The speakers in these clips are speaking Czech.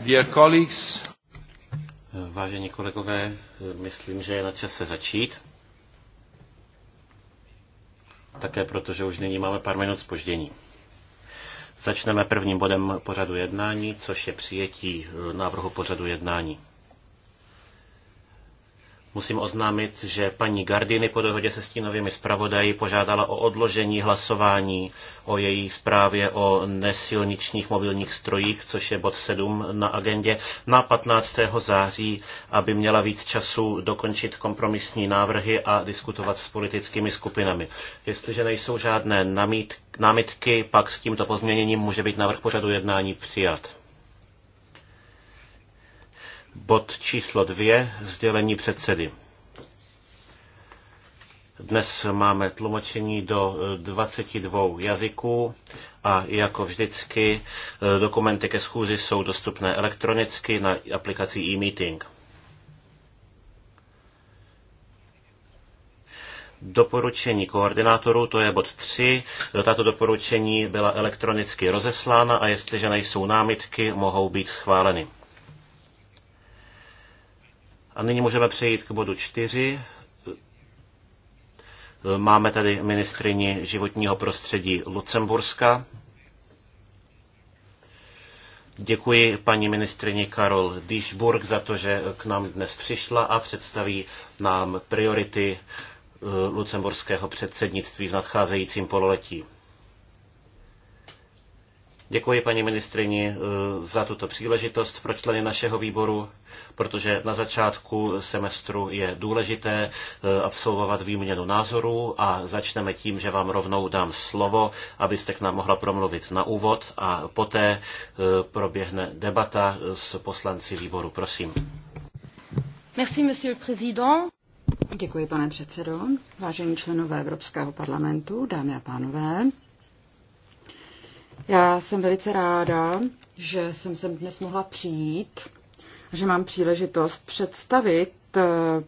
Dear colleagues, Vážení kolegové, myslím, že je na čase začít. Také proto, že už nyní máme pár minut spoždění. Začneme prvním bodem pořadu jednání, což je přijetí eh, návrhu pořadu jednání. Musím oznámit, že paní Gardiny po dohodě se stínovými zpravodaji požádala o odložení hlasování o její zprávě o nesilničních mobilních strojích, což je bod 7 na agendě, na 15. září, aby měla víc času dokončit kompromisní návrhy a diskutovat s politickými skupinami. Jestliže nejsou žádné námitky, pak s tímto pozměněním může být návrh pořadu jednání přijat. Bod číslo dvě, sdělení předsedy. Dnes máme tlumočení do 22 eh, jazyků a jako vždycky eh, dokumenty ke schůzi jsou dostupné elektronicky na aplikaci e-meeting. doporučení koordinátorů, to je bod 3. Tato doporučení byla elektronicky rozeslána a jestliže nejsou námitky, mohou být schváleny. A nyní můžeme přejít k bodu čtyři. Máme tady ministrini životního prostředí Lucemburska. Děkuji paní ministrině Karol Dýšburg za to, že k nám dnes přišla a představí nám priority eh, lucemburského předsednictví v nadcházejícím pololetí. Děkuji paní ministrini eh, za tuto příležitost pro členy našeho výboru, protože na začátku semestru je důležité eh, absolvovat výměnu názorů a začneme tím, že vám rovnou dám slovo, abyste k nám mohla promluvit na úvod a poté eh, proběhne debata s poslanci výboru. Prosím. Merci, monsieur le président. Děkuji, pane předsedo, vážení členové Evropského parlamentu, dámy a pánové. Já jsem velice ráda, že jsem sem dnes mohla přijít, že mám příležitost představit eh,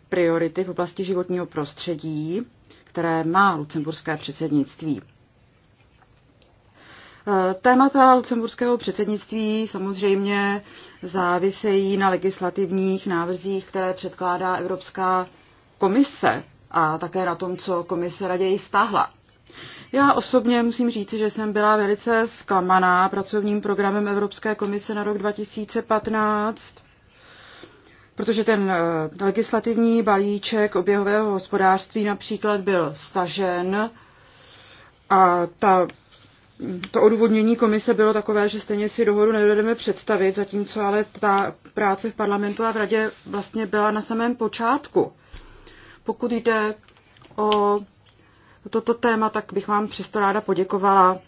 priority v oblasti životního prostředí, které má lucemburské předsednictví. Eh, témata lucemburského předsednictví samozřejmě závisejí na legislativních návrzích, které předkládá Evropská komise a také na tom, co komise raději stáhla. Já osobně musím říct, že jsem byla velice zklamaná pracovním programem Evropské komise na rok 2015, protože ten eh, legislativní balíček oběhového hospodářství například byl stažen a ta to odůvodnění komise bylo takové, že stejně si dohodu nedovedeme představit, zatímco ale ta práce v parlamentu a v radě vlastně byla na samém počátku. Pokud jde o toto téma, tak bych vám přesto ráda poděkovala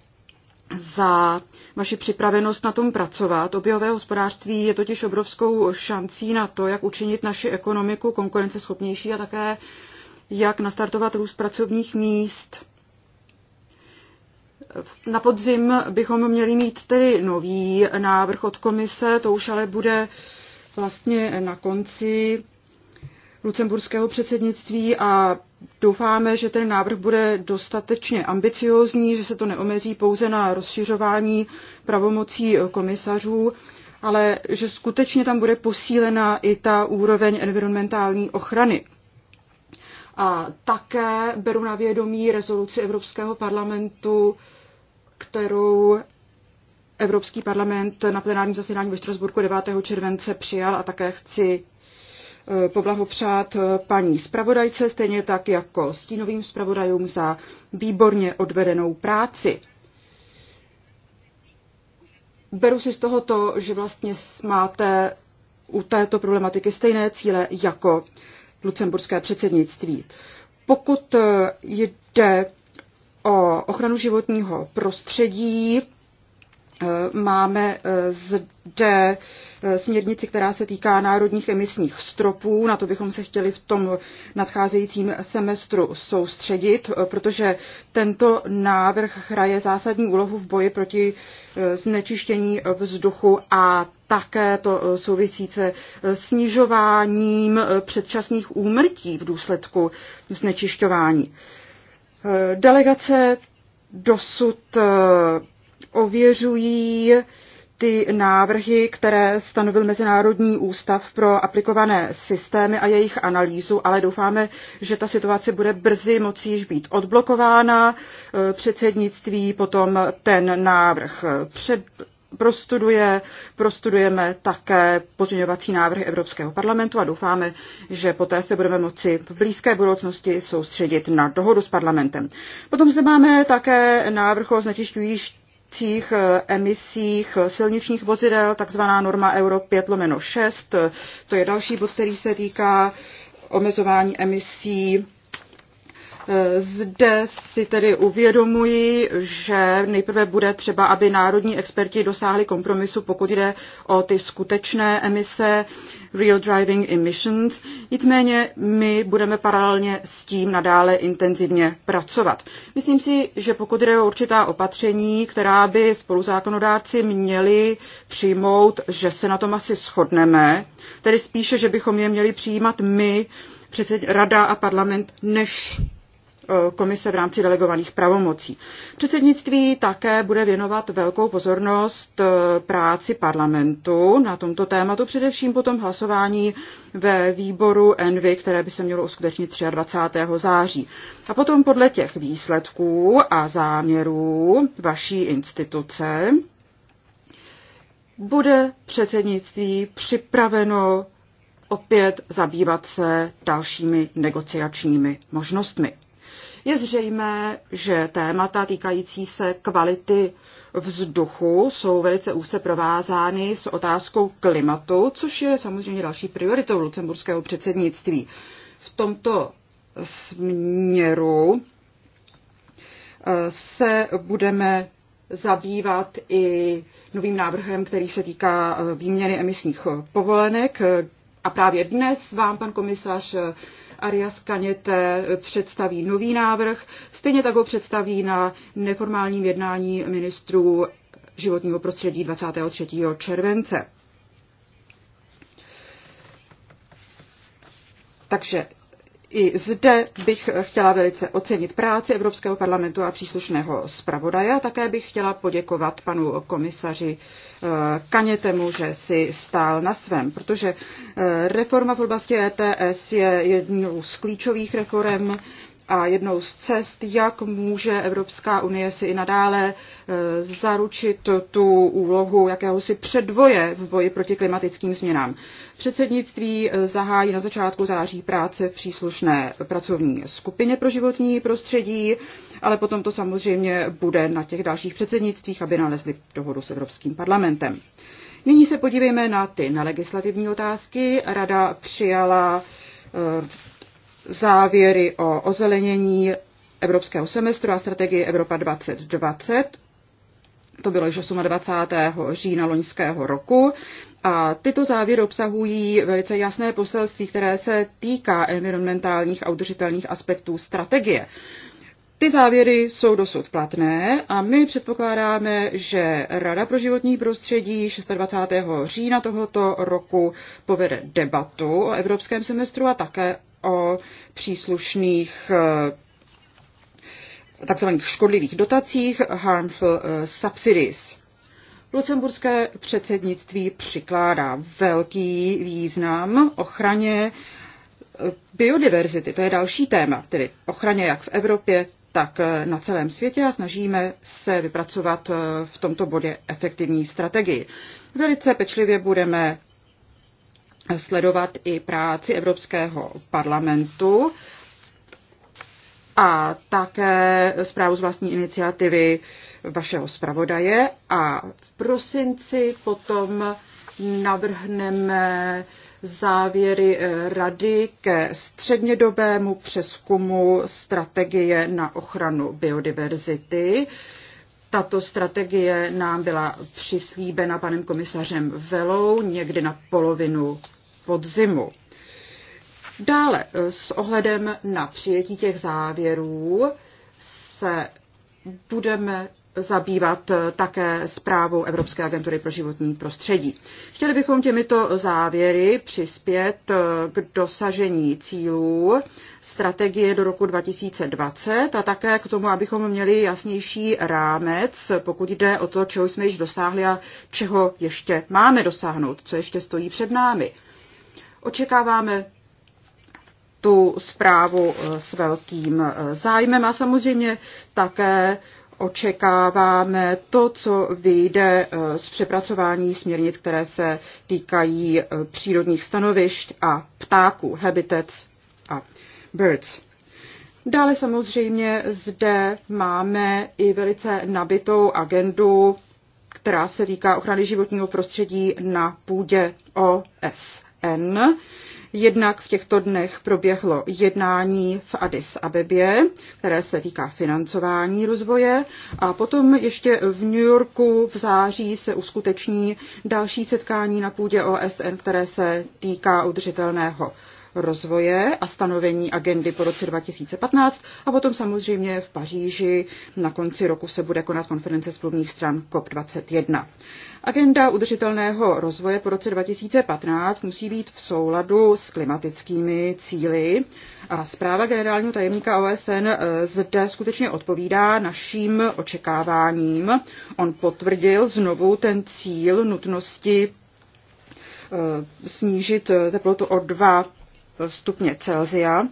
za vaši připravenost na tom pracovat. Objevové hospodářství je totiž obrovskou šancí na to, jak učinit naši ekonomiku konkurenceschopnější a také jak nastartovat růst pracovních míst. Na podzim bychom měli mít tedy nový návrh od komise, to už ale bude vlastně na konci lucemburského předsednictví a Doufáme, že ten návrh bude dostatečně ambiciózní, že se to neomezí pouze na rozšiřování pravomocí komisařů, ale že skutečně tam bude posílena i ta úroveň environmentální ochrany. A také beru na vědomí rezoluci Evropského parlamentu, kterou Evropský parlament na plenárním zasedání ve Štrasburku 9. července přijal a také chci Eh, poblahopřát eh, paní zpravodajce, stejně tak jako stínovým zpravodajům za výborně odvedenou práci. Beru si z toho to, že vlastně máte u této problematiky stejné cíle jako lucemburské předsednictví. Pokud eh, jde o ochranu životního prostředí, Eh, máme eh, zde eh, směrnici, která se týká národních emisních stropů. Na to bychom se chtěli v tom nadcházejícím semestru soustředit, protože tento návrh hraje zásadní úlohu v boji proti znečištění vzduchu a také to souvisí se snižováním předčasných úmrtí v důsledku znečišťování. Delegace dosud ověřují ty návrhy, které stanovil Mezinárodní ústav pro aplikované systémy a jejich analýzu, ale doufáme, že ta situace bude brzy moci již být odblokována. Eh, předsednictví potom ten návrh před, prostuduje. Prostudujeme také pozměňovací návrhy Evropského parlamentu a doufáme, že poté se budeme moci v blízké budoucnosti soustředit na dohodu s parlamentem. Potom zde máme také návrh o znečišťujících budoucích eh, emisích eh, silničních vozidel, takzvaná norma Euro 5 6. To je další bod, který se týká omezování emisí zde si tedy uvědomuji, že nejprve bude třeba, aby národní experti dosáhli kompromisu, pokud jde o ty skutečné emise, real driving emissions. Nicméně my budeme paralelně s tím nadále intenzivně pracovat. Myslím si, že pokud jde o určitá opatření, která by spoluzákonodárci měli přijmout, že se na tom asi shodneme, tedy spíše, že bychom je měli přijímat my, přece rada a parlament, než Eh, komise v rámci delegovaných pravomocí. Předsednictví také bude věnovat velkou pozornost eh, práci parlamentu na tomto tématu, především potom hlasování ve výboru ENVY, které by se mělo uskutečnit 23. září. A potom podle těch výsledků a záměrů vaší instituce bude předsednictví připraveno opět zabývat se dalšími negociačními možnostmi. Je zřejmé, že témata týkající se kvality vzduchu jsou velice úzce provázány s otázkou klimatu, což je samozřejmě další prioritou lucemburského předsednictví. V tomto směru eh, se budeme zabývat i novým návrhem, který se týká eh, výměny emisních povolenek. A právě dnes vám pan komisař Arias Kaněte představí nový návrh, stejně tak ho představí na neformálním jednání ministrů životního prostředí 23. července. Takže i zde bych chtěla velice ocenit práci Evropského parlamentu a příslušného zpravodaje a také bych chtěla poděkovat panu komisaři eh, Kanětemu, že si stál na svém, protože eh, reforma v oblasti ETS je jednou z klíčových reform a jednou z cest, jak může Evropská unie si i nadále e, zaručit tu úlohu jakéhosi předvoje v boji proti klimatickým změnám. Předsednictví e, zahájí na začátku září práce v příslušné pracovní skupině pro životní prostředí, ale potom to samozřejmě bude na těch dalších předsednictvích, aby nalezli dohodu s Evropským parlamentem. Nyní se podívejme na ty na legislativní otázky. Rada přijala e, závěry o ozelenění evropského semestru a strategii Evropa 2020. To bylo již 28. října loňského roku. A tyto závěry obsahují velice jasné poselství, které se týká environmentálních a udržitelných aspektů strategie. Ty závěry jsou dosud platné a my předpokládáme, že Rada pro životní prostředí 26. října tohoto roku povede debatu o evropském semestru a také o příslušných e, takzvaných škodlivých dotacích, harmful e, subsidies. Lucemburské předsednictví přikládá velký význam ochraně e, biodiverzity. To je další téma, tedy ochraně jak v Evropě, tak na celém světě a snažíme se vypracovat v tomto bodě efektivní strategii. Velice pečlivě budeme sledovat i práci Evropského parlamentu a také zprávu z vlastní iniciativy vašeho zpravodaje a v prosinci potom navrhneme závěry eh, rady ke střednědobému přeskumu strategie na ochranu biodiverzity. Tato strategie nám byla přislíbena panem komisařem Velou někdy na polovinu podzimu. Dále eh, s ohledem na přijetí těch závěrů se budeme zabývat eh, také zprávou Evropské agentury pro životní prostředí. Chtěli bychom těmito závěry přispět eh, k dosažení cílů strategie do roku 2020 a také k tomu, abychom měli jasnější rámec, pokud jde o to, čeho jsme již dosáhli a čeho ještě máme dosáhnout, co ještě stojí před námi. Očekáváme tu zprávu eh, s velkým eh, zájmem a samozřejmě také očekáváme to, co vyjde eh, z přepracování směrnic, které se týkají přírodních stanovišť a ptáků, habitats a birds. Dále samozřejmě zde máme i velice nabitou agendu, která se týká ochrany životního prostředí na půdě OSN. OSN. Jednak v těchto dnech proběhlo jednání v Addis Abebě, které se týká financování rozvoje a potom ještě v New Yorku v září se uskuteční další setkání na půdě OSN, které se týká udržitelného rozvoje a stanovení agendy po roce 2015 a potom samozřejmě v Paříži na konci roku se bude konat konference smluvních stran COP21. Agenda udržitelného rozvoje po roce 2015 musí být v souladu s klimatickými cíly a zpráva generálního tajemníka OSN eh, zde skutečně odpovídá naším očekáváním. On potvrdil znovu ten cíl nutnosti eh, snížit teplotu o 2 stupně Celsia.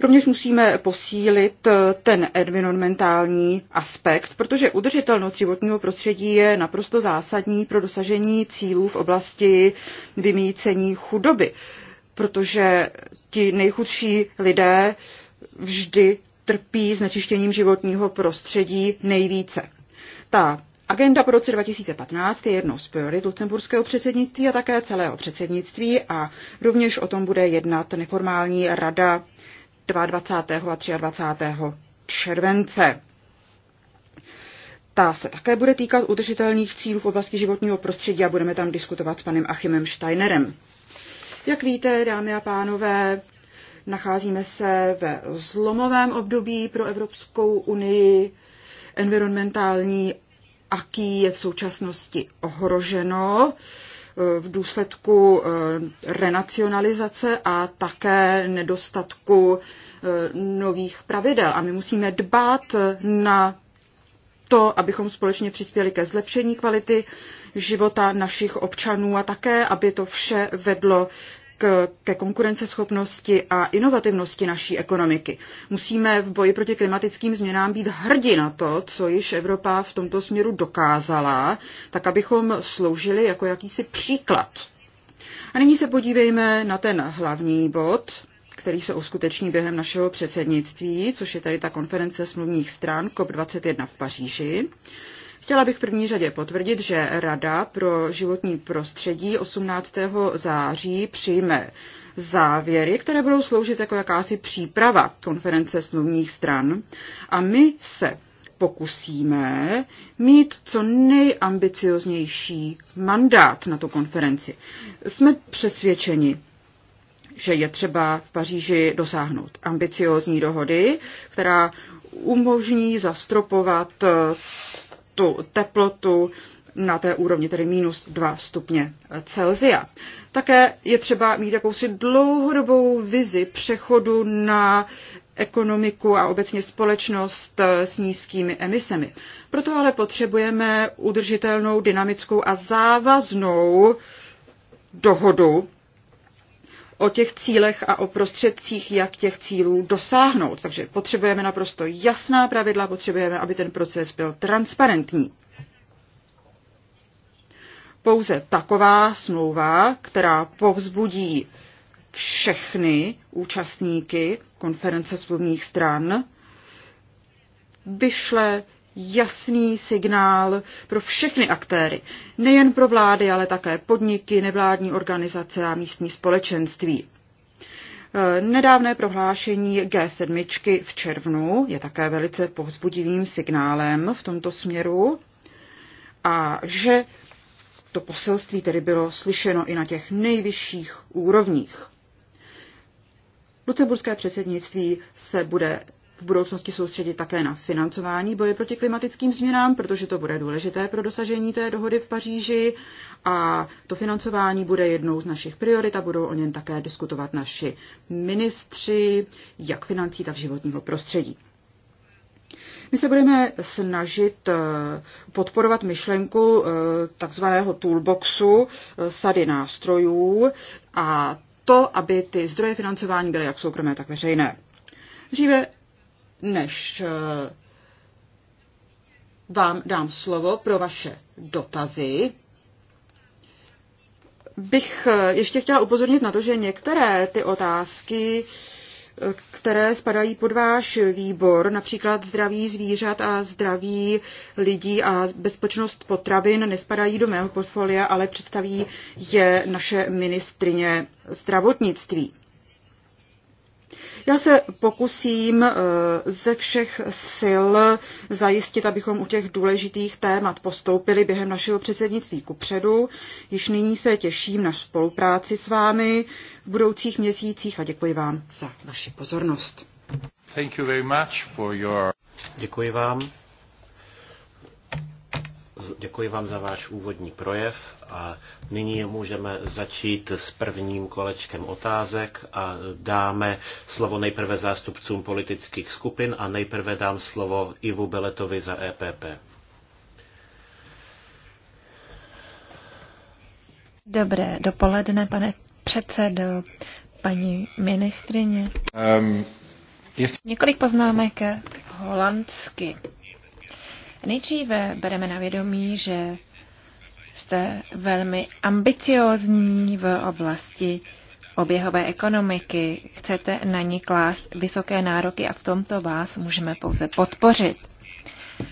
Rovněž musíme posílit ten environmentální aspekt, protože udržitelnost životního prostředí je naprosto zásadní pro dosažení cílů v oblasti vymícení chudoby, protože ti nejchudší lidé vždy trpí znečištěním životního prostředí nejvíce. Ta Agenda pro roce 2015 je jednou z priorit lucemburského předsednictví a také celého předsednictví a rovněž o tom bude jednat neformální rada 22. a 23. července. Ta se také bude týkat udržitelných cílů v oblasti životního prostředí a budeme tam diskutovat s panem Achimem Steinerem. Jak víte, dámy a pánové, nacházíme se ve zlomovém období pro Evropskou unii. Environmentální aký je v současnosti ohroženo eh, v důsledku eh, renacionalizace a také nedostatku eh, nových pravidel. A my musíme dbát na to, abychom společně přispěli ke zlepšení kvality života našich občanů a také, aby to vše vedlo ke konkurenceschopnosti a inovativnosti naší ekonomiky. Musíme v boji proti klimatickým změnám být hrdí na to, co již Evropa v tomto směru dokázala, tak abychom sloužili jako jakýsi příklad. A nyní se podívejme na ten hlavní bod, který se uskuteční během našeho předsednictví, což je tady ta konference smluvních stran COP21 v Paříži. Chtěla bych v první řadě potvrdit, že Rada pro životní prostředí 18. září přijme závěry, které budou sloužit jako jakási příprava konference smluvních stran a my se pokusíme mít co nejambicioznější mandát na tu konferenci. Jsme přesvědčeni, že je třeba v Paříži dosáhnout ambiciózní dohody, která umožní zastropovat tu teplotu na té úrovni, tedy minus 2 stupně Celzia. Také je třeba mít jakousi dlouhodobou vizi přechodu na ekonomiku a obecně společnost s nízkými emisemi. Proto ale potřebujeme udržitelnou, dynamickou a závaznou dohodu o těch cílech a o prostředcích, jak těch cílů dosáhnout. Takže potřebujeme naprosto jasná pravidla, potřebujeme, aby ten proces byl transparentní. Pouze taková smlouva, která povzbudí všechny účastníky konference smluvních stran, vyšle jasný signál pro všechny aktéry, nejen pro vlády, ale také podniky, nevládní organizace a místní společenství. E, nedávné prohlášení G7 v červnu je také velice povzbudivým signálem v tomto směru a že to poselství tedy bylo slyšeno i na těch nejvyšších úrovních. Lucemburské předsednictví se bude v budoucnosti soustředit také na financování boje proti klimatickým změnám, protože to bude důležité pro dosažení té dohody v Paříži a to financování bude jednou z našich priorit a budou o něm také diskutovat naši ministři, jak financí, tak životního prostředí. My se budeme snažit eh, podporovat myšlenku eh, takzvaného toolboxu eh, sady nástrojů a to, aby ty zdroje financování byly jak soukromé, tak veřejné. Dříve než eh, vám dám slovo pro vaše dotazy, bych eh, ještě chtěla upozornit na to, že některé ty otázky, eh, které spadají pod váš výbor, například zdraví zvířat a zdraví lidí a bezpečnost potravin, nespadají do mého portfolia, ale představí je naše ministrině zdravotnictví. Já se pokusím eh, ze všech sil zajistit, abychom u těch důležitých témat postoupili během našeho předsednictví kupředu. Již nyní se těším na spolupráci s vámi v budoucích měsících a děkuji vám za vaši pozornost. Thank you very much for your... Děkuji vám Děkuji vám za váš úvodní projev a nyní můžeme začít s prvním kolečkem otázek a dáme slovo nejprve zástupcům politických skupin a nejprve dám slovo Ivu Beletovi za EPP. Dobré dopoledne, pane předsedo, paní ministrině. Um, jest... Několik poznámek holandsky. Nejdříve bereme na vědomí, že jste velmi ambiciózní v oblasti oběhové ekonomiky. Chcete na ní klást vysoké nároky a v tomto vás můžeme pouze podpořit.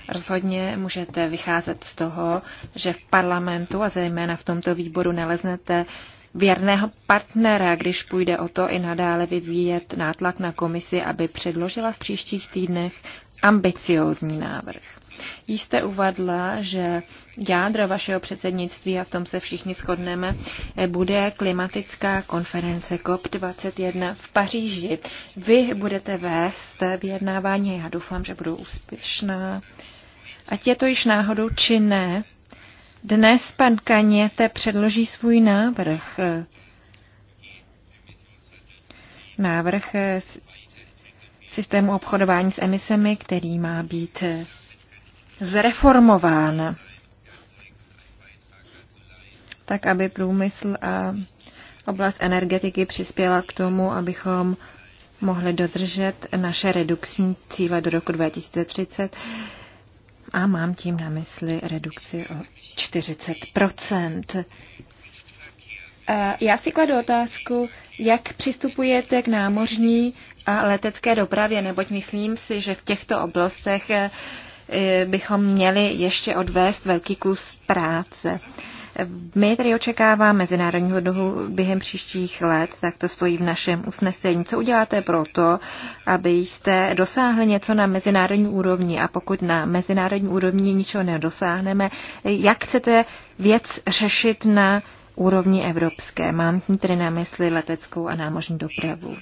Rozhodně můžete vycházet z toho, že v parlamentu a zejména v tomto výboru naleznete věrného partnera, když půjde o to i nadále vyvíjet nátlak na komisi, aby předložila v příštích týdnech ambiciózní návrh. Jste uvadla, že jádro vašeho předsednictví, a v tom se všichni shodneme, bude klimatická konference COP21 v Paříži. Vy budete vést vyjednávání, já doufám, že budou úspěšná. Ať je to již náhodou či ne, dnes pan Kaněte předloží svůj návrh. Návrh systému obchodování s emisemi, který má být zreformován, tak aby průmysl a oblast energetiky přispěla k tomu, abychom mohli dodržet naše redukční cíle do roku 2030 a mám tím na mysli redukci o 40 Já si kladu otázku, jak přistupujete k námořní a letecké dopravě, neboť myslím si, že v těchto oblastech Eh, bychom měli ještě odvést velký kus práce. My tedy očekáváme mezinárodního dohu během příštích let, tak to stojí v našem usnesení. Co uděláte proto, abyste dosáhli něco na mezinárodní úrovni a pokud na mezinárodní úrovni ničeho nedosáhneme, jak chcete věc řešit na úrovni evropské? Mám tedy na mysli leteckou a námořní dopravu.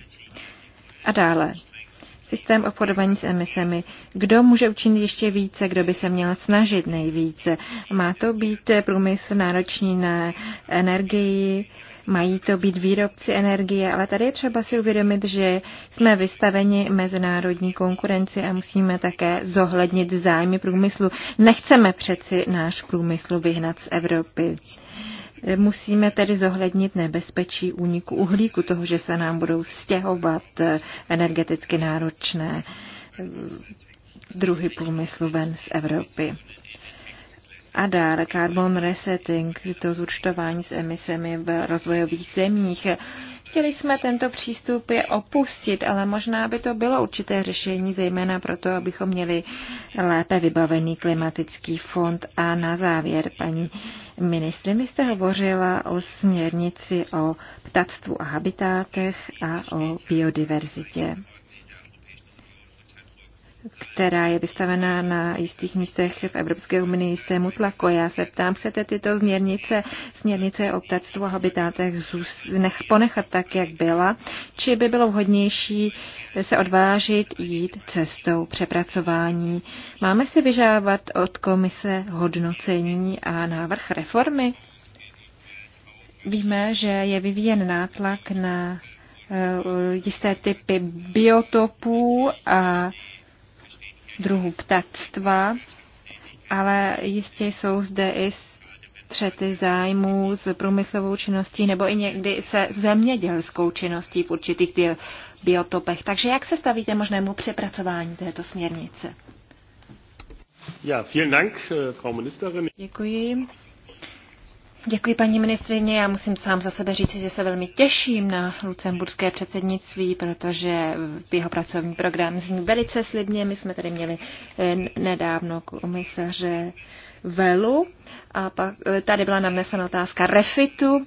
A dále systém obchodování s emisemi. Kdo může učinit ještě více, kdo by se měl snažit nejvíce? Má to být průmysl náročný na energii, mají to být výrobci energie, ale tady je třeba si uvědomit, že jsme vystaveni mezinárodní konkurenci a musíme také zohlednit zájmy průmyslu. Nechceme přeci náš průmysl vyhnat z Evropy. Musíme tedy zohlednit nebezpečí úniku uhlíku, toho, že se nám budou stěhovat energeticky náročné eh, druhy průmyslu ven z Evropy. A dále carbon resetting, to zúčtování s emisemi v rozvojových zemích. Chtěli jsme tento přístup je opustit, ale možná by to bylo určité řešení, zejména proto, abychom měli lépe vybavený klimatický fond. A na závěr, paní ministrině, jste hovořila o směrnici o ptactvu a habitátech a o biodiverzitě která je vystavená na jistých místech v Evropské unii jistému tlaku. Já se ptám, chcete tyto změrnice směrnice o ptactvu a habitátech nech, ponechat tak, jak byla, či by bylo vhodnější se odvážit jít cestou přepracování. Máme si vyžávat od komise hodnocení a návrh reformy? Víme, že je vyvíjen nátlak na eh, jisté typy biotopů a druhů ptactva, ale jistě jsou zde i střety zájmů s průmyslovou činností nebo i někdy se zemědělskou činností v určitých biotopech. Takže jak se stavíte možnému přepracování této směrnice? Ja, vielen Dank, äh, Frau Ministerin. Děkuji, Děkuji, paní ministrině. Já musím sám za sebe říct, že se velmi těším na lucemburské předsednictví, protože jeho pracovní program zní velice slibně. My jsme tady měli eh, nedávno komisaře Velu a pak eh, tady byla nadnesena otázka refitu.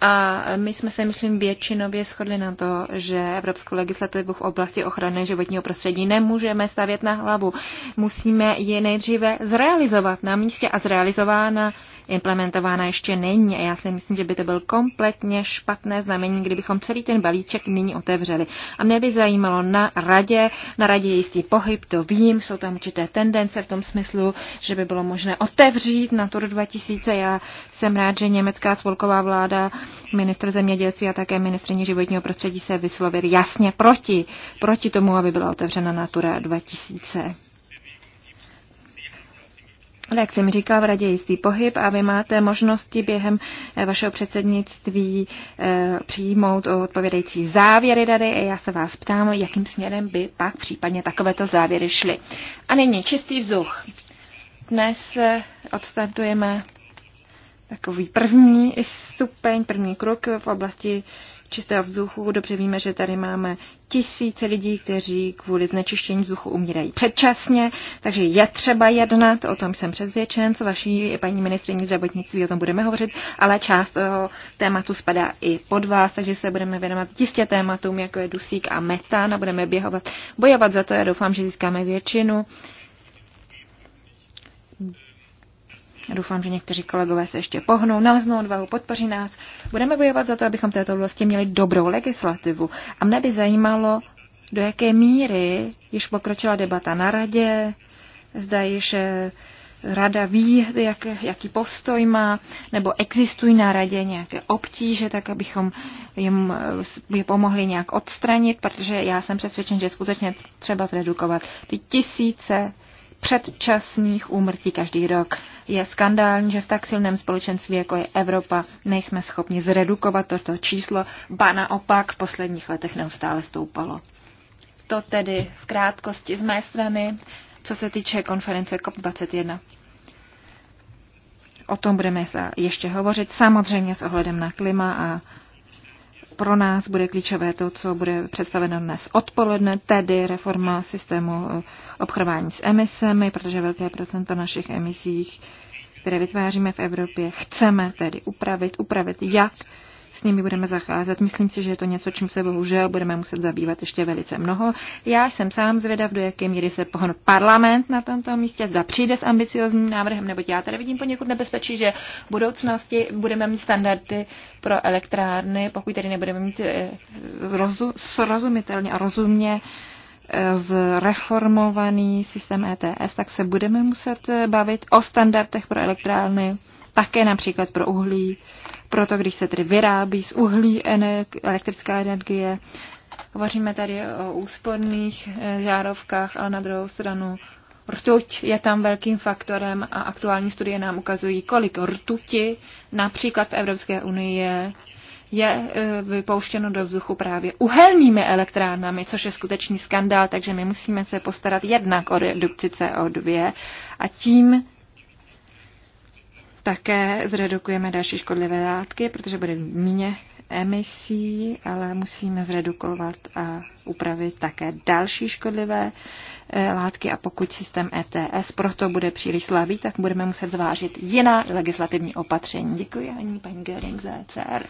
A my jsme se, myslím, většinově shodli na to, že evropskou legislativu v oblasti ochrany životního prostředí nemůžeme stavět na hlavu. Musíme ji nejdříve zrealizovat na místě a zrealizována implementována ještě není a já si myslím, že by to byl kompletně špatné znamení, kdybychom celý ten balíček nyní otevřeli. A mě by zajímalo na radě, na radě je jistý pohyb, to vím, jsou tam určité tendence v tom smyslu, že by bylo možné otevřít Natur 2000. Já jsem rád, že německá spolková vláda, ministr zemědělství a také ministrině životního prostředí se vyslovili jasně proti, proti tomu, aby byla otevřena Natura 2000. Ale jak jsem říkal, v radě jistý pohyb a vy máte možnosti během eh, vašeho předsednictví eh, přijmout odpovědající závěry rady a já se vás ptám, jakým směrem by pak případně takovéto závěry šly. A nyní čistý vzduch. Dnes eh, odstartujeme takový první stupeň, první krok v oblasti čistého vzduchu. Dobře víme, že tady máme tisíce lidí, kteří kvůli znečištění vzduchu umírají předčasně, takže je třeba jednat, o tom jsem přesvědčen, co vaší paní ministrině zdravotnictví, o tom budeme hovořit, ale část toho tématu spadá i pod vás, takže se budeme věnovat jistě tématům, jako je dusík a metan a budeme běhovat, bojovat za to. Já doufám, že získáme většinu Doufám, že někteří kolegové se ještě pohnou, naleznou odvahu, podpoří nás. Budeme bojovat za to, abychom této oblasti měli dobrou legislativu. A mne by zajímalo, do jaké míry již pokročila debata na radě, zda již eh, rada ví, jak, jaký postoj má, nebo existují na radě nějaké obtíže, tak abychom jim eh, je pomohli nějak odstranit, protože já jsem přesvědčen, že skutečně třeba zredukovat ty tisíce předčasných úmrtí každý rok. Je skandální, že v tak silném společenství, jako je Evropa, nejsme schopni zredukovat toto číslo, ba naopak v posledních letech neustále stoupalo. To tedy v krátkosti z mé strany, co se týče konference COP21. O tom budeme ještě hovořit, samozřejmě s ohledem na klima a pro nás bude klíčové to, co bude představeno dnes odpoledne, tedy reforma systému eh, obchodování s emisemi, protože velké procento našich emisích, které vytváříme v Evropě, chceme tedy upravit, upravit jak s nimi budeme zacházet. Myslím si, že je to něco, čím se bohužel budeme muset zabývat ještě velice mnoho. Já jsem sám zvědav, do jaké míry se pohne parlament na tomto místě, zda přijde s ambiciozním návrhem, nebo já tady vidím poněkud nebezpečí, že v budoucnosti budeme mít standardy pro elektrárny, pokud tady nebudeme mít eh, srozumitelně a rozumně eh, zreformovaný systém ETS, tak se budeme muset eh, bavit o standardech pro elektrárny, také například pro uhlí, proto, když se tedy vyrábí z uhlí elektrická energie, hovoříme tady o úsporných eh, žárovkách, ale na druhou stranu Rtuť je tam velkým faktorem a aktuální studie nám ukazují, kolik rtuti například v Evropské unii je, je eh, vypouštěno do vzduchu právě uhelnými elektrárnami, což je skutečný skandál, takže my musíme se postarat jednak o redukci CO2 a tím také zredukujeme další škodlivé látky, protože bude méně emisí, ale musíme zredukovat a upravit také další škodlivé eh, látky a pokud systém ETS proto bude příliš slabý, tak budeme muset zvážit jiná legislativní opatření. Děkuji ani paní Göring za ECR.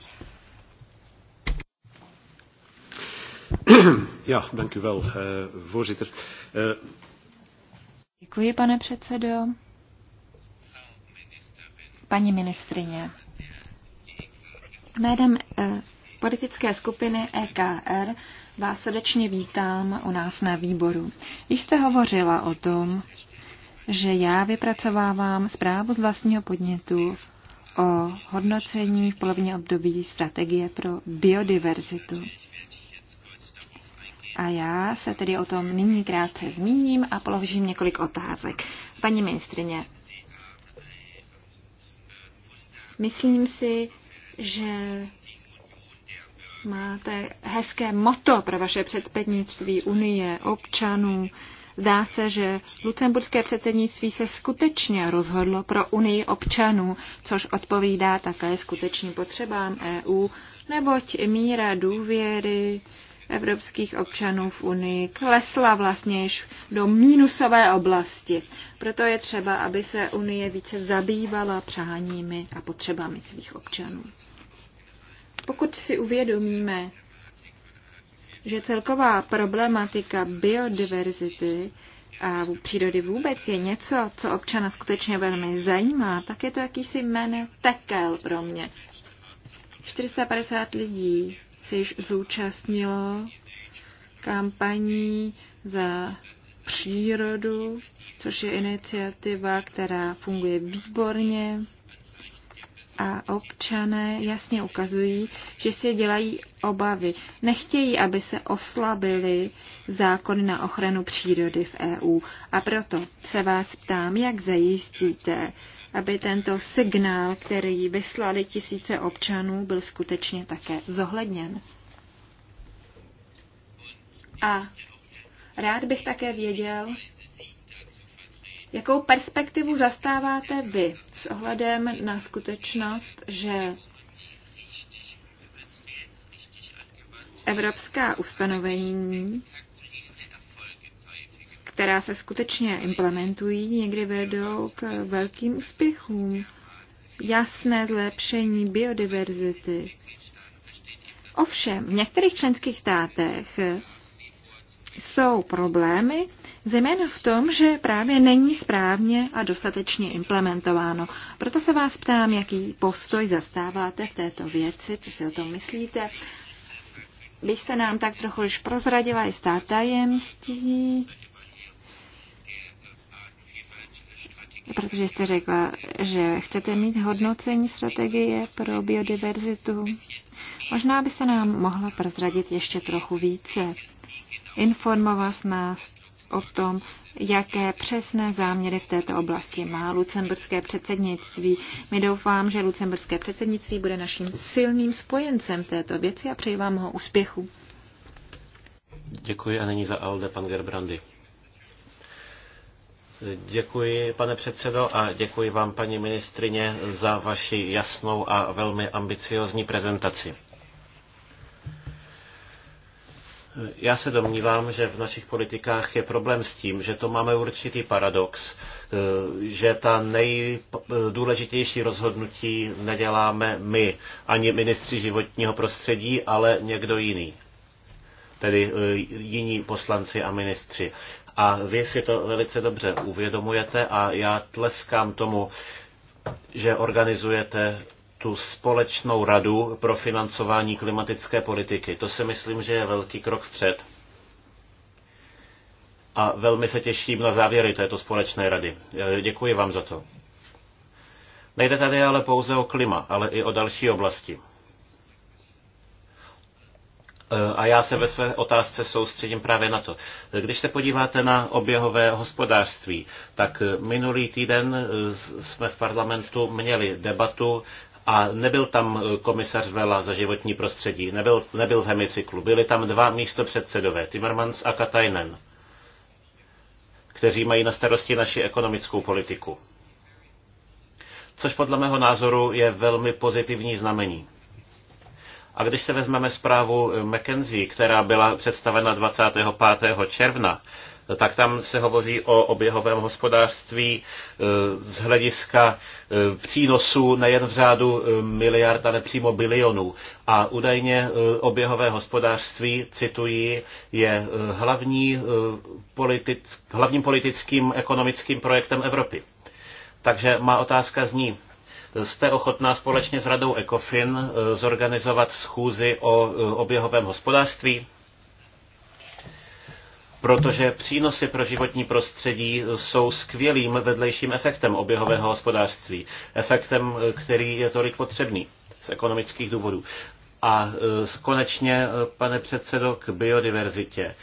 Ja, dank u wel, eh, voorzitter. Eh, Děkuji, pane předsedo. Paní ministrině, jménem eh, politické skupiny EKR vás srdečně vítám u nás na výboru. Již jste hovořila o tom, že já vypracovávám zprávu z vlastního podnětu o hodnocení v polovině období strategie pro biodiverzitu. A já se tedy o tom nyní krátce zmíním a položím několik otázek. Paní ministrině, Myslím si, že máte hezké moto pro vaše předpednictví Unie občanů. Zdá se, že lucemburské předsednictví se skutečně rozhodlo pro Unii občanů, což odpovídá také skutečným potřebám EU, neboť míra důvěry evropských občanů v Unii klesla vlastně již do mínusové oblasti. Proto je třeba, aby se Unie více zabývala přáními a potřebami svých občanů. Pokud si uvědomíme, že celková problematika biodiverzity a přírody vůbec je něco, co občana skutečně velmi zajímá, tak je to jakýsi jméno tekel pro mě. 450 lidí se již zúčastnilo kampaní za přírodu, což je iniciativa, která funguje výborně a občané jasně ukazují, že si dělají obavy. Nechtějí, aby se oslabily zákony na ochranu přírody v EU. A proto se vás ptám, jak zajistíte, aby tento signál, který vyslali tisíce občanů, byl skutečně také zohledněn. A rád bych také věděl, jakou perspektivu zastáváte vy s ohledem na skutečnost, že evropská ustanovení která se skutečně implementují, někdy vedou k velkým úspěchům. Jasné zlepšení biodiverzity. Ovšem, v některých členských státech jsou problémy, zejména v tom, že právě není správně a dostatečně implementováno. Proto se vás ptám, jaký postoj zastáváte v této věci, co si o tom myslíte. Byste nám tak trochu už prozradila i stát tajemství, protože jste řekla, že chcete mít hodnocení strategie pro biodiverzitu. Možná byste nám mohla prozradit ještě trochu více. Informovat nás o tom, jaké přesné záměry v této oblasti má lucemburské předsednictví. My doufám, že lucemburské předsednictví bude naším silným spojencem v této věci a přeji vám ho úspěchu. Děkuji a není za Alde pan Gerbrandy. Děkuji, pane předsedo, a děkuji vám, paní ministrině, za vaši jasnou a velmi ambiciozní prezentaci. Já se domnívám, že v našich politikách je problém s tím, že to máme určitý paradox, že ta nejdůležitější rozhodnutí neděláme my, ani ministři životního prostředí, ale někdo jiný tedy e, jiní poslanci a ministři. A vy si to velice dobře uvědomujete a já tleskám tomu, že organizujete tu společnou radu pro financování klimatické politiky. To si myslím, že je velký krok vpřed. A velmi se těším na závěry této společné rady. E, děkuji vám za to. Nejde tady ale pouze o klima, ale i o další oblasti. A já se ve své otázce soustředím právě na to. Když se podíváte na oběhové hospodářství, tak eh, minulý týden eh, jsme v parlamentu měli debatu a nebyl tam eh, komisař Vela za životní prostředí, nebyl, nebyl v hemicyklu, byli tam dva místopředsedové, Timmermans a Katainen, kteří mají na starosti naši ekonomickou politiku. Což podle mého názoru je velmi pozitivní znamení. A když se vezmeme zprávu McKenzie, která byla představena 25. června, tak tam se hovoří o oběhovém hospodářství e, z hlediska e, přínosů nejen v řádu e, miliard, ale přímo bilionů. A údajně oběhové hospodářství, cituji, je hlavní politic, hlavním politickým ekonomickým projektem Evropy. Takže má otázka zní, jste ochotná společně s radou ECOFIN eh, zorganizovat schůzi o eh, oběhovém hospodářství? protože přínosy pro životní prostředí eh, jsou skvělým vedlejším efektem oběhového hospodářství. Efektem, který je tolik potřebný z ekonomických důvodů. A konečně, pane předsedo, k biodiverzitě.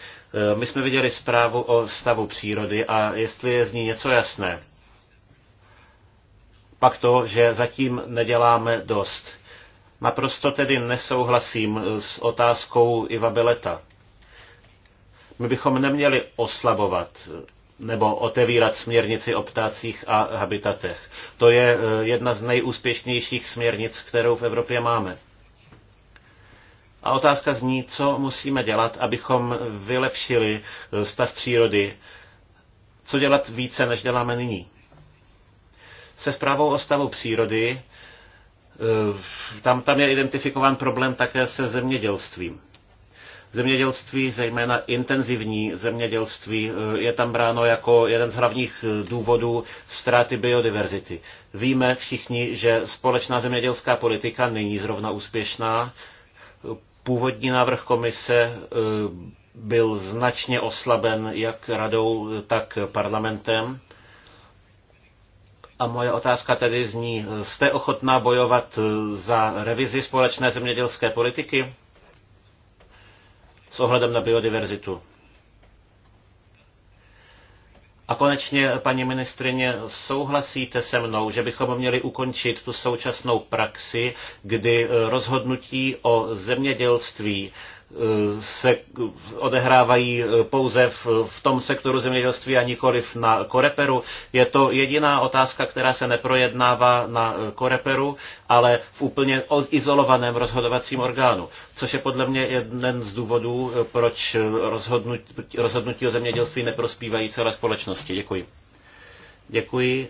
My jsme viděli zprávu o stavu přírody a jestli je z ní něco jasné, pak to, že zatím neděláme dost. Naprosto tedy nesouhlasím eh, s otázkou Iva Beleta. My bychom neměli oslabovat eh, nebo otevírat směrnici o ptácích a habitatech. To je eh, jedna z nejúspěšnějších směrnic, kterou v Evropě máme. A otázka zní, co musíme dělat, abychom vylepšili stav přírody. Co dělat více, než děláme nyní? se zprávou o stavu přírody. E, tam, tam je identifikován problém také se zemědělstvím. Zemědělství, zejména intenzivní zemědělství, e, je tam bráno jako jeden z hlavních e, důvodů ztráty biodiverzity. Víme všichni, že společná zemědělská politika není zrovna úspěšná. Původní návrh komise byl značně oslaben jak radou, tak parlamentem. A moje otázka tedy zní, jste ochotná bojovat eh, za revizi společné zemědělské politiky s ohledem na biodiverzitu? A konečně, paní ministrině, souhlasíte se mnou, že bychom měli ukončit tu současnou praxi, kdy eh, rozhodnutí o zemědělství Eh, se odehrávají eh, pouze v, v tom sektoru zemědělství a nikoliv na koreperu. Je to jediná otázka, která se neprojednává na eh, koreperu, ale v úplně izolovaném rozhodovacím orgánu, což je podle mě jeden z důvodů, proč rozhodnutí, rozhodnutí o zemědělství neprospívají celé společnosti. Děkuji. Děkuji.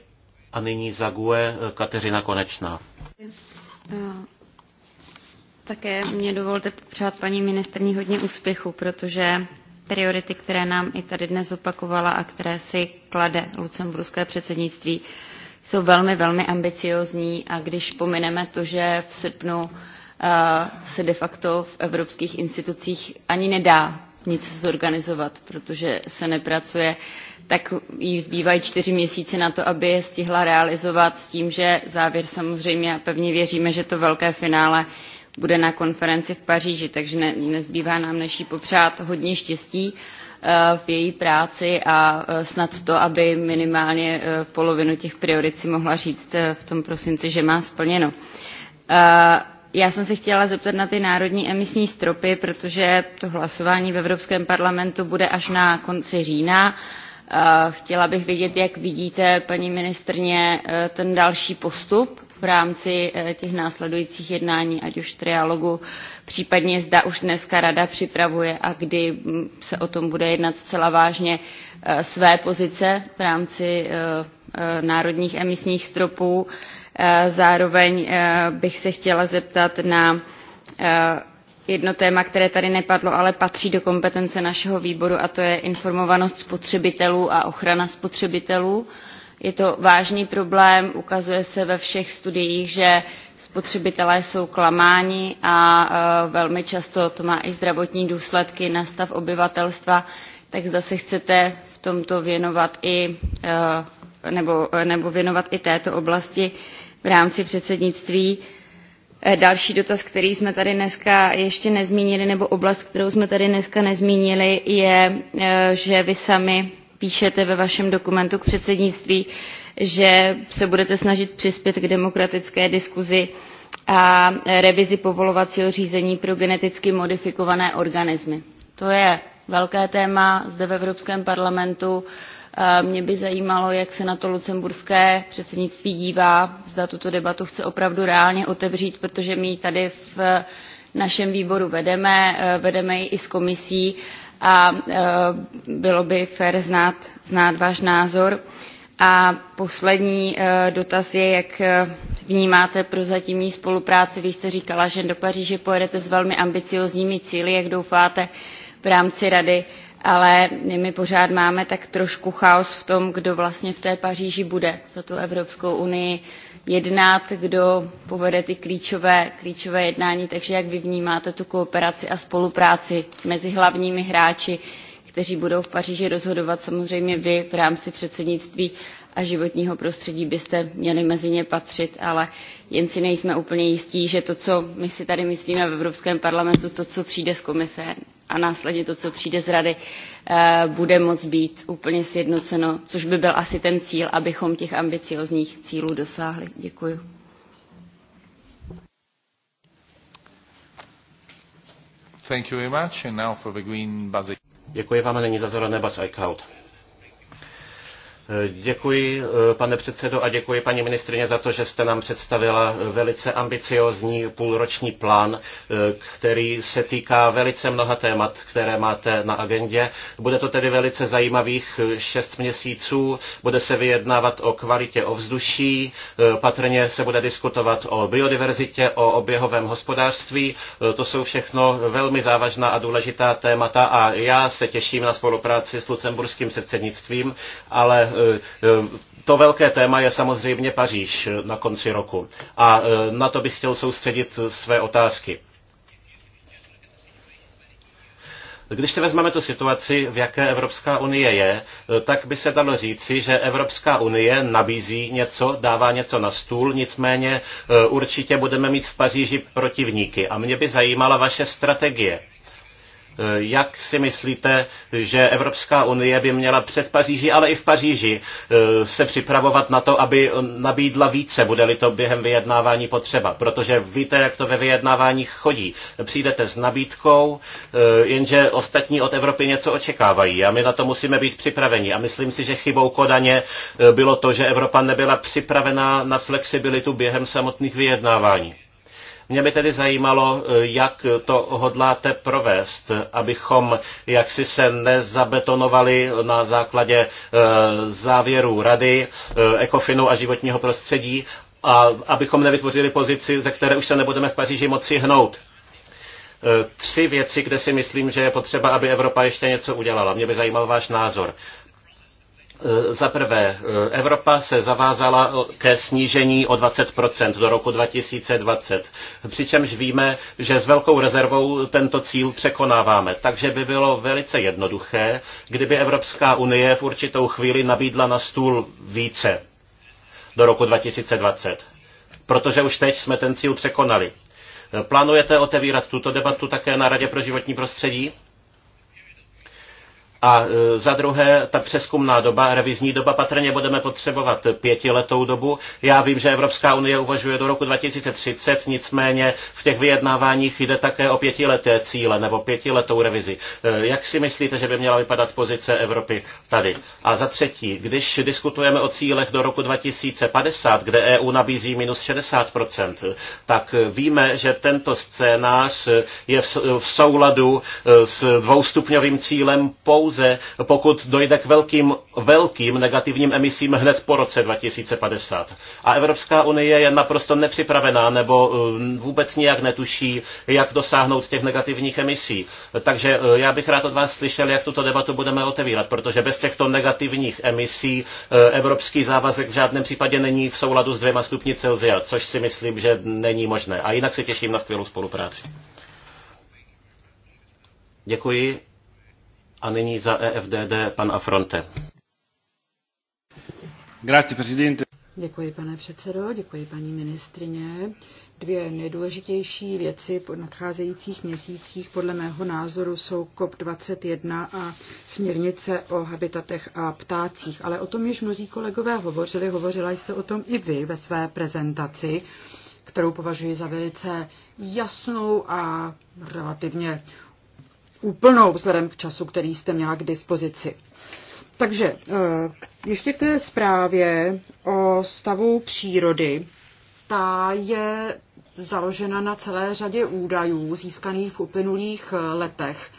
A nyní za GUE Kateřina Konečná. Také mě dovolte popřát paní ministrní hodně úspěchu, protože priority, které nám i tady dnes opakovala a které si klade lucemburské předsednictví, jsou velmi, velmi ambiciozní a když pomineme to, že v srpnu uh, se de facto v evropských institucích ani nedá nic zorganizovat, protože se nepracuje, tak jí zbývají čtyři měsíce na to, aby je stihla realizovat s tím, že závěr samozřejmě a pevně věříme, že to velké finále uh, bude na konferenci v Paříži, takže ne, nezbývá nám než jí popřát hodně štěstí eh, v její práci a eh, snad to, aby minimálně eh, polovinu těch priorit si mohla říct v tom prosinci, že má splněno. Já jsem se chtěla zeptat na ty národní emisní stropy, protože to hlasování v Evropském parlamentu bude až na konci října. Chtěla bych vidět, jak vidíte, paní ministrně, ten další postup v rámci eh, těch následujících jednání, ať už trialogu, případně zda už dneska rada připravuje a kdy mm, se o tom bude jednat zcela vážně eh, své pozice v rámci eh, národních emisních stropů. Zároveň bych se chtěla zeptat na jedno téma, které tady nepadlo, ale patří do kompetence našeho výboru a to je informovanost spotřebitelů a ochrana spotřebitelů. Je to vážný problém, ukazuje se ve všech studiích, že spotřebitelé jsou klamáni a e, velmi často to má i zdravotní důsledky na stav obyvatelstva, tak zda se chcete v tomto věnovat i, e, nebo, e, nebo věnovat i této oblasti v rámci předsednictví. Další dotaz, který jsme tady dneska ještě nezmínili, nebo oblast, kterou jsme tady dneska nezmínili, je, že vy sami píšete ve vašem dokumentu k předsednictví že se budete snažit přispět k demokratické diskuzi a revizi povolovacího řízení pro geneticky modifikované organismy. to je velké téma zde v evropském parlamentu mě by zajímalo jak se na to lucemburské předsednictví dívá zda tuto debatu chce opravdu reálně otevřít protože my ji tady v našem výboru vedeme eh, vedeme ji i s komisí a e, bylo by fér znát, znát váš názor. A poslední e, dotaz je, jak e, vnímáte pro zatímní spolupráci. Vy jste říkala, že do Paříže pojedete s velmi ambiciozními cíly, jak doufáte v rámci rady, ale my pořád máme tak trošku chaos v tom, kdo vlastně v té Paříži bude za tu Evropskou unii jednat, kdo povede ty klíčové, klíčové jednání, takže jak vy vnímáte tu kooperaci a spolupráci mezi hlavními hráči, kteří budou v Paříži rozhodovat, samozřejmě vy v rámci předsednictví a životního prostředí byste měli mezi ně patřit, ale jen si nejsme úplně jistí, že to, co my si tady myslíme v Evropském parlamentu, to, co přijde z komise a následně to, co přijde z rady, eh, bude moc být úplně sjednoceno, což by byl asi ten cíl, abychom těch ambiciozních cílů dosáhli. Děkuji. Thank you very much. And now for the green Děkuji vám a za zelené Buzz Děkuji, eh, pane předsedo, a děkuji paní ministrině za to, že jste nám představila eh, velice ambiciozní půlroční plán, eh, který se týká velice mnoha témat, které máte na agendě. Bude to tedy velice zajímavých šest měsíců, bude se vyjednávat o kvalitě ovzduší, patrně se bude diskutovat o biodiverzitě, o oběhovém hospodářství. To jsou všechno velmi závažná a důležitá témata a já se těším na spolupráci s lucemburským předsednictvím, ale to velké téma je samozřejmě Paříž na konci roku. A e, na to bych chtěl soustředit své otázky. Když si vezmeme tu situaci, v jaké Evropská unie je, e, tak by se dalo říci, že Evropská unie nabízí něco, dává něco na stůl, nicméně e, určitě budeme mít v Paříži protivníky. A mě by zajímala vaše strategie. Eh, jak si myslíte, že Evropská unie by měla před Paříží, ale i v Paříži eh, se připravovat na to, aby nabídla více, bude-li to během vyjednávání potřeba? Protože víte, jak to ve vyjednáváních chodí. Přijdete s nabídkou, eh, jenže ostatní od Evropy něco očekávají a my na to musíme být připraveni. A myslím si, že chybou Kodaně bylo to, že Evropa nebyla připravená na flexibilitu během samotných vyjednávání. Mě by tedy zajímalo, eh, jak to hodláte provést, abychom jaksi se nezabetonovali na základě eh, závěrů Rady, Ekofinu eh, a životního prostředí a abychom nevytvořili pozici, ze které už se nebudeme v Paříži moci hnout tři věci, kde si myslím, že je potřeba, aby Evropa ještě něco udělala. Mě by zajímal váš názor. Eh, za prvé, eh, Evropa se zavázala ke snížení o 20% do roku 2020, přičemž víme, že s velkou rezervou tento cíl překonáváme. Takže by bylo velice jednoduché, kdyby Evropská unie v určitou chvíli nabídla na stůl více do roku 2020, protože už teď jsme ten cíl překonali. Eh, plánujete otevírat tuto debatu také na Radě pro životní prostředí? A e, za druhé, ta přeskumná doba, revizní doba, patrně budeme potřebovat pětiletou dobu. Já vím, že Evropská unie uvažuje do roku 2030, nicméně v těch vyjednáváních jde také o pětileté cíle nebo pětiletou revizi. E, jak si myslíte, že by měla vypadat pozice Evropy tady? A za třetí, když diskutujeme o cílech do roku 2050, kde EU nabízí minus 60%, tak víme, že tento scénář je v souladu e, s dvoustupňovým cílem pou pouze pokud dojde k velkým, velkým negativním emisím hned po roce 2050. A Evropská unie je naprosto nepřipravená nebo eh, vůbec nijak netuší, jak dosáhnout těch negativních emisí. Takže eh, já bych rád od vás slyšel, jak tuto debatu budeme otevírat, protože bez těchto negativních emisí eh, evropský závazek v žádném případě není v souladu s dvěma stupni Celsia, což si myslím, že není možné. A jinak se těším na skvělou spolupráci. Děkuji. A nyní za EFDD pan Afronte. Děkuji, pane předsedo, děkuji, paní ministrině. Dvě nejdůležitější věci po nadcházejících měsících podle mého názoru jsou COP21 a směrnice o habitatech a ptácích. Ale o tom již mnozí kolegové hovořili, hovořila jste o tom i vy ve své prezentaci, kterou považuji za velice jasnou a relativně úplnou vzhledem k času, který jste měla k dispozici. Takže eh, ještě k té zprávě o stavu přírody. Ta je založena na celé řadě údajů získaných v uplynulých eh, letech.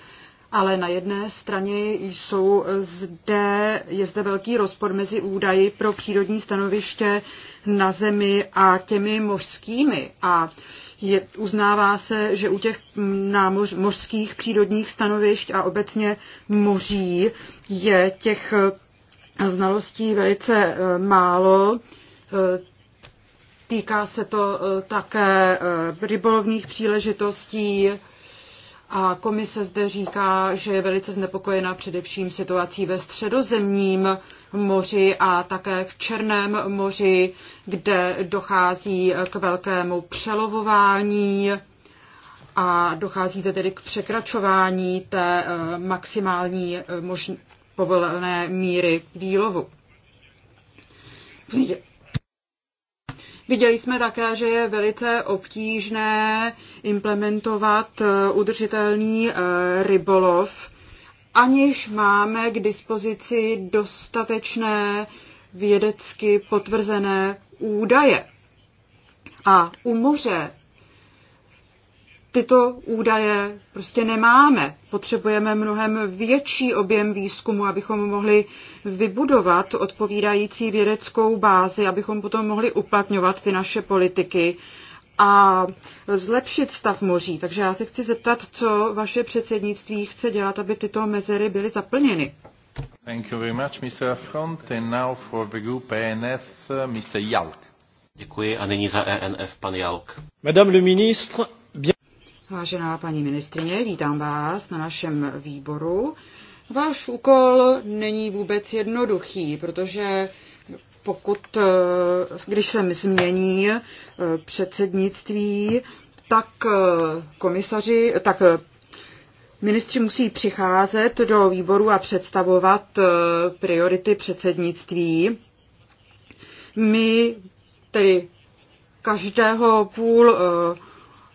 Ale na jedné straně jsou zde, je zde velký rozpor mezi údaji pro přírodní stanoviště na zemi a těmi mořskými. A je, uznává se, že u těch námoř, mořských přírodních stanovišť a obecně moří je těch e, znalostí velice e, málo. E, týká se to také rybolovních příležitostí, a komise zde říká, že je velice znepokojená především situací ve středozemním moři a také v Černém moři, kde dochází k velkému přelovování a dochází tedy k překračování té eh, maximální eh, možné povolené míry výlovu. Viděli jsme také, že je velice obtížné implementovat eh, udržitelný eh, rybolov, aniž máme k dispozici dostatečné vědecky potvrzené údaje. A u moře tyto údaje prostě nemáme. Potřebujeme mnohem větší objem výzkumu, abychom mohli vybudovat odpovídající vědeckou bázi, abychom potom mohli uplatňovat ty naše politiky a zlepšit stav moří. Takže já se chci zeptat, co vaše předsednictví chce dělat, aby tyto mezery byly zaplněny. Thank you very much, Mr. Front. And now for the group ENF, uh, Mr. Jalk. Děkuji a nyní za ENF pan Jalk. Madame le ministre, Vážená paní ministrině, vítám vás na našem výboru. Váš úkol není vůbec jednoduchý, protože pokud, eh, když se změní eh, předsednictví, tak eh, komisaři, tak Ministři musí přicházet do výboru a představovat priority předsednictví. My tedy každého půl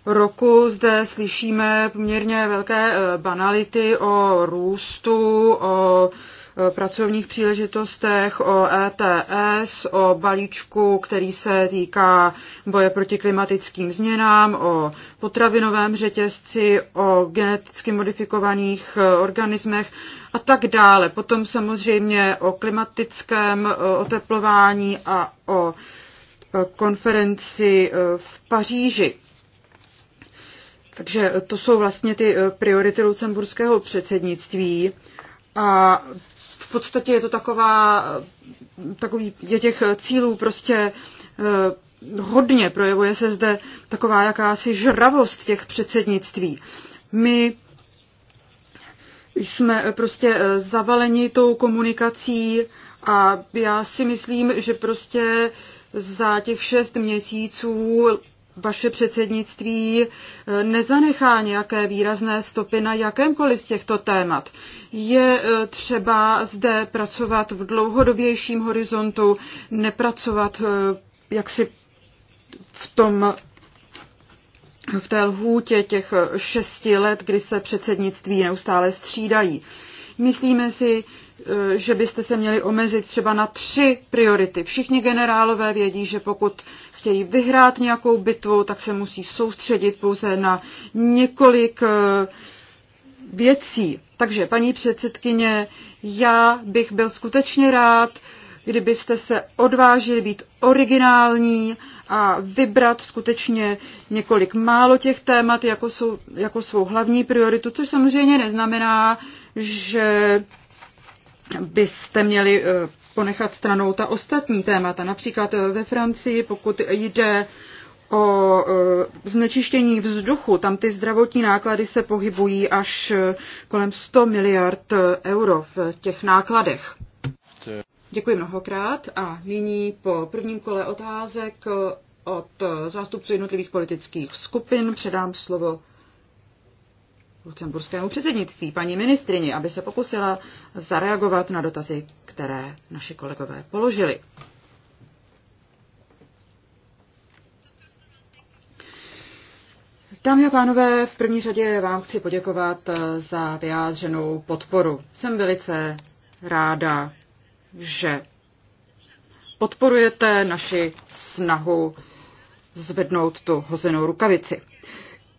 roku zde slyšíme poměrně velké eh, banality o růstu, o eh, pracovních příležitostech, o ETS, o balíčku, který se týká boje proti klimatickým změnám, o potravinovém řetězci, o geneticky modifikovaných eh, organismech a tak dále. Potom samozřejmě o klimatickém oteplování a o konferenci v Paříži. Takže to jsou vlastně ty eh, priority lucemburského předsednictví a v podstatě je to taková, eh, takový, je těch cílů prostě eh, hodně, projevuje se zde taková jakási žravost těch předsednictví. My jsme prostě zavaleni tou komunikací a já si myslím, že prostě za těch šest měsíců vaše předsednictví eh, nezanechá nějaké výrazné stopy na jakémkoliv z těchto témat. Je eh, třeba zde pracovat v dlouhodobějším horizontu, nepracovat eh, jaksi v tom v té lhůtě těch šesti let, kdy se předsednictví neustále střídají. Myslíme si, že byste se měli omezit třeba na tři priority. Všichni generálové vědí, že pokud chtějí vyhrát nějakou bitvu, tak se musí soustředit pouze na několik eh, věcí. Takže, paní předsedkyně, já bych byl skutečně rád, kdybyste se odvážili být originální a vybrat skutečně několik málo těch témat jako, jsou, jako svou hlavní prioritu, což samozřejmě neznamená, že byste měli eh, ponechat stranou ta ostatní témata. Například eh, ve Francii, pokud jde o eh, znečištění vzduchu, tam ty zdravotní náklady se pohybují až eh, kolem 100 miliard euro v těch nákladech. Děkuji mnohokrát a nyní po prvním kole otázek od zástupců jednotlivých politických skupin předám slovo lucemburskému předsednictví, paní ministrini, aby se pokusila zareagovat na dotazy, které naši kolegové položili. Dámy a pánové, v první řadě vám chci poděkovat za vyjádřenou podporu. Jsem velice ráda, že podporujete naši snahu zvednout tu hozenou rukavici.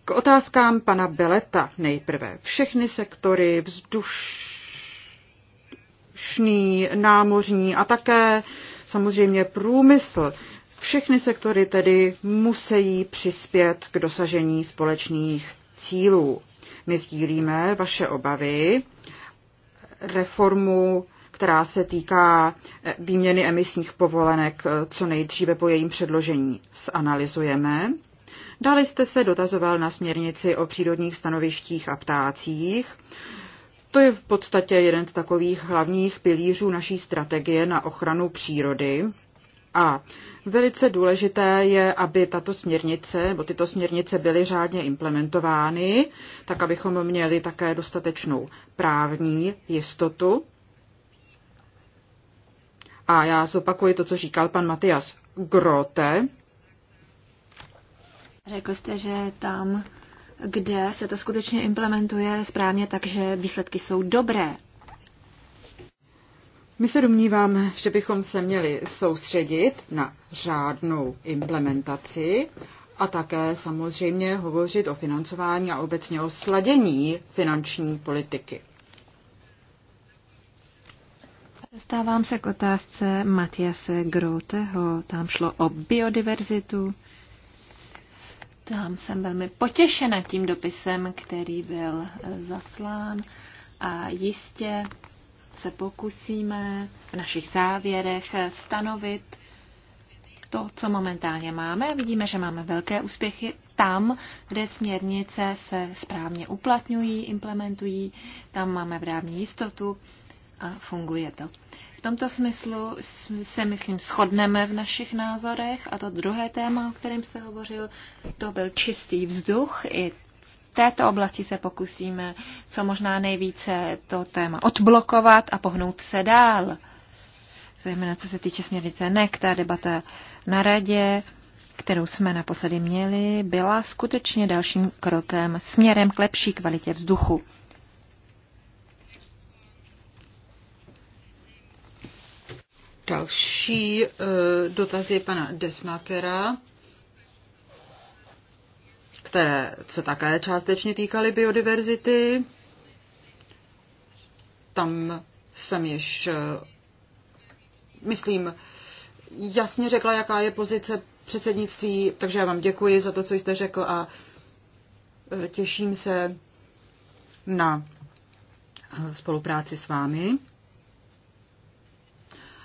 K otázkám pana Beleta nejprve. Všechny sektory, vzdušný, námořní a také samozřejmě průmysl, všechny sektory tedy musí přispět k dosažení společných cílů. My sdílíme vaše obavy, reformu, která se týká výměny emisních povolenek co nejdříve po jejím předložení, zanalizujeme Dali jste se dotazoval na směrnici o přírodních stanovištích a ptácích. To je v podstatě jeden z takových hlavních pilířů naší strategie na ochranu přírody. A velice důležité je, aby tato směrnice, nebo tyto směrnice byly řádně implementovány, tak abychom měli také dostatečnou právní jistotu. A já zopakuji to, co říkal pan Matias Grote, Řekl jste, že tam, kde se to skutečně implementuje správně, takže výsledky jsou dobré. My se domníváme, že bychom se měli soustředit na řádnou implementaci a také samozřejmě hovořit o financování a obecně o sladění finanční politiky. Dostávám se k otázce Matiase Groteho. Tam šlo o biodiverzitu. Tam jsem velmi potěšena tím dopisem, který byl eh, zaslán a jistě se pokusíme v našich závěrech eh, stanovit to, co momentálně máme. Vidíme, že máme velké úspěchy tam, kde směrnice se správně uplatňují, implementují, tam máme právní jistotu a funguje to. V tomto smyslu se, myslím, shodneme v našich názorech a to druhé téma, o kterém jste hovořil, to byl čistý vzduch. I v této oblasti se pokusíme co možná nejvíce to téma odblokovat a pohnout se dál. Zajména co se týče směrnice NEC, ta debata na radě, kterou jsme naposledy měli, byla skutečně dalším krokem směrem k lepší kvalitě vzduchu. Další eh, dotaz je pana Desmakera, které se také částečně týkaly biodiverzity. Tam jsem již, eh, myslím, jasně řekla, jaká je pozice předsednictví, takže já vám děkuji za to, co jste řekl a eh, těším se na spolupráci s vámi.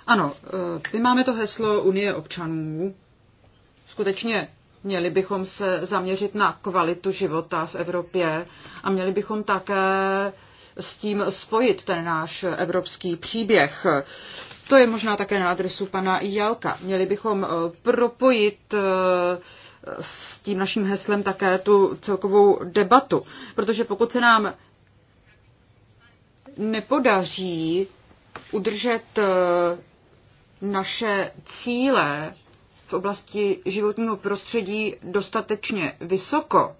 Ano, eh, my máme to heslo Unie občanů. Skutečně měli bychom se zaměřit na kvalitu života v Evropě a měli bychom také s tím spojit ten náš evropský příběh. To je možná také na adresu pana Jalka. Měli bychom eh, propojit eh, s tím naším heslem také tu celkovou debatu, protože pokud se nám nepodaří udržet naše cíle v oblasti životního prostředí dostatečně vysoko,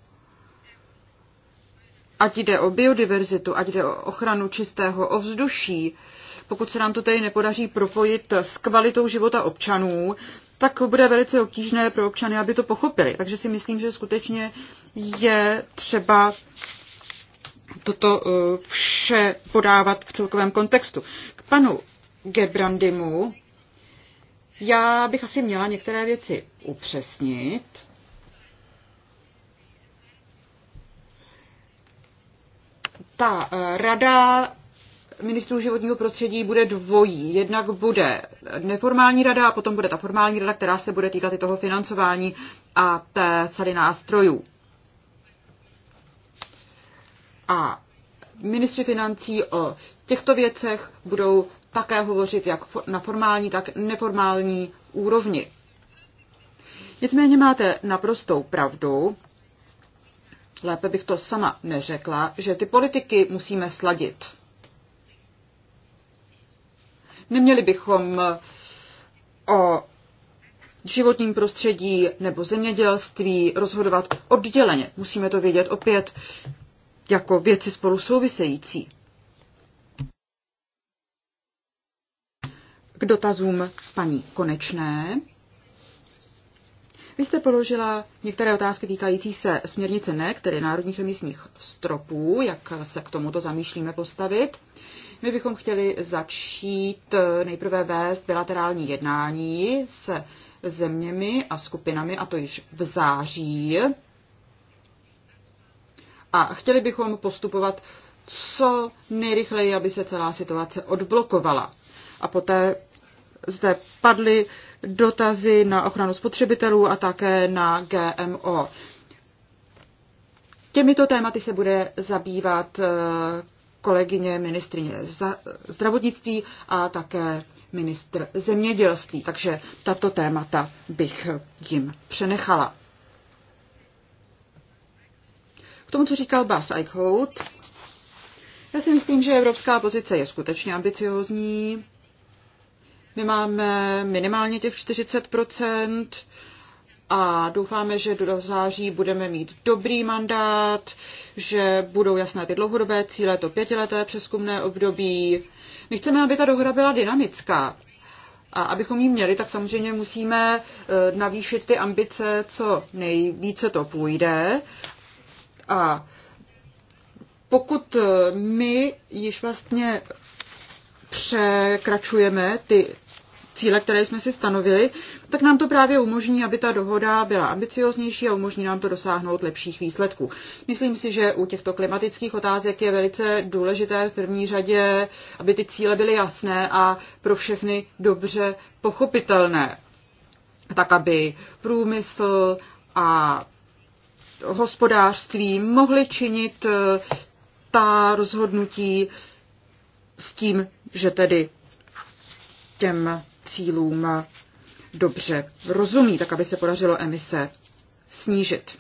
ať jde o biodiverzitu, ať jde o ochranu čistého ovzduší, pokud se nám to tedy nepodaří propojit s kvalitou života občanů, tak bude velice obtížné pro občany, aby to pochopili. Takže si myslím, že skutečně je třeba toto eh, vše podávat v celkovém kontextu. K panu Gebrandimu já bych asi měla některé věci upřesnit. Ta eh, rada ministrů životního prostředí bude dvojí. Jednak bude neformální rada a potom bude ta formální rada, která se bude týkat i toho financování a té sady nástrojů. A ministři financí o těchto věcech budou také hovořit jak na formální, tak neformální úrovni. Nicméně máte naprostou pravdu, lépe bych to sama neřekla, že ty politiky musíme sladit. Neměli bychom eh, o životním prostředí nebo zemědělství rozhodovat odděleně. Musíme to vědět opět jako věci spolu související. k dotazům paní Konečné. Vy jste položila některé otázky týkající se směrnice NEC, které národních emisních stropů, jak se k tomuto zamýšlíme postavit. My bychom chtěli začít eh, nejprve vést bilaterální jednání se zeměmi a skupinami, a to již v září. A chtěli bychom postupovat co nejrychleji, aby se celá situace odblokovala. A poté zde padly dotazy na ochranu spotřebitelů a také na GMO. Těmito tématy se bude zabývat eh, kolegyně ministrině zdravotnictví a také ministr zemědělství, takže tato témata bych jim přenechala. K tomu, co říkal Bas Eichhout, já si myslím, že evropská pozice je skutečně ambiciozní. My máme minimálně těch 40 a doufáme, že do září budeme mít dobrý mandát, že budou jasné ty dlouhodobé cíle, to pětileté přeskumné období. My chceme, aby ta dohoda byla dynamická. A abychom ji měli, tak samozřejmě musíme eh, navýšit ty ambice, co nejvíce to půjde. A pokud eh, my již vlastně překračujeme ty cíle, které jsme si stanovili, tak nám to právě umožní, aby ta dohoda byla ambicioznější a umožní nám to dosáhnout lepších výsledků. Myslím si, že u těchto klimatických otázek je velice důležité v první řadě, aby ty cíle byly jasné a pro všechny dobře pochopitelné. Tak, aby průmysl a hospodářství mohly činit eh, ta rozhodnutí s tím, že tedy těm cílům dobře rozumí, tak aby se podařilo emise snížit.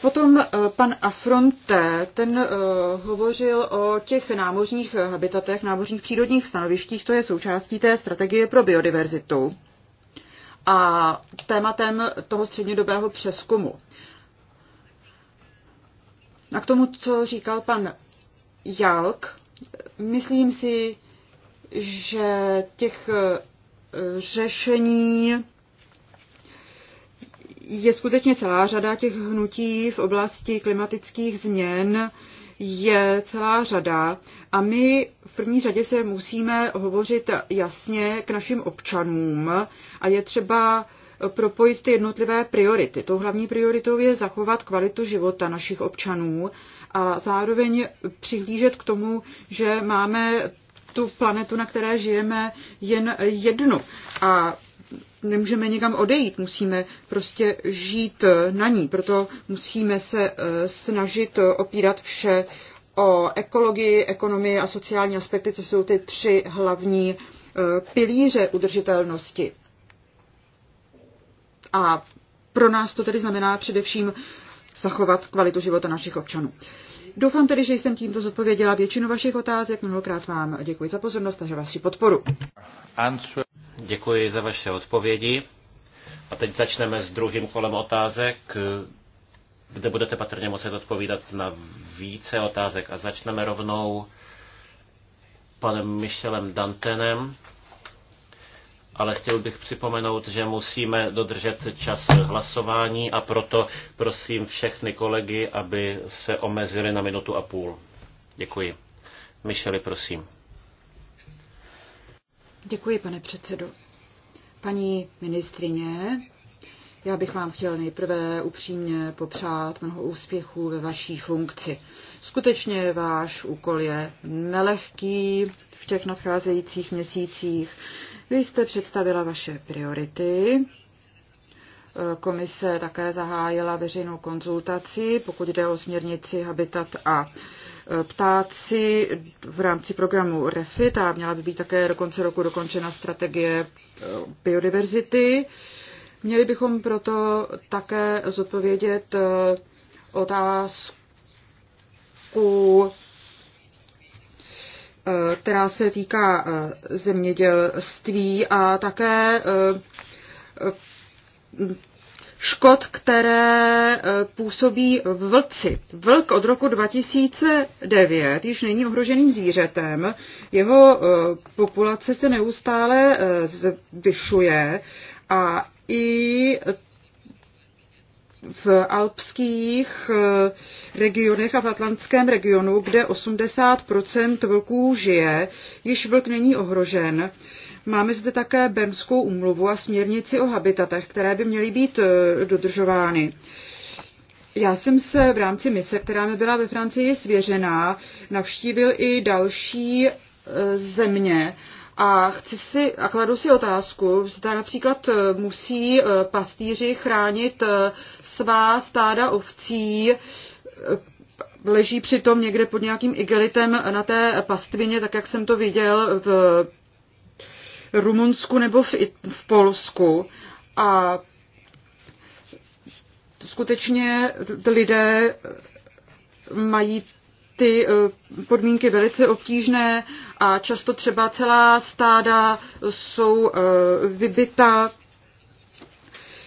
Potom eh, pan Afronte, ten eh, hovořil o těch námořních habitatech, námořních přírodních stanovištích, to je součástí té strategie pro biodiverzitu a tématem toho střednědobého přeskumu. A k tomu, co říkal pan Jalk, myslím si, že těch e, řešení je skutečně celá řada těch hnutí v oblasti klimatických změn, je celá řada a my v první řadě se musíme hovořit jasně k našim občanům a je třeba propojit ty jednotlivé priority. Tou hlavní prioritou je zachovat kvalitu života našich občanů a zároveň přihlížet k tomu, že máme tu planetu, na které žijeme, jen jednu. A nemůžeme nikam odejít, musíme prostě žít na ní. Proto musíme se eh, snažit opírat vše o ekologii, ekonomii a sociální aspekty, co jsou ty tři hlavní eh, pilíře udržitelnosti. A pro nás to tedy znamená především zachovat kvalitu života našich občanů. Doufám tedy, že jsem tímto zodpověděla většinu vašich otázek. Mnohokrát vám děkuji za pozornost a za vaši podporu. Děkuji za vaše odpovědi. A teď začneme s druhým kolem otázek, kde budete patrně muset odpovídat na více otázek. A začneme rovnou panem Michelem Dantenem ale chtěl bych připomenout, že musíme dodržet čas hlasování a proto prosím všechny kolegy, aby se omezili na minutu a půl. Děkuji. Michely, prosím. Děkuji, pane předsedo. Paní ministrině, já bych vám chtěl nejprve upřímně popřát mnoho úspěchů ve vaší funkci. Skutečně váš úkol je nelehký v těch nadcházejících měsících. Vy jste představila vaše priority. Komise také zahájila veřejnou konzultaci, pokud jde o směrnici Habitat a ptáci v rámci programu REFIT a měla by být také do konce roku dokončena strategie eh, biodiverzity. Měli bychom proto také zodpovědět eh, otázku Eh, která se týká eh, zemědělství a také eh, škod, které působí vlci. Vlk od roku 2009 již není ohroženým zvířetem, jeho populace se neustále zvyšuje a i v alpských eh, regionech a v atlantském regionu, kde 80 vlků žije, již vlk není ohrožen. Máme zde také Bernskou umluvu a směrnici o habitatech, které by měly být eh, dodržovány. Já jsem se v rámci mise, která mi byla ve Francii svěřená, navštívil i další eh, země a chci si, a kladu si otázku, zda například eh, musí eh, pastýři chránit eh, svá stáda ovcí, leží přitom někde pod nějakým igelitem na té pastvině, tak jak jsem to viděl v Rumunsku nebo v, v Polsku. A skutečně lidé mají ty eh, podmínky velice obtížné a často třeba celá stáda jsou eh, vybita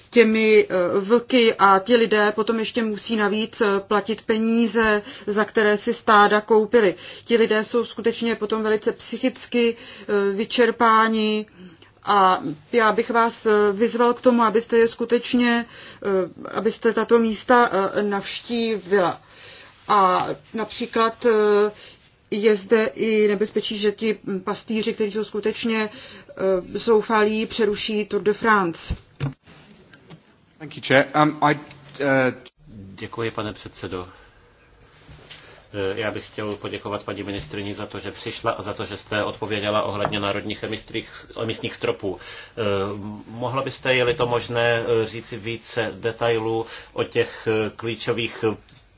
těmi eh, vlky a ti lidé potom ještě musí navíc platit peníze, za které si stáda koupili. Ti lidé jsou skutečně potom velice psychicky vyčerpáni a já bych vás vyzval k tomu, abyste je skutečně, abyste tato místa navštívila. A například e, je zde i nebezpečí, že ti pastýři, kteří jsou skutečně e, zoufalí, přeruší Tour de France. Um, uh, Děkuji, pane předsedo. E, já bych chtěl poděkovat paní ministrině za to, že přišla a za to, že jste odpověděla ohledně národních emisních stropů. Mohla byste, je-li to možné, říci více detailů o těch klíčových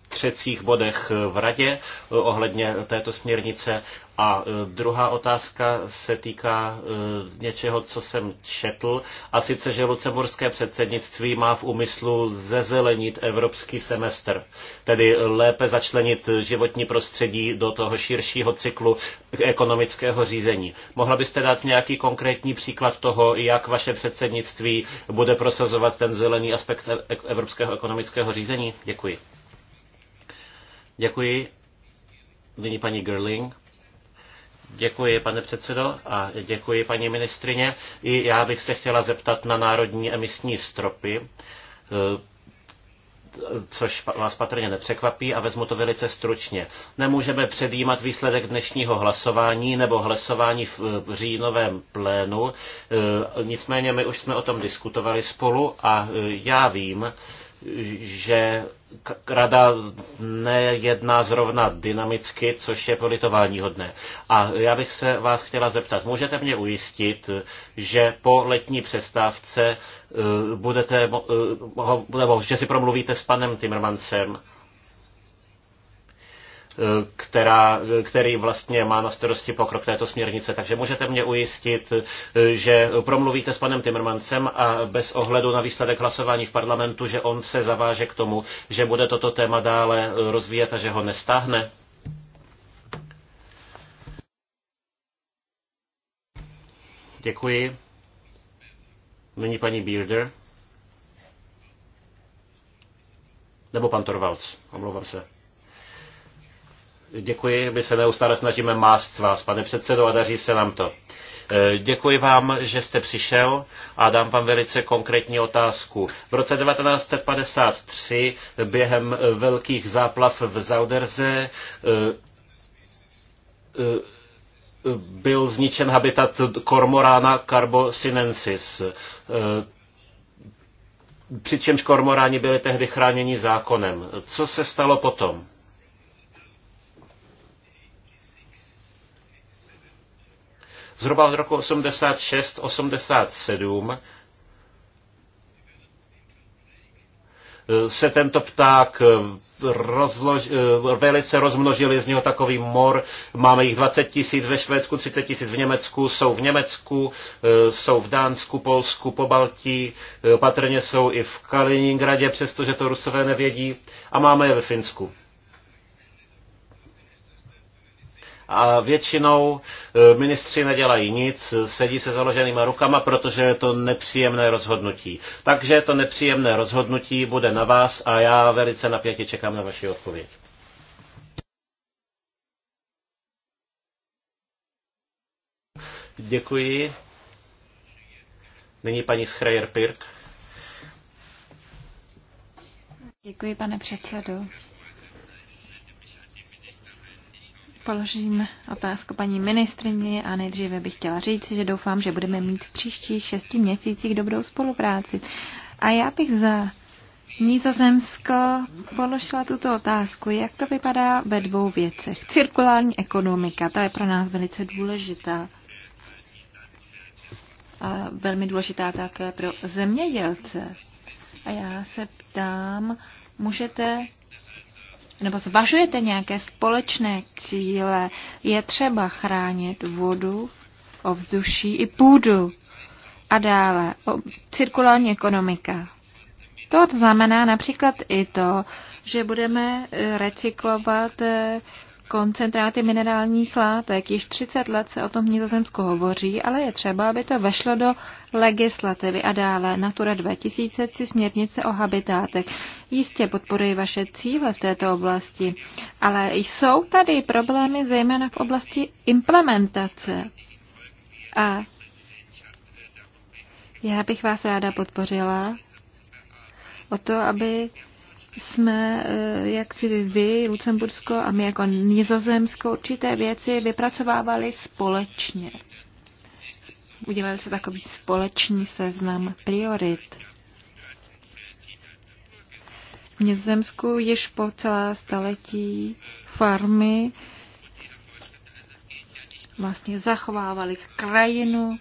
třecích bodech v radě eh, ohledně této směrnice. A eh, druhá otázka se týká eh, něčeho, co jsem četl, a sice, že lucemburské předsednictví má v úmyslu zezelenit evropský semestr, tedy lépe začlenit životní prostředí do toho širšího cyklu ekonomického řízení. Mohla byste dát nějaký konkrétní příklad toho, jak vaše předsednictví bude prosazovat ten zelený aspekt e- e- evropského ekonomického řízení? Děkuji. Děkuji. Nyní paní Gerling. Děkuji, pane předsedo, a děkuji, paní ministrině. I já bych se chtěla zeptat na národní emisní stropy, eh, což vás patrně nepřekvapí a vezmu to velice stručně. Nemůžeme předjímat výsledek dnešního hlasování nebo hlasování v říjnovém plénu, eh, nicméně my už jsme o tom diskutovali spolu a eh, já vím, že rada nejedná zrovna dynamicky, což je politování hodné. A já bych se vás chtěla zeptat, můžete mě ujistit, že po letní přestávce eh, budete, eh, že si promluvíte s panem Timmermansem která, který vlastně má na starosti pokrok této směrnice. Takže můžete mě ujistit, že promluvíte s panem Timmermansem a bez ohledu na výsledek hlasování v parlamentu, že on se zaváže k tomu, že bude toto téma dále rozvíjet a že ho nestáhne? Děkuji. Nyní paní Bearder. Nebo pan Torvalds, omlouvám se. Děkuji, my se neustále snažíme mást vás, pane předsedo, a daří se nám to. E, děkuji vám, že jste přišel a dám vám velice konkrétní otázku. V roce 1953 během velkých záplav v Zauderze e, e, byl zničen habitat kormorána sinensis. Přičemž kormoráni byli tehdy chráněni zákonem. Co se stalo potom? zhruba od roku 86-87 eh, se tento pták eh, rozlož, eh, velice Je z něho takový mor. Máme jich 20 tisíc ve Švédsku, 30 tisíc v Německu, jsou v Německu, jsou v Dánsku, Polsku, po Baltí, patrně jsou i v Kaliningradě, přestože to Rusové nevědí, a máme je ve Finsku. a většinou e, ministři nedělají nic, sedí se založenýma rukama, protože je to nepříjemné rozhodnutí. Takže to nepříjemné rozhodnutí bude na vás a já velice napětě čekám na vaši odpověď. Děkuji. Nyní paní Schreier-Pirk. Děkuji, pane předsedo. položím otázku paní ministrině a nejdříve bych chtěla říct, že doufám, že budeme mít v příštích šesti měsících dobrou spolupráci. A já bych za Nizozemsko položila tuto otázku. Jak to vypadá ve dvou věcech? Cirkulární ekonomika, ta je pro nás velice důležitá. A velmi důležitá také pro zemědělce. A já se ptám, můžete nebo zvažujete nějaké společné cíle? Je třeba chránit vodu, ovzduší i půdu. A dále, o, cirkulární ekonomika. To znamená například i to, že budeme eh, recyklovat eh, koncentráty minerálních látek. Již 30 let se o tom v Nizozemsku hovoří, ale je třeba, aby to vešlo do legislativy a dále Natura 2000 si směrnice o habitátech. Jistě podporuji vaše cíle v této oblasti, ale jsou tady problémy zejména v oblasti implementace. A já bych vás ráda podpořila o to, aby jsme, eh, jak si vy, Lucembursko a my jako Nizozemsko, určité věci vypracovávali společně. Udělali se takový společný seznam priorit. V Nizozemsku již po celá staletí farmy vlastně zachovávali krajinu,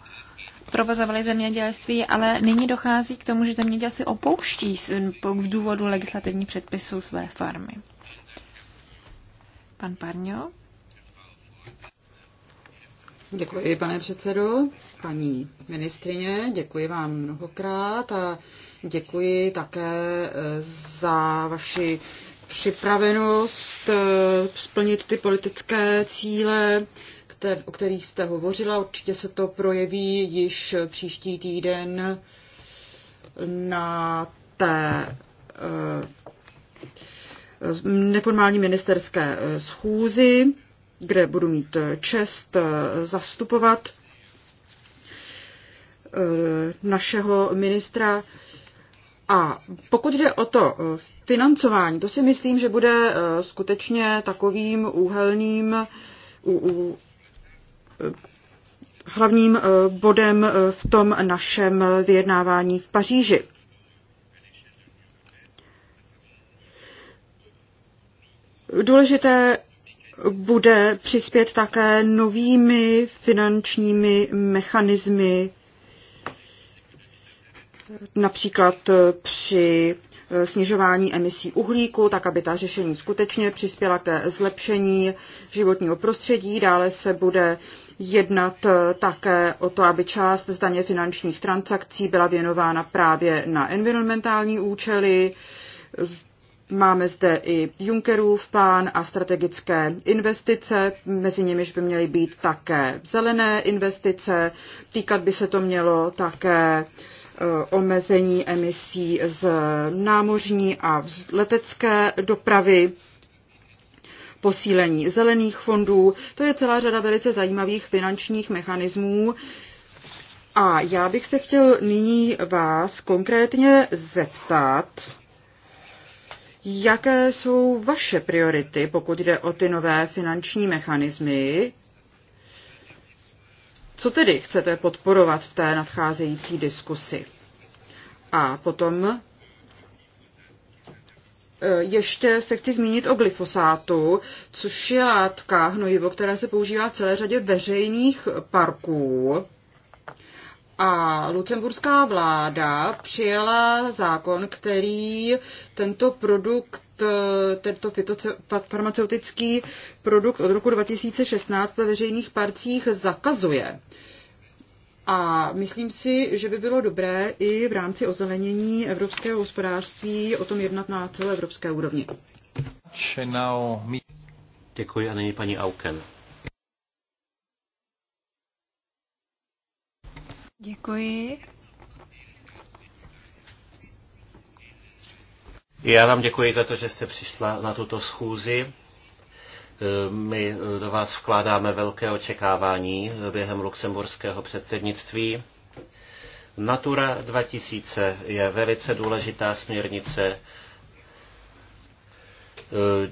provozovali zemědělství, ale nyní dochází k tomu, že zemědělci opouští v důvodu legislativních předpisů své farmy. Pan Parňo. Děkuji, pane předsedo, paní ministrině, děkuji vám mnohokrát a děkuji také eh, za vaši připravenost eh, splnit ty politické cíle kter, o kterých jste hovořila. Určitě se to projeví již příští týden na té eh, neformální ministerské eh, schůzi, kde budu mít eh, čest zastupovat našeho ministra. A pokud jde o to financování, to si myslím, že bude skutečně takovým úhelným, hlavním eh, bodem eh, v tom našem vyjednávání v Paříži. Důležité bude přispět také novými finančními mechanismy, například eh, při snižování emisí uhlíku, tak aby ta řešení skutečně přispěla ke zlepšení životního prostředí. Dále se bude jednat eh, také o to, aby část zdaně finančních transakcí byla věnována právě na environmentální účely. Máme zde i Junckerův plán a strategické investice, mezi nimiž by měly být také zelené investice. Týkat by se to mělo také eh, omezení emisí z námořní a letecké dopravy posílení zelených fondů. To je celá řada velice zajímavých finančních mechanismů. A já bych se chtěl nyní vás konkrétně zeptat, jaké jsou vaše priority, pokud jde o ty nové finanční mechanismy, co tedy chcete podporovat v té nadcházející diskusi? A potom Eh, ještě se chci zmínit o glyfosátu, což je látka, hnojivo, které se používá v celé řadě veřejných parků. A lucemburská vláda přijela zákon, který tento produkt, eh, tento farmaceutický produkt od roku 2016 ve veřejných parcích zakazuje. A myslím si, že by bylo dobré i v rámci ozelenění evropského hospodářství o tom jednat na celoevropské úrovni. Děkuji a nyní paní Auken. Děkuji. Já vám děkuji za to, že jste přišla na tuto schůzi. My do vás vkládáme velké očekávání během luxemburského předsednictví. Natura 2000 je velice důležitá směrnice,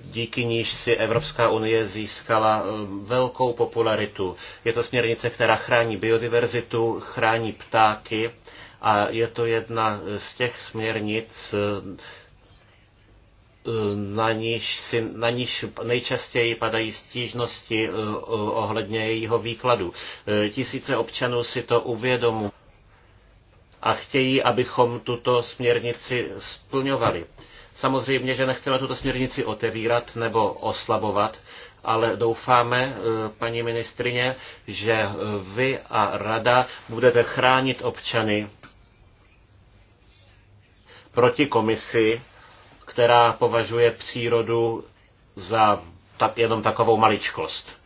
díky níž si Evropská unie získala eh, velkou popularitu. Je to směrnice, která chrání biodiverzitu, chrání ptáky a je to jedna z těch směrnic, eh, Eh, na níž, si, na níž nejčastěji padají stížnosti eh, ohledně jejího výkladu. Eh, tisíce občanů si to uvědomují a chtějí, abychom tuto směrnici splňovali. Samozřejmě, že nechceme tuto směrnici otevírat nebo oslabovat, ale doufáme, paní ministrině, že vy a rada budete chránit občany proti komisi, která považuje přírodu za ta, jenom takovou maličkost.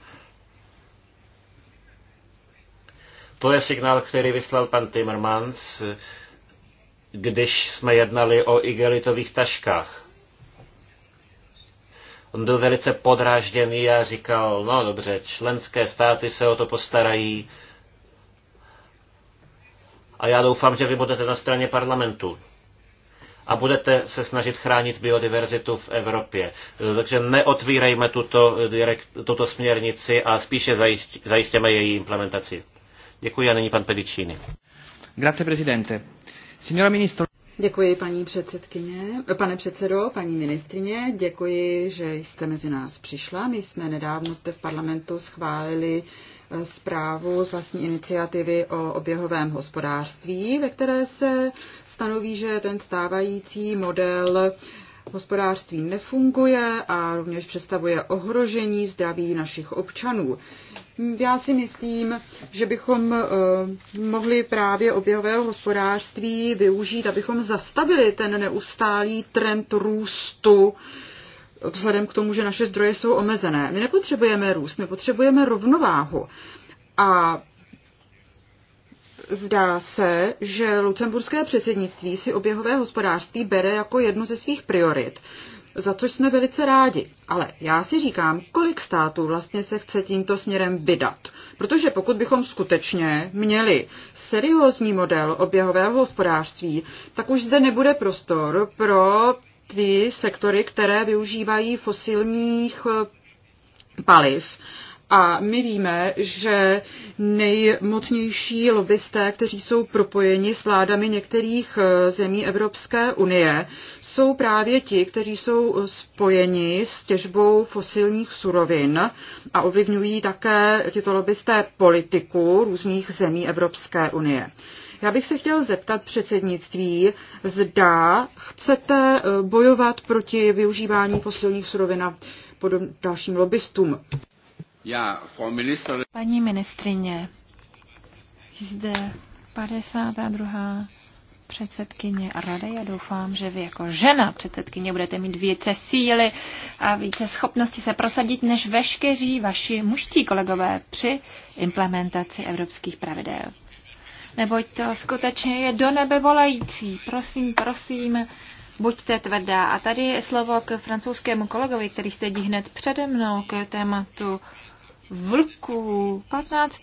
To je signál, který vyslal pan Timmermans, když jsme jednali o igelitových taškách. On byl velice podrážděný a říkal, no dobře, členské státy se o to postarají a já doufám, že vy budete na straně parlamentu a budete se snažit chránit biodiverzitu v Evropě. Eh, takže neotvírejme tuto, eh, direkt, tuto směrnici a spíše zajist, zajistěme její implementaci. Děkuji a nyní pan Pedicini. Grazie, prezidente. Signora ministro... Děkuji, paní předsedkyně, pane předsedo, paní ministrině, děkuji, že jste mezi nás přišla. My jsme nedávno zde v parlamentu schválili uh, zprávu z vlastní iniciativy o oběhovém hospodářství, ve které se stanoví, že ten stávající model hospodářství nefunguje a rovněž představuje ohrožení zdraví našich občanů. Já si myslím, že bychom eh, mohli právě oběhového hospodářství využít, abychom zastavili ten neustálý trend růstu vzhledem k tomu, že naše zdroje jsou omezené. My nepotřebujeme růst, my potřebujeme rovnováhu. A zdá se, že lucemburské předsednictví si oběhové hospodářství bere jako jednu ze svých priorit, za což jsme velice rádi. Ale já si říkám, kolik států vlastně se chce tímto směrem vydat. Protože pokud bychom skutečně měli seriózní model oběhového hospodářství, tak už zde nebude prostor pro ty sektory, které využívají fosilních eh, paliv. A my víme, že nejmocnější lobbysté, kteří jsou propojeni s vládami některých eh, zemí Evropské unie, jsou právě ti, kteří jsou eh, spojeni s těžbou fosilních surovin a ovlivňují také tyto lobbysté politiku různých zemí Evropské unie. Já bych se chtěl zeptat předsednictví, zda chcete eh, bojovat proti využívání posilních surovin a dalším lobbystům. Já, minister... Paní ministrině, zde 52. předsedkyně rady. Já doufám, že vy jako žena předsedkyně budete mít více síly a více schopnosti se prosadit než veškeří vaši mužtí kolegové při implementaci evropských pravidel neboť to skutečně je do nebe volající. Prosím, prosím, buďte tvrdá. A tady je slovo k francouzskému kolegovi, který sedí hned přede mnou k tématu vlků. 15.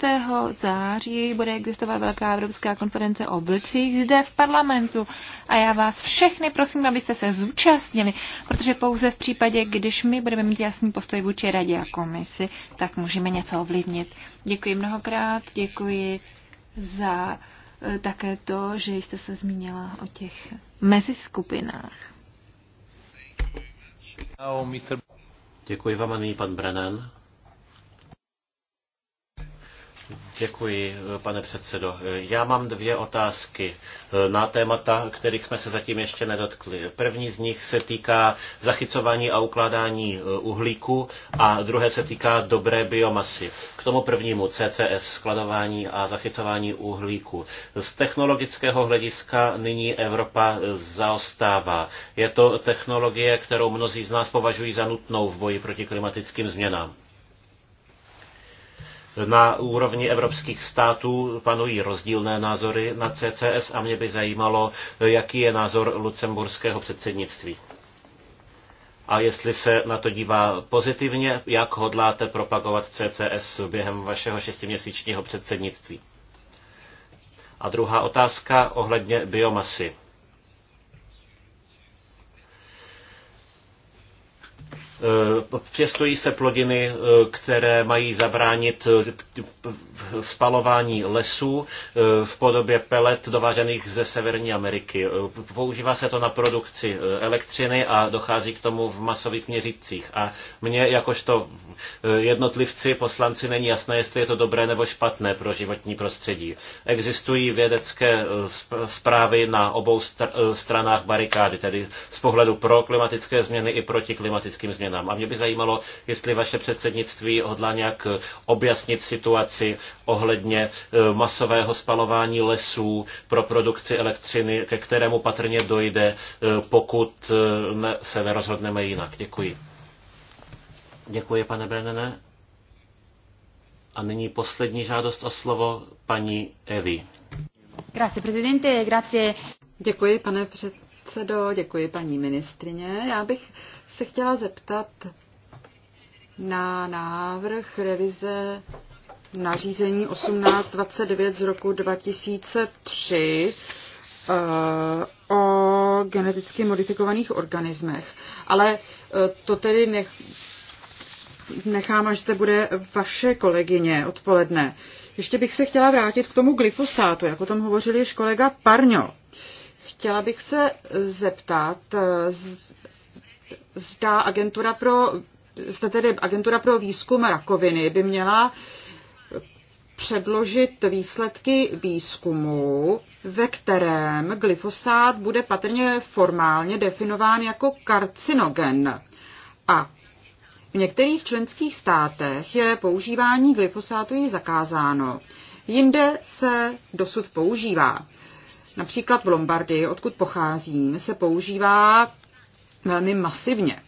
září bude existovat velká evropská konference o vlcích zde v parlamentu a já vás všechny prosím, abyste se zúčastnili, protože pouze v případě, když my budeme mít jasný postoj vůči radě a komisi, tak můžeme něco ovlivnit. Děkuji mnohokrát, děkuji za e, také to, že jste se zmínila o těch meziskupinách. Děkuji vám a nyní pan Brennan. Děkuji, pane předsedo. Já mám dvě otázky na témata, kterých jsme se zatím ještě nedotkli. První z nich se týká zachycování a ukládání e, uhlíku a druhé se týká dobré biomasy. K tomu prvnímu CCS, skladování a zachycování uhlíku. Z technologického hlediska nyní Evropa e, zaostává. Je to technologie, kterou mnozí z nás považují za nutnou v boji proti klimatickým změnám. Na úrovni evropských států panují rozdílné názory na CCS a mě by zajímalo, jaký je názor lucemburského předsednictví. A jestli se na to dívá pozitivně, jak hodláte propagovat CCS během vašeho šestiměsíčního předsednictví? A druhá otázka ohledně biomasy. Eh, pěstují se plodiny, eh, které mají zabránit eh, spalování lesů v podobě pelet dovážených ze Severní Ameriky. Používá se to na produkci elektřiny a dochází k tomu v masových měřících. A mně jakožto jednotlivci, poslanci, není jasné, jestli je to dobré nebo špatné pro životní prostředí. Existují vědecké zprávy na obou stranách barikády, tedy z pohledu pro klimatické změny i proti klimatickým změnám změnám. A mě by zajímalo, jestli vaše předsednictví hodlá nějak eh, objasnit situaci ohledně eh, masového spalování lesů pro produkci elektřiny, ke kterému patrně dojde, eh, pokud se nerozhodneme jinak. Děkuji. Děkuji, pane Brennene. A nyní poslední žádost o slovo paní Evi. Grazie, presidente, grazie. Děkuji, pane předsedo předsedo, děkuji paní ministrině. Já bych se chtěla zeptat na návrh revize nařízení 1829 z roku 2003 eh, o geneticky modifikovaných organismech. Ale eh, to tedy nech, nechám, až to bude vaše kolegyně odpoledne. Ještě bych se chtěla vrátit k tomu glyfosátu, jak o tom hovořil již kolega Parňo. Chtěla bych se zeptat, eh, zda agentura pro, zda tedy agentura pro výzkum rakoviny by měla předložit výsledky výzkumu, ve kterém glyfosát bude patrně formálně definován jako karcinogen. A v některých členských státech je používání glyfosátu již zakázáno, jinde se dosud používá. Například v Lombardii, odkud pocházím, se používá velmi masivně.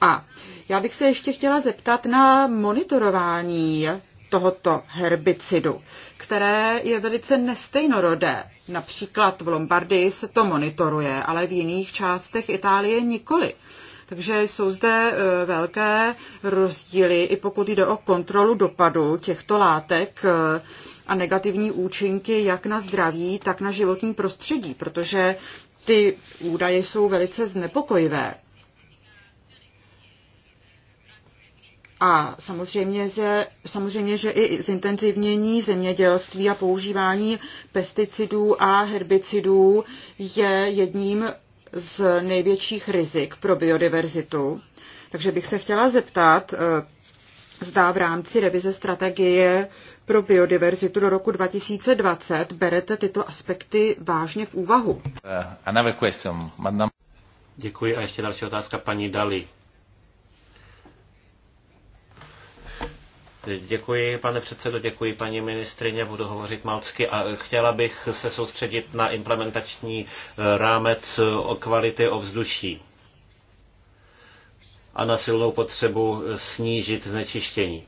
A já bych se ještě chtěla zeptat na monitorování tohoto herbicidu, které je velice nestejnorodé. Například v Lombardii se to monitoruje, ale v jiných částech Itálie nikoli. Takže jsou zde e, velké rozdíly, i pokud jde o kontrolu dopadu těchto látek e, a negativní účinky jak na zdraví, tak na životní prostředí, protože ty údaje jsou velice znepokojivé. A samozřejmě, že, samozřejmě, že i zintenzivnění zemědělství a používání pesticidů a herbicidů je jedním z největších rizik pro biodiverzitu. Takže bych se chtěla zeptat, eh, zda v rámci revize strategie pro biodiverzitu do roku 2020 berete tyto aspekty vážně v úvahu. Eh, Děkuji a ještě další otázka paní Dali. Děkuji, pane předsedo, děkuji, paní ministrině, budu hovořit malcky a chtěla bych se soustředit na implementační eh, rámec eh, o kvality ovzduší a na silnou potřebu eh, snížit znečištění.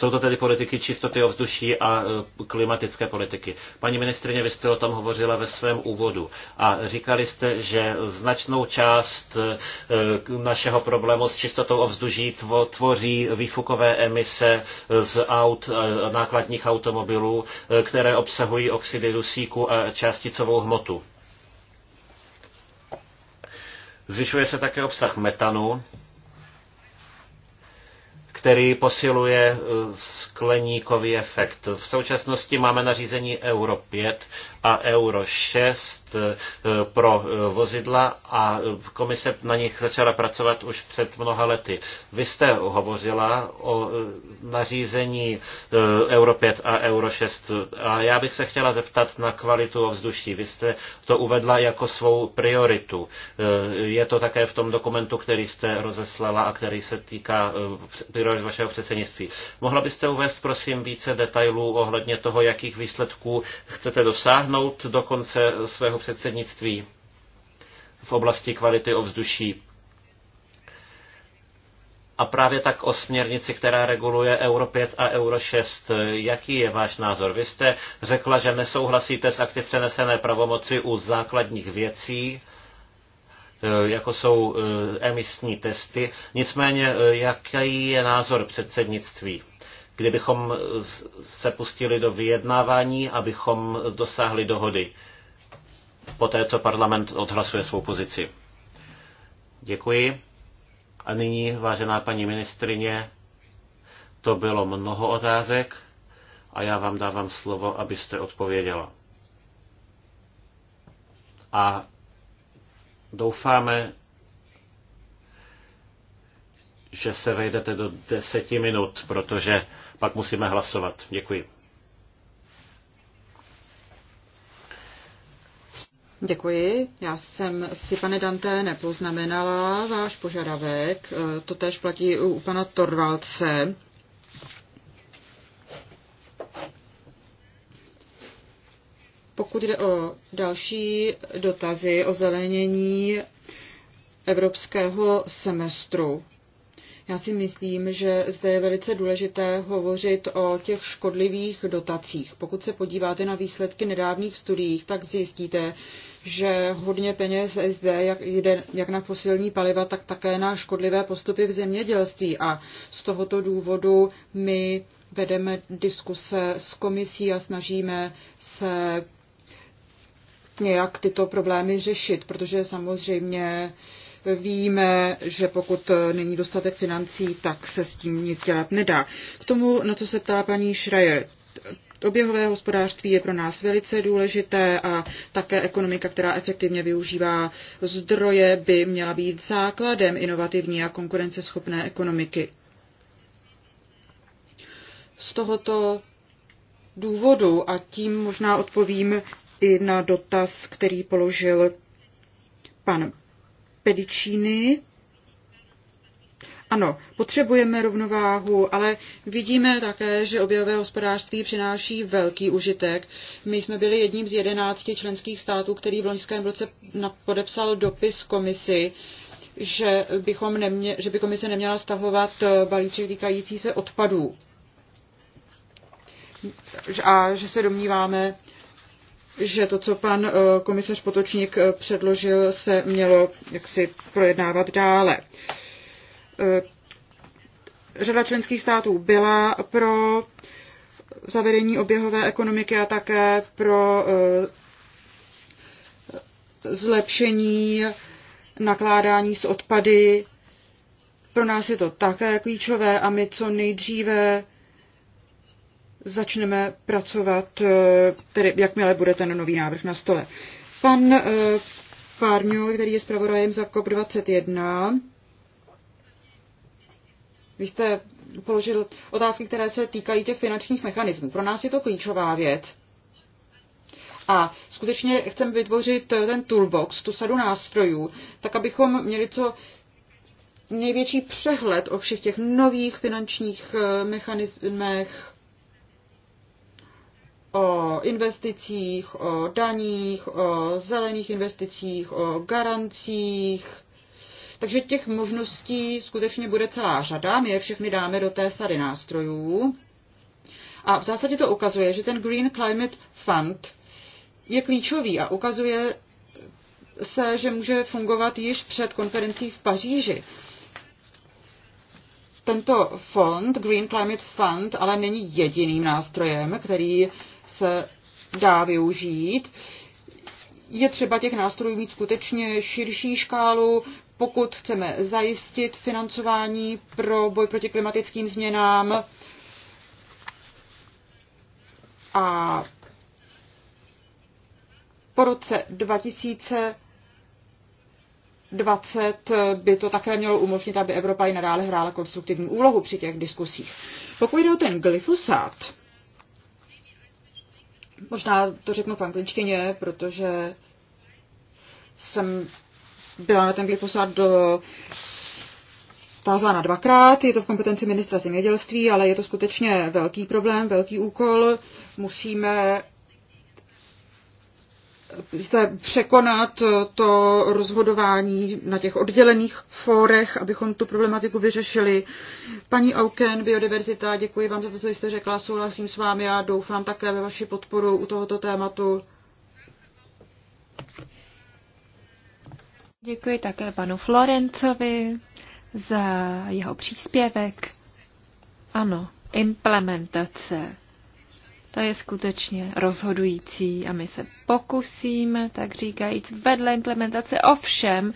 Jsou to tedy politiky čistoty ovzduší a e, klimatické politiky. Paní ministrině, vy jste o tom hovořila ve svém úvodu a říkali jste, že značnou část e, našeho problému s čistotou ovzduší tvoří výfukové emise e, z aut, nákladních automobilů, které obsahují oxidy dusíku a částicovou hmotu. Zvyšuje se také obsah metanu, který posiluje eh, skleníkový efekt. V současnosti máme nařízení Euro 5 a Euro 6 Eh, pro eh, vozidla a eh, komise na nich začala pracovat už před mnoha lety. Vy jste hovořila o nařízení Euro 5 a Euro 6 a já bych se chtěla zeptat na kvalitu ovzduší. Vy jste to uvedla jako svou prioritu. Je to také v tom dokumentu, který jste rozeslala a který se týká priorit vašeho předsednictví. Mohla byste uvést, prosím, více detailů ohledně toho, jakých výsledků chcete dosáhnout do konce svého předsednictví v oblasti kvality ovzduší. A právě tak o směrnici, která reguluje Euro 5 a Euro 6. Jaký je váš názor? Vy jste řekla, že nesouhlasíte s aktiv přenesené pravomoci u základních věcí, eh, jako jsou eh, emisní testy. Nicméně, eh, jaký je názor předsednictví? Kdybychom se pustili do vyjednávání, abychom dosáhli dohody poté co parlament odhlasuje svou pozici. Děkuji. A nyní, vážená paní ministrině, to bylo mnoho otázek a já vám dávám slovo, abyste odpověděla. A doufáme, že se vejdete do deseti minut, protože pak musíme hlasovat. Děkuji. Děkuji. Já jsem si, pane Dante, nepoznamenala váš požadavek. Eh, to tež platí u pana Torvalce. Pokud jde o další dotazy o zelenění evropského semestru, já si myslím, že zde je velice důležité hovořit o těch škodlivých dotacích. Pokud se podíváte na výsledky nedávných studií, tak zjistíte, že hodně peněz zde jak jde jak na fosilní paliva, tak také na škodlivé postupy v zemědělství. A z tohoto důvodu my vedeme diskuse s komisí a snažíme se nějak tyto problémy řešit, protože samozřejmě víme, že pokud není dostatek financí, tak se s tím nic dělat nedá. K tomu, na co se ptala paní Schreier, Oběhové hospodářství je pro nás velice důležité a také ekonomika, která efektivně využívá zdroje, by měla být základem inovativní a konkurenceschopné ekonomiky. Z tohoto důvodu, a tím možná odpovím i na dotaz, který položil pan pedičíny. Ano, potřebujeme rovnováhu, ale vidíme také, že objevové hospodářství přináší velký užitek. My jsme byli jedním z jedenácti členských států, který v loňském roce podepsal dopis komisi, že, bychom nemě, že by komise neměla stahovat eh, balíček týkající se odpadů. A že se domníváme, že to, co pan eh, komisař Potočník eh, předložil, se mělo jaksi projednávat dále. Eh, řada členských států byla pro zavedení oběhové ekonomiky a také pro zlepšení nakládání s odpady. Pro nás je to také klíčové a my co nejdříve začneme pracovat, eh, tedy jakmile bude ten nový návrh na stole. Pan eh, Párňu, který je zpravodajem za COP21, vy jste položil otázky, které se týkají těch finančních mechanismů. Pro nás je to klíčová věc. A skutečně chceme vytvořit ten toolbox, tu sadu nástrojů, tak abychom měli co největší přehled o všech těch nových finančních eh, mechanismech, o investicích, o daních, o zelených investicích, o garancích. Takže těch možností skutečně bude celá řada. My je všechny dáme do té sady nástrojů. A v zásadě to ukazuje, že ten Green Climate Fund je klíčový a ukazuje se, že může fungovat již před konferencí v Paříži. Tento fond, Green Climate Fund, ale není jediným nástrojem, který se dá využít. Je třeba těch nástrojů mít skutečně širší škálu, pokud chceme zajistit financování pro boj proti klimatickým změnám. A po roce 2020 by to také mělo umožnit, aby Evropa i nadále hrála konstruktivní úlohu při těch diskusích. Pokud jde o ten glyfosát, Možná to řeknu v angličtině, protože jsem byla na ten glyfosát do tázána dvakrát, je to v kompetenci ministra zemědělství, ale je to skutečně velký problém, velký úkol. Musíme zde překonat eh, to rozhodování na těch oddělených fórech, abychom tu problematiku vyřešili. Paní Auken, biodiverzita, děkuji vám za to, co jste řekla, souhlasím s vámi a doufám také ve vaši podporu u tohoto tématu. Děkuji také panu Florencovi za jeho příspěvek. Ano, implementace ta je skutečně rozhodující a my se pokusíme, tak říkajíc, vedle implementace ovšem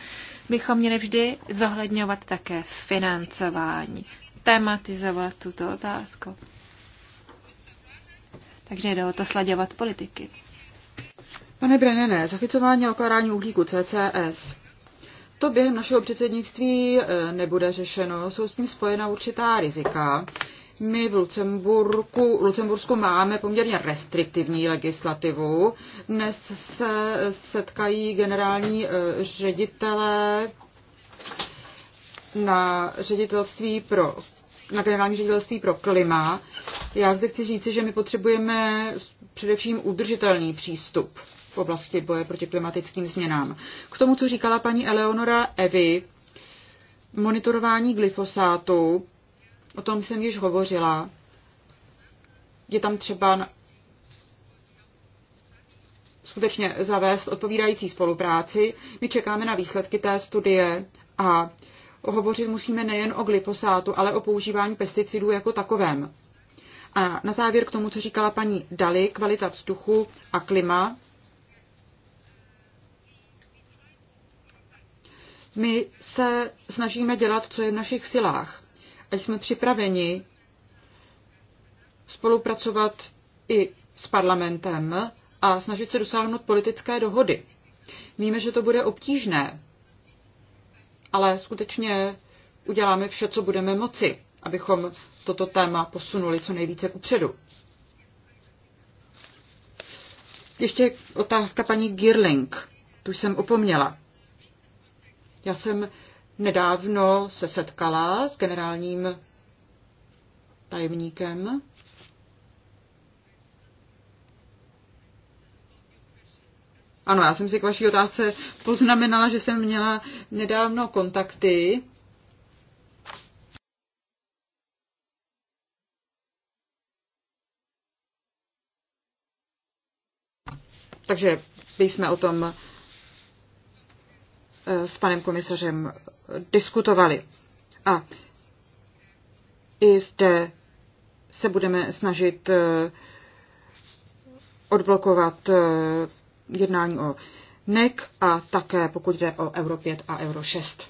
bychom měli vždy zohledňovat také financování, tematizovat tuto otázku. Takže jde o to sladěvat politiky. Pane Brenene, zachycování a okládání uhlíku CCS. To během našeho předsednictví eh, nebude řešeno, jsou s tím spojena určitá rizika. My v Lucemburku, Lucembursku máme poměrně restriktivní legislativu. Dnes se setkají generální eh, ředitelé na ředitelství pro na generální ředitelství pro klima. Já zde chci říci, že my potřebujeme především udržitelný přístup v oblasti boje proti klimatickým změnám. K tomu, co říkala paní Eleonora Evi, monitorování glyfosátu O tom jsem již hovořila. Je tam třeba skutečně zavést odpovídající spolupráci. My čekáme na výsledky té studie a hovořit musíme nejen o glyfosátu, ale o používání pesticidů jako takovém. A na závěr k tomu, co říkala paní Dali, kvalita vzduchu a klima. My se snažíme dělat, co je v našich silách a jsme připraveni spolupracovat i s parlamentem a snažit se dosáhnout politické dohody. Víme, že to bude obtížné, ale skutečně uděláme vše, co budeme moci, abychom toto téma posunuli co nejvíce kupředu. Ještě otázka paní Girling. Tu jsem opomněla. Já jsem nedávno se setkala s generálním tajemníkem. Ano, já jsem si k vaší otázce poznamenala, že jsem měla nedávno kontakty Takže my jsme o tom Eh, s panem komisařem diskutovali. A i zde se budeme snažit eh, odblokovat eh, jednání o NEC a také pokud jde o Euro 5 a Euro 6.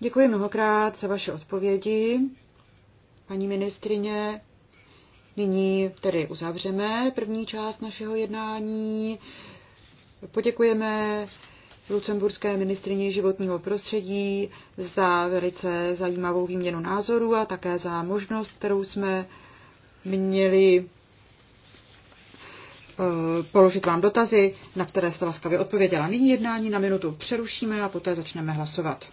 Děkuji mnohokrát za vaše odpovědi, paní ministrině. Nyní tedy uzavřeme první část našeho jednání. Poděkujeme lucemburské ministrině životního prostředí za velice zajímavou výměnu názorů a také za možnost, kterou jsme měli eh, položit vám dotazy, na které jste laskavě odpověděla. Nyní jednání na minutu přerušíme a poté začneme hlasovat.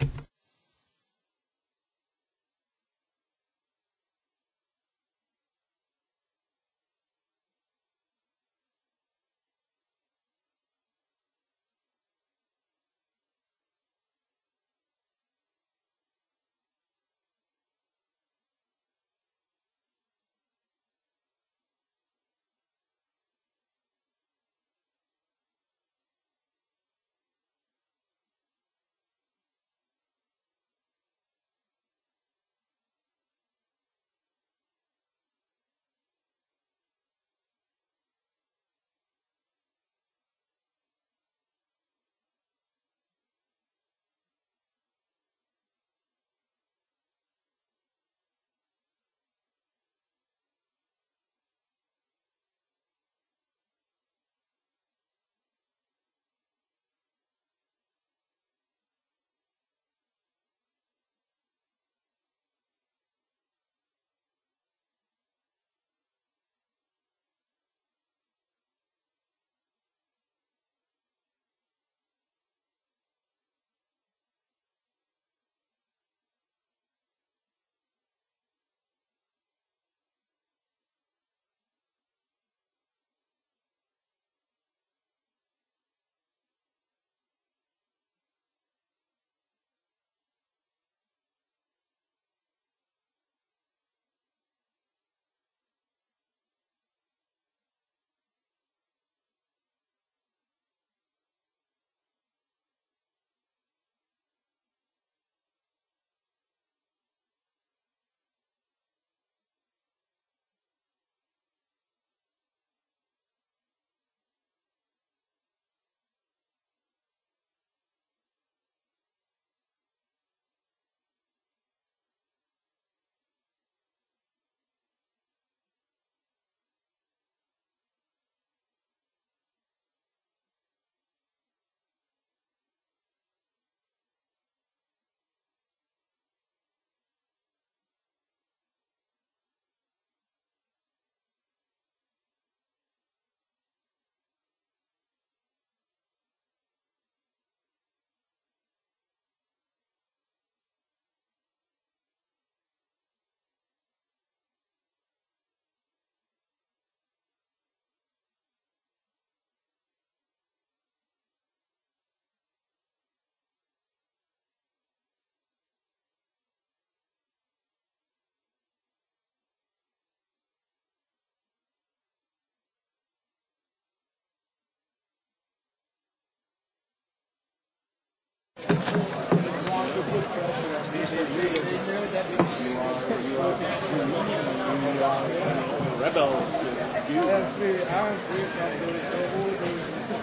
rebels and goons.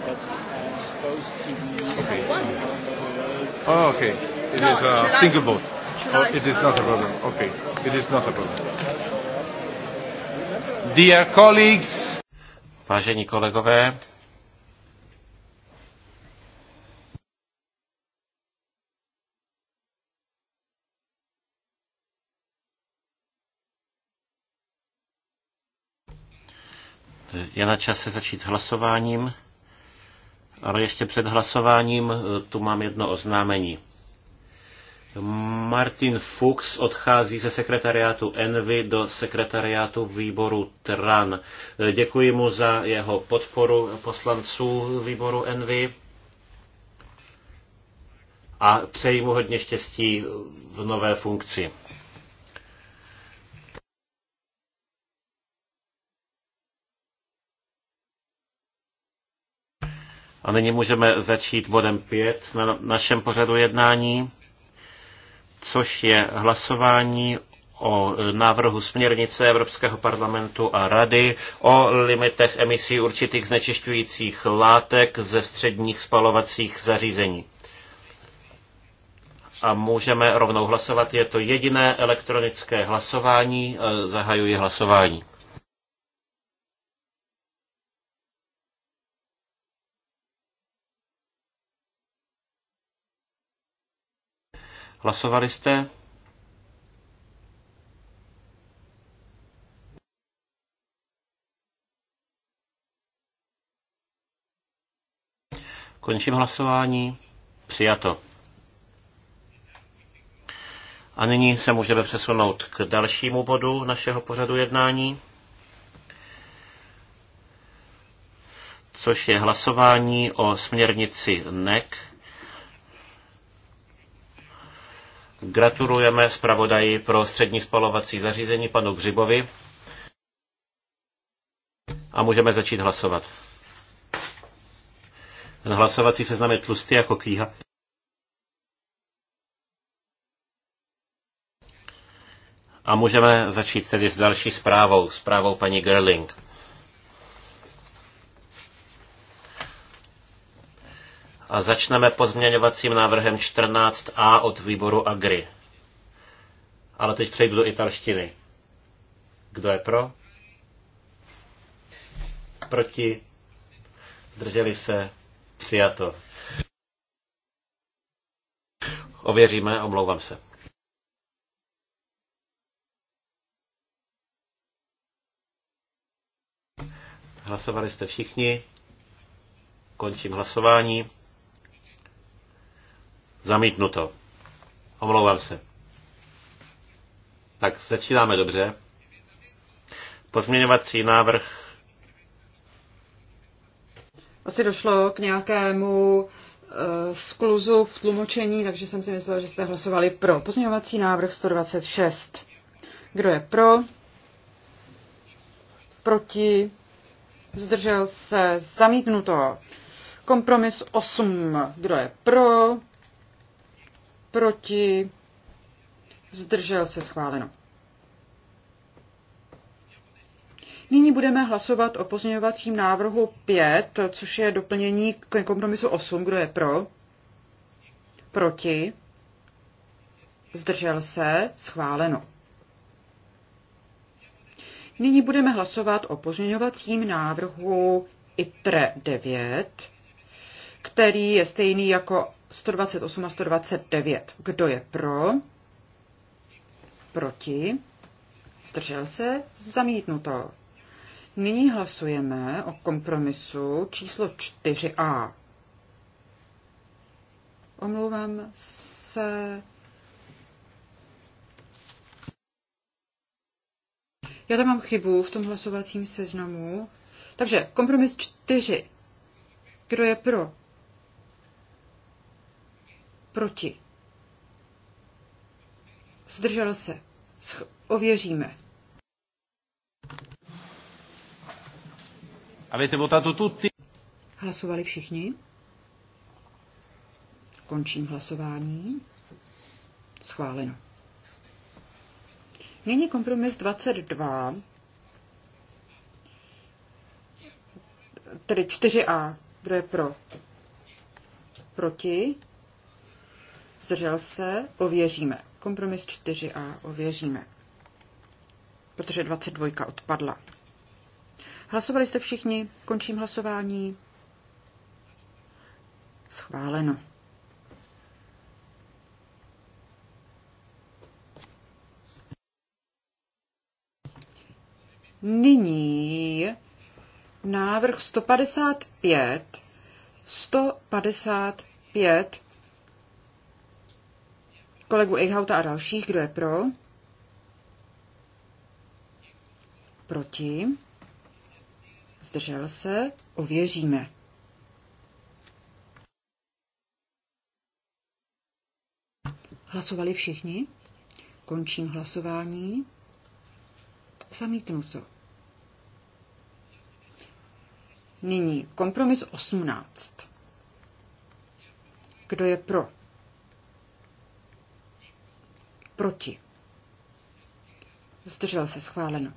But I'm uh, supposed to be okay. on Oh, okay. It no, is a July, single vote. oh, it is not a problem. Okay. It is not a problem. Dear colleagues. Vážení kolegové, Je na čase začít s hlasováním, ale ještě před hlasováním e, tu mám jedno oznámení. Martin Fuchs odchází ze sekretariátu Envy do sekretariátu výboru TRAN. E, děkuji mu za jeho podporu poslanců výboru Envy a přeji mu hodně štěstí v nové funkci. A nyní můžeme začít bodem 5 na našem pořadu jednání, což je hlasování o návrhu směrnice Evropského parlamentu a rady o limitech emisí určitých znečišťujících látek ze středních spalovacích zařízení. A můžeme rovnou hlasovat. Je to jediné elektronické hlasování. Zahajuji hlasování. Hlasovali jste? Končím hlasování. Přijato. A nyní se můžeme přesunout k dalšímu bodu našeho pořadu jednání, což je hlasování o směrnici NEC Gratulujeme zpravodaji pro střední spalovací zařízení panu Gřibovi a můžeme začít hlasovat. Ten hlasovací seznam je tlustý jako kýha. A můžeme začít tedy s další zprávou, zprávou paní Gerling. A začneme pozměňovacím návrhem 14a od výboru Agri. Ale teď přejdu do italštiny. Kdo je pro? Proti? Zdrželi se? Přijato. Ověříme, omlouvám se. Hlasovali jste všichni. Končím hlasování. Zamítnuto. Omlouvám se. Tak začínáme dobře. Pozměňovací návrh. Asi došlo k nějakému uh, skluzu v tlumočení, takže jsem si myslela, že jste hlasovali pro. Pozměňovací návrh 126. Kdo je pro? Proti? Zdržel se? Zamítnuto. Kompromis 8. Kdo je pro? proti, zdržel se schváleno. Nyní budeme hlasovat o pozměňovacím návrhu 5, což je doplnění k kompromisu 8. Kdo je pro? Proti? Zdržel se? Schváleno. Nyní budeme hlasovat o pozměňovacím návrhu ITRE 9, který je stejný jako 128 a 129. Kdo je pro? Proti? Zdržel se? Zamítnuto. Nyní hlasujeme o kompromisu číslo 4a. Omlouvám se. Já tam mám chybu v tom hlasovacím seznamu. Takže kompromis 4. Kdo je pro? Proti. Zdrželo se. Sch- ověříme. Avete votato tutti? Hlasovali všichni? Končím hlasování. Schváleno. Nyní kompromis 22, tedy 4a. Kdo je pro? Proti? zdržel se, ověříme. Kompromis 4a ověříme, protože 22 odpadla. Hlasovali jste všichni, končím hlasování. Schváleno. Nyní návrh 155, 155 kolegu Eichhauta a dalších. Kdo je pro? Proti? Zdržel se? Ověříme. Hlasovali všichni? Končím hlasování. Zamítnuto. Nyní kompromis 18. Kdo je pro? Proti. Zdržel se schváleno.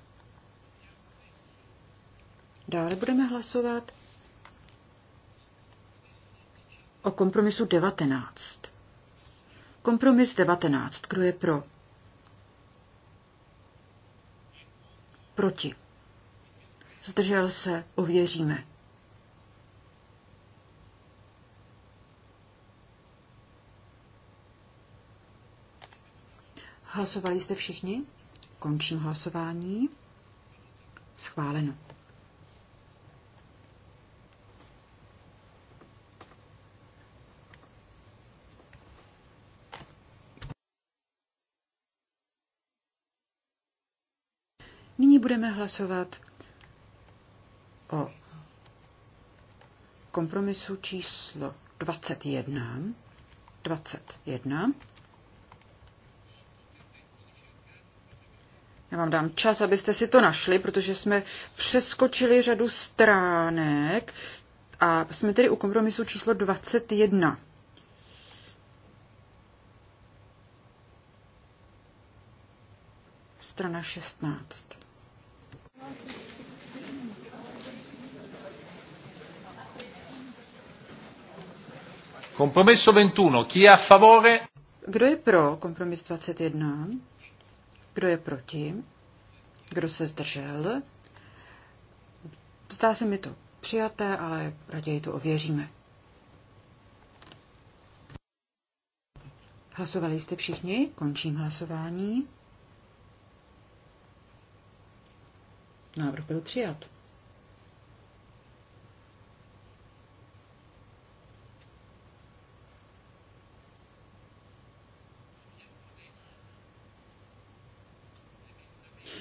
Dále budeme hlasovat o kompromisu 19. Kompromis 19. Kdo je pro? Proti. Zdržel se, ověříme. Hlasovali jste všichni? Končím hlasování. Schváleno. Nyní budeme hlasovat o kompromisu číslo 21. 21. Já vám dám čas, abyste si to našli, protože jsme přeskočili řadu stránek a jsme tedy u kompromisu číslo 21. Strana 16. Kompromiso 21. Chi è a favore? Kdo je pro kompromis 21? Kdo je proti? Kdo se zdržel? Zdá se mi to přijaté, ale raději to ověříme. Hlasovali jste všichni? Končím hlasování. Návrh byl přijat.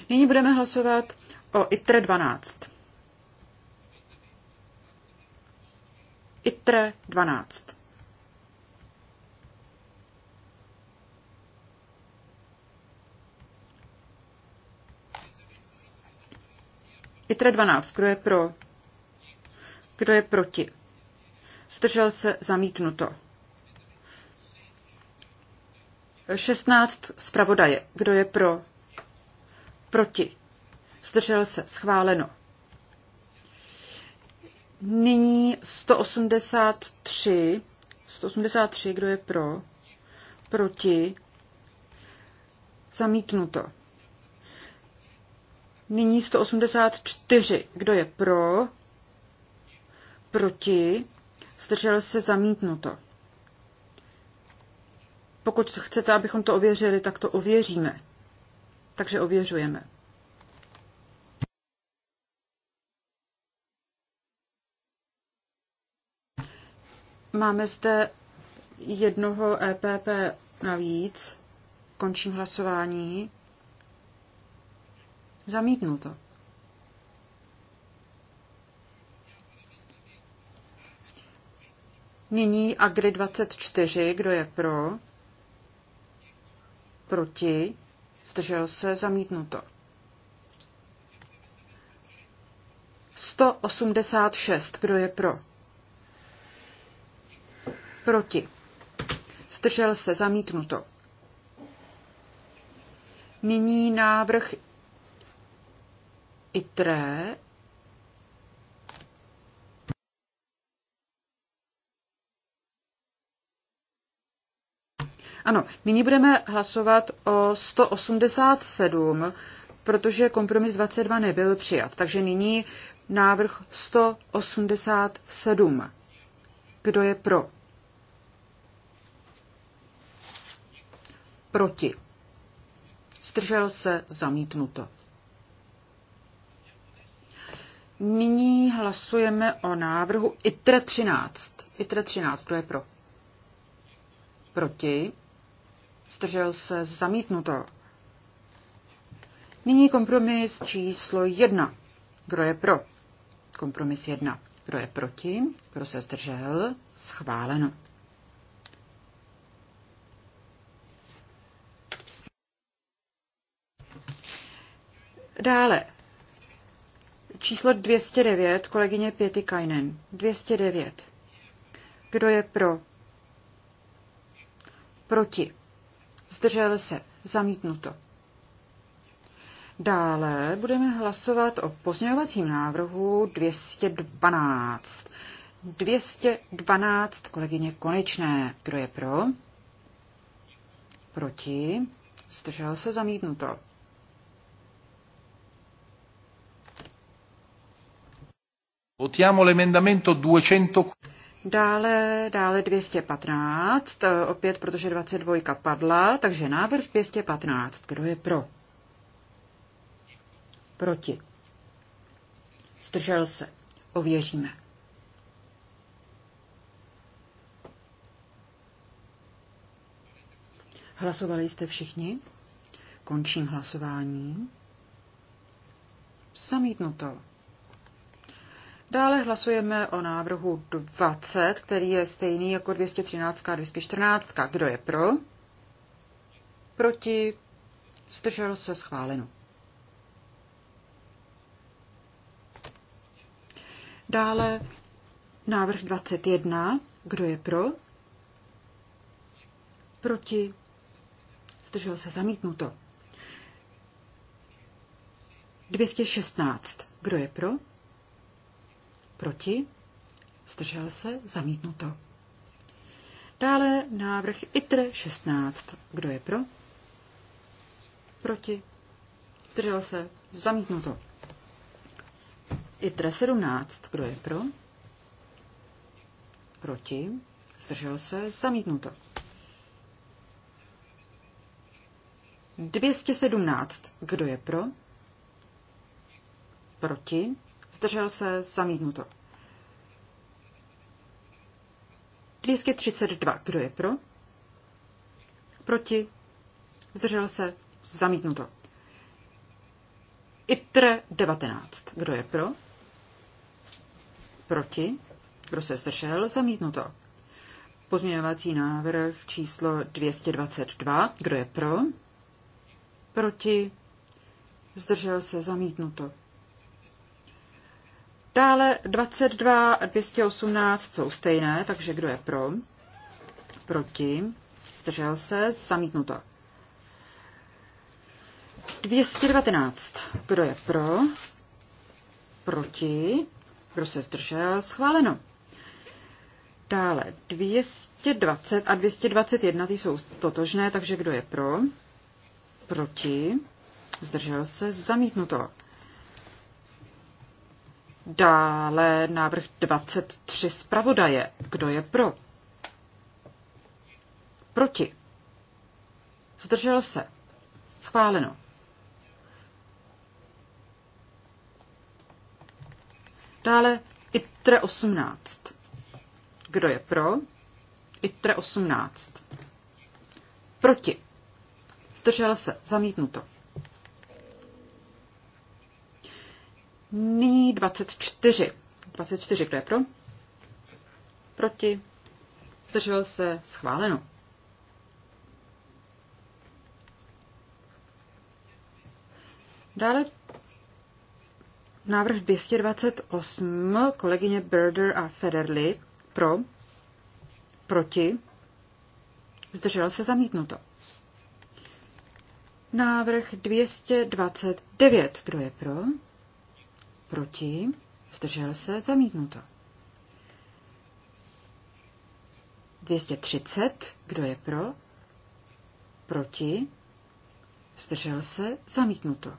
Nyní budeme hlasovat o ITRE 12. ITRE 12. ITRE 12. Kdo je pro? Kdo je proti? Zdržel se zamítnuto. 16. Zpravodaje. Kdo je pro? proti, zdržel se, schváleno. Nyní 183, 183, kdo je pro, proti, zamítnuto. Nyní 184, kdo je pro, proti, zdržel se, zamítnuto. Pokud chcete, abychom to ověřili, tak to ověříme takže ověřujeme. Máme zde jednoho EPP navíc. Končím hlasování. to. Nyní Agri 24, kdo je pro? Proti? zdržel se, zamítnuto. 186, kdo je pro? Proti. Zdržel se, zamítnuto. Nyní návrh ITRE Ano, nyní budeme hlasovat o 187, protože kompromis 22 nebyl přijat. Takže nyní návrh 187. Kdo je pro? Proti. Zdržel se zamítnuto. Nyní hlasujeme o návrhu ITRE 13. ITRE 13, kdo je pro? Proti zdržel se zamítnuto. Nyní kompromis číslo jedna. Kdo je pro? Kompromis jedna. Kdo je proti? Kdo se zdržel? Schváleno. Dále. Číslo 209, kolegyně Pěty Kajnen. 209. Kdo je pro? Proti zdržel se, zamítnuto. Dále budeme hlasovat o pozměňovacím návrhu 212. 212 kolegyně konečné. Kdo je pro? Proti? Zdržel se zamítnuto. Votiamo l'emendamento 200. Dále, dále 215, eh, opět protože 22 padla, takže návrh 215. Kdo je pro? Proti. Zdržel se. Ověříme. Hlasovali jste všichni? Končím hlasování. Samítnuto. to. Dále hlasujeme o návrhu 20, který je stejný jako 213 a 214. Kdo je pro? Proti? Zdrželo se schváleno. Dále návrh 21. Kdo je pro? Proti? Zdrželo se zamítnuto. 216. Kdo je pro? Proti? Zdržel se? Zamítnuto. Dále návrh ITRE 16. Kdo je pro? Proti? Zdržel se? Zamítnuto. ITRE 17. Kdo je pro? Proti? Zdržel se? Zamítnuto. 217. Kdo je pro? Proti? zdržel se, zamítnuto. 232, kdo je pro? Proti, zdržel se, zamítnuto. ITRE 19, kdo je pro? Proti, kdo se zdržel, zamítnuto. Pozměňovací návrh číslo 222, kdo je pro? Proti, zdržel se, zamítnuto. Dále 22 a 218 jsou stejné, takže kdo je pro? Proti. Zdržel se. Zamítnuto. 219. Kdo je pro? Proti. Kdo se zdržel? Schváleno. Dále 220 a 221 ty jsou totožné, takže kdo je pro? Proti. Zdržel se. Zamítnuto. Dále návrh 23 zpravodaje. Kdo je pro? Proti. Zdržel se. Schváleno. Dále ITRE 18. Kdo je pro? ITRE 18. Proti. Zdržel se. Zamítnuto. Nyní 24. 24, kdo je pro? Proti? Zdržel se? Schváleno. Dále návrh 228 kolegyně Berder a Federly pro, proti, zdržel se zamítnuto. Návrh 229, kdo je pro? proti, zdržel se, zamítnuto. 230, kdo je pro, proti, zdržel se, zamítnuto.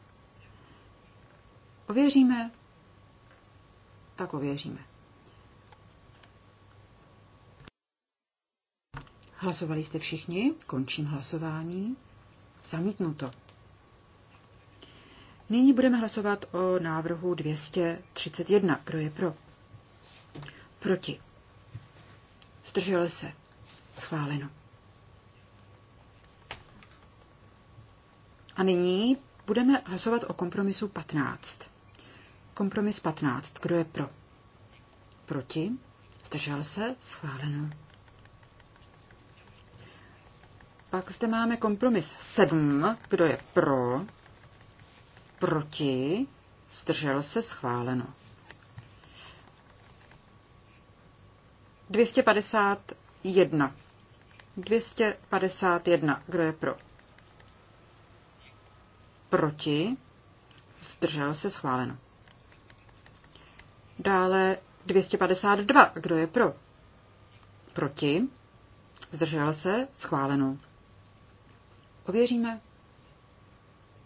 Ověříme? Tak ověříme. Hlasovali jste všichni? Končím hlasování. Zamítnuto. Nyní budeme hlasovat o návrhu 231. Kdo je pro? Proti. Zdržel se. Schváleno. A nyní budeme hlasovat o kompromisu 15. Kompromis 15. Kdo je pro? Proti? Zdržel se? Schváleno. Pak zde máme kompromis 7. Kdo je pro? proti, zdržel se schváleno. 251. 251. Kdo je pro? Proti. Zdržel se schváleno. Dále 252. Kdo je pro? Proti. Zdržel se schváleno. Ověříme.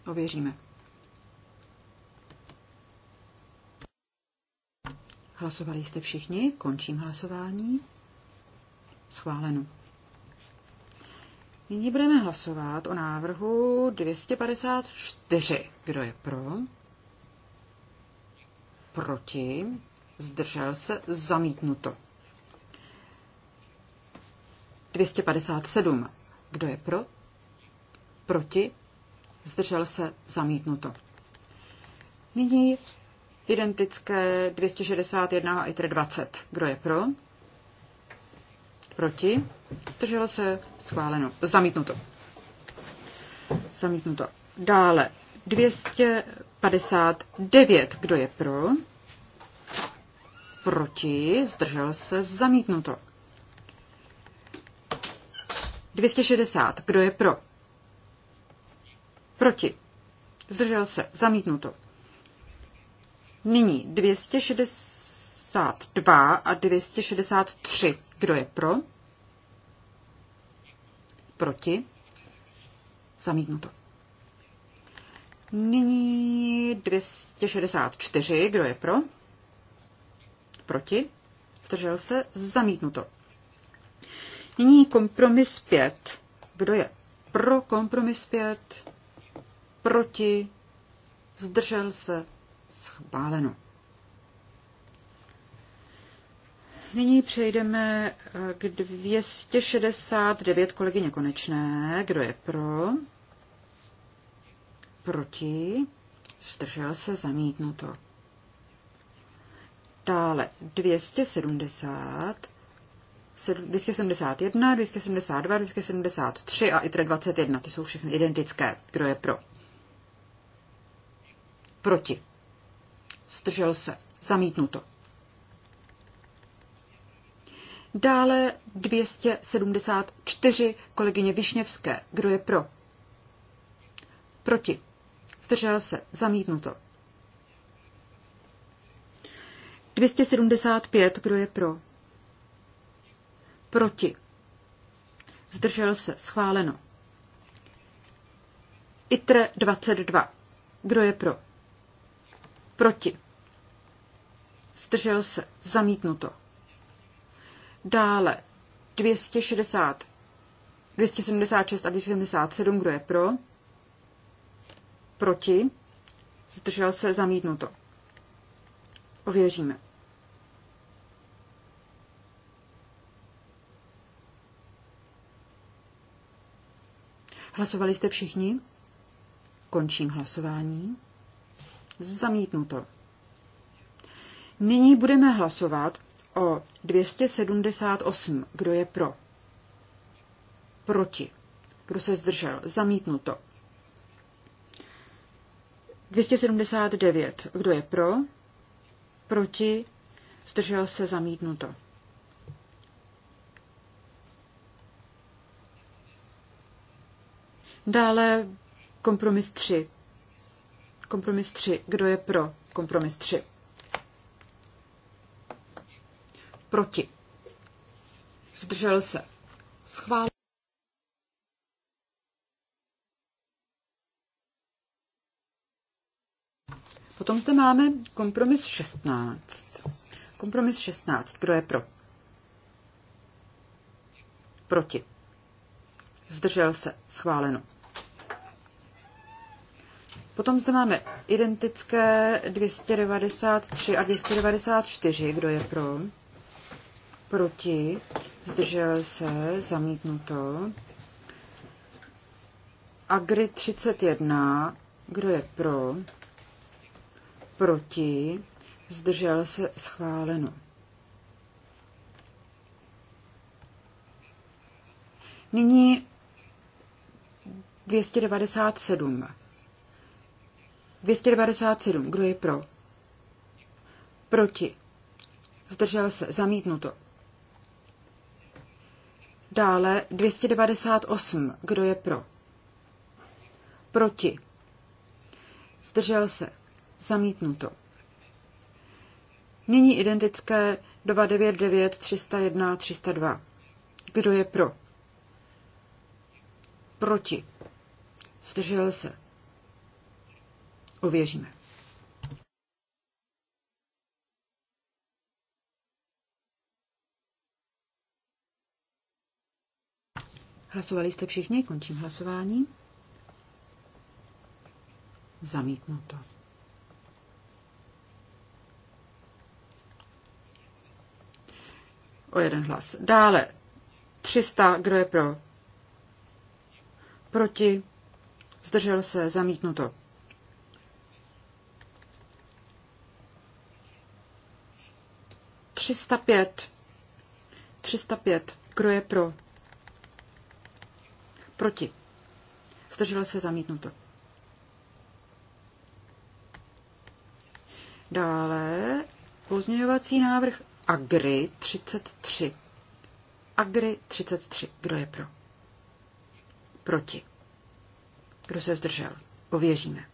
Ověříme. Hlasovali jste všichni, končím hlasování. Schváleno. Nyní budeme hlasovat o návrhu 254. Kdo je pro? Proti? Zdržel se? Zamítnuto. 257. Kdo je pro? Proti? Zdržel se? Zamítnuto. Nyní Identické 261 a ITR 20. Kdo je pro? Proti? Zdrželo se schváleno. Zamítnuto. Zamítnuto. Dále 259. Kdo je pro? Proti? Zdržel se zamítnuto. 260. Kdo je pro? Proti. Zdržel se. Zamítnuto. Nyní 262 a 263. Kdo je pro? Proti? Zamítnuto. Nyní 264. Kdo je pro? Proti? Zdržel se? Zamítnuto. Nyní kompromis 5. Kdo je pro kompromis 5? Proti? Zdržel se? Schváleno. Nyní přejdeme eh, k 269 kolegyně Konečné. Kdo je pro? Proti? Zdržel se zamítnuto. Dále 270, 271, 272, 273 a ITRE 21. Ty jsou všechny identické. Kdo je pro? Proti zdržel se, zamítnuto. Dále 274 kolegyně Višněvské. Kdo je pro? Proti. Zdržel se. Zamítnuto. 275. Kdo je pro? Proti. Zdržel se. Schváleno. ITRE 22. Kdo je pro? Proti zdržel se, zamítnuto. Dále 260, 276 a 277, kdo je pro, proti, zdržel se, zamítnuto. Ověříme. Hlasovali jste všichni? Končím hlasování. Zamítnuto. Nyní budeme hlasovat o 278. Kdo je pro? Proti. Kdo se zdržel? Zamítnuto. 279. Kdo je pro? Proti. Zdržel se zamítnuto. Dále kompromis 3. Kompromis 3. Kdo je pro? Kompromis 3. Proti. Zdržel se. Schvál. Potom zde máme kompromis 16. Kompromis 16. Kdo je pro? Proti. Zdržel se. Schváleno. Potom zde máme identické 293 a 294. Kdo je pro? proti, zdržel se, zamítnuto. Agri 31, kdo je pro, proti, zdržel se, schváleno. Nyní 297. 297. Kdo je pro? Proti. Zdržel se. Zamítnuto. Dále 298. Kdo je pro? Proti. Zdržel se. Zamítnuto. Nyní identické 299, 301, 302. Kdo je pro? Proti. Zdržel se. uvěříme. Hlasovali jste všichni, končím hlasování. Zamítnuto. O jeden hlas. Dále 300, kdo je pro? Proti? Zdržel se, zamítnuto. Třista pět. Třista pět. Kdo je pro? Proti. Zdrželo se zamítnuto. Dále pozměňovací návrh Agri 33. Agri 33. Kdo je pro? Proti. Kdo se zdržel? Ověříme.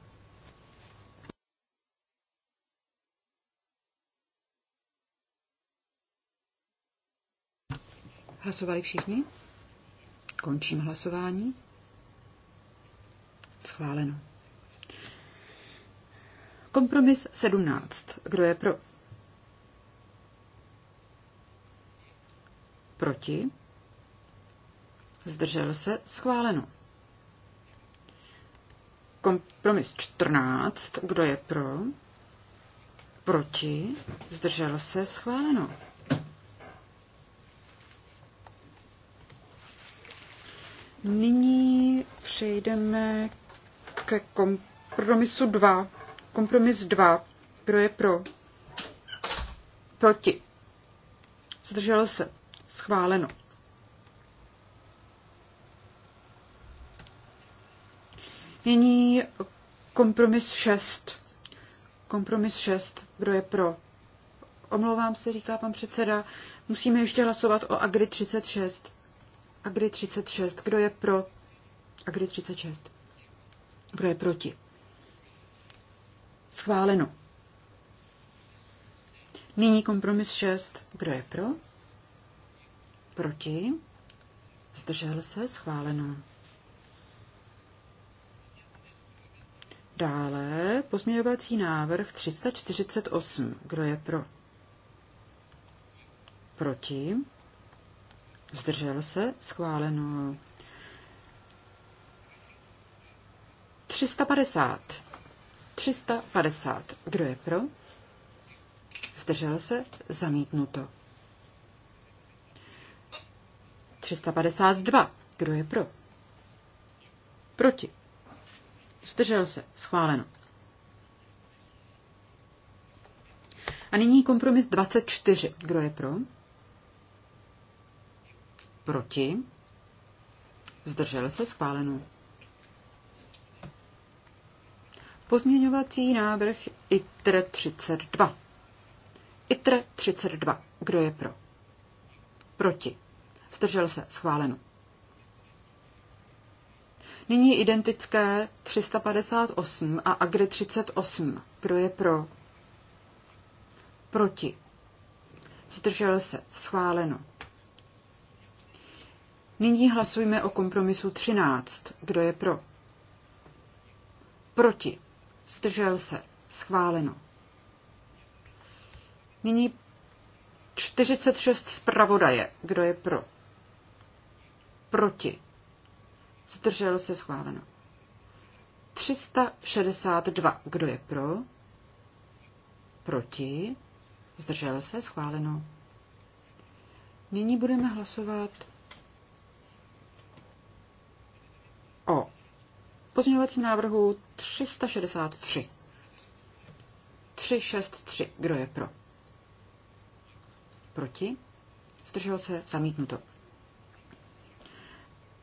Hlasovali všichni? Končím hlasování. Schváleno. Kompromis 17. Kdo je pro? Proti? Zdržel se? Schváleno. Kompromis 14. Kdo je pro? Proti? Zdržel se? Schváleno. Nyní přejdeme ke kompromisu 2. Kompromis 2. Kdo je pro? Proti. Zdrželo se. Schváleno. Nyní kompromis 6. Kompromis 6. Kdo je pro? Omlouvám se, říká pan předseda. Musíme ještě hlasovat o Agri 36. A kdy 36? Kdo je pro? A kdy 36? Kdo je proti? Schváleno. Nyní kompromis 6. Kdo je pro? Proti? Zdržel se? Schváleno. Dále pozměňovací návrh 348. Kdo je pro? Proti? zdržel se, schváleno. 350. 350. Kdo je pro? Zdržel se? Zamítnuto. 352. Kdo je pro? Proti. Zdržel se. Schváleno. A nyní kompromis 24. Kdo je pro? Proti? Zdržel se schváleno. Pozměňovací návrh ITR 32. ITR 32. Kdo je pro? Proti. Zdržel se. Schváleno. Nyní identické 358 a Agri 38. Kdo je pro? Proti. Zdržel se. Schváleno. Nyní hlasujme o kompromisu 13. Kdo je pro? Proti. Zdržel se. Schváleno. Nyní 46 zpravodaje. Kdo je pro? Proti. Zdržel se schváleno. 362. Kdo je pro? Proti. Zdržel se schváleno. Nyní budeme hlasovat pozměňovacím návrhu 363. 363. Kdo je pro? Proti? Zdržel se? Zamítnuto.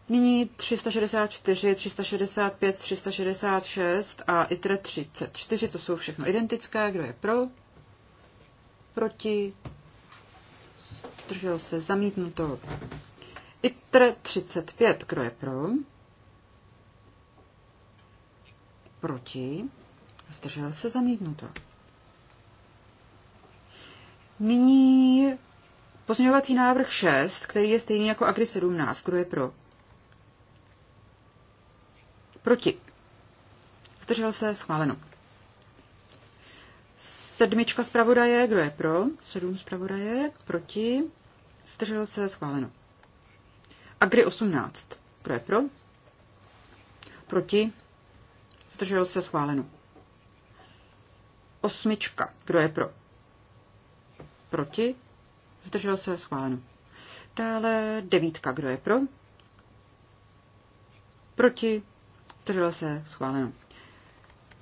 Nyní 364, 365, 366 a ITRE 34, to jsou všechno identické. Kdo je pro? Proti? Zdržel se? Zamítnuto. ITRE 35, kdo je pro? proti, zdržel se zamítnuto. Nyní pozměňovací návrh 6, který je stejný jako Agri 17. Kdo je pro? Proti. Zdržel se schváleno. Sedmička zpravodaje, kdo je pro? Sedm zpravodaje, proti. Zdržel se schváleno. Agri 18. Kdo je pro? Proti. Zdrželo se schváleno. Osmička. Kdo je pro? Proti? Zdrželo se schváleno. Dále devítka. Kdo je pro? Proti? Zdrželo se schváleno.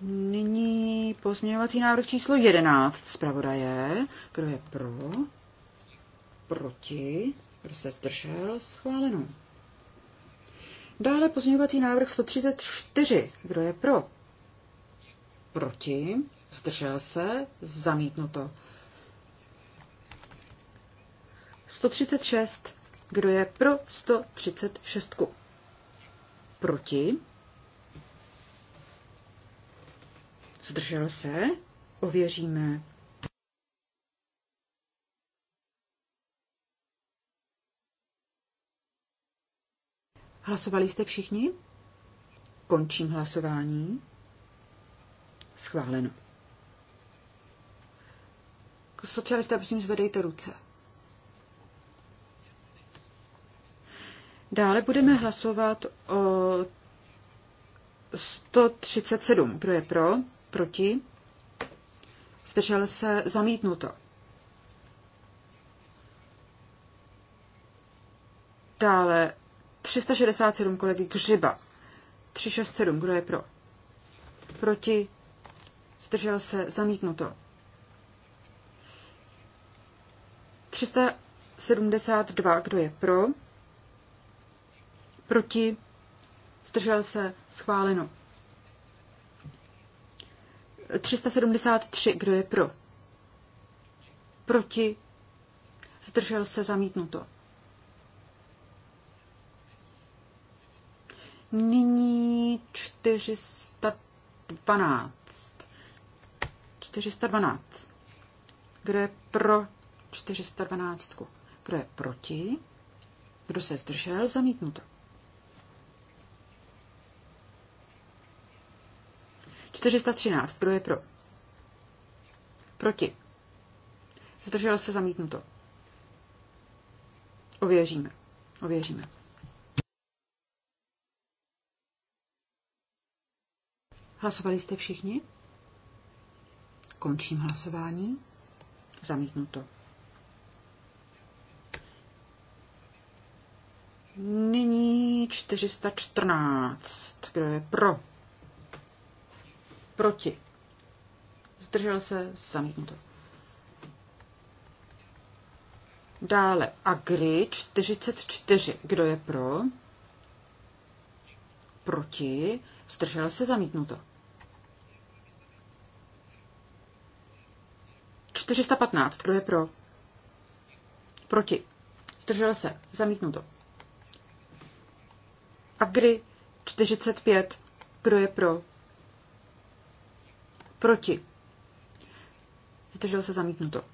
Nyní pozměňovací návrh číslo 11 zpravodaje. Kdo je pro? Proti? Kdo se zdržel? Schváleno. Dále pozměňovací návrh 134. Kdo je pro? Proti? Zdržel se? Zamítnuto. 136. Kdo je pro 136? Proti? Zdržel se? Ověříme. Hlasovali jste všichni? Končím hlasování. Schváleno. Socialista, prosím, zvedejte ruce. Dále budeme hlasovat o 137. Kdo je pro? Proti? Zdržel se zamítnuto. Dále 367 kolegy Křiba. 367, kdo je pro? Proti? Zdržel se? Zamítnuto. 372, kdo je pro? Proti? Zdržel se? Schváleno. 373, kdo je pro? Proti? Zdržel se? Zamítnuto. Nyní 412. 412. Kdo je pro 412? Kdo je proti? Kdo se zdržel? Zamítnuto. 413. Kdo je pro? Proti. Zdržel se zamítnuto. Ověříme. Ověříme. Hlasovali jste všichni? Končím hlasování. Zamítnuto. Nyní 414. Kdo je pro? Proti. Zdržel se zamítnuto. Dále Agri 44. Kdo je pro? Proti. Zdržel se zamítnuto. 415. Kdo je pro? Proti. Zdržel se. Zamítnuto. Agri 45. Kdo je pro? Proti. Zdržel se zamítnuto.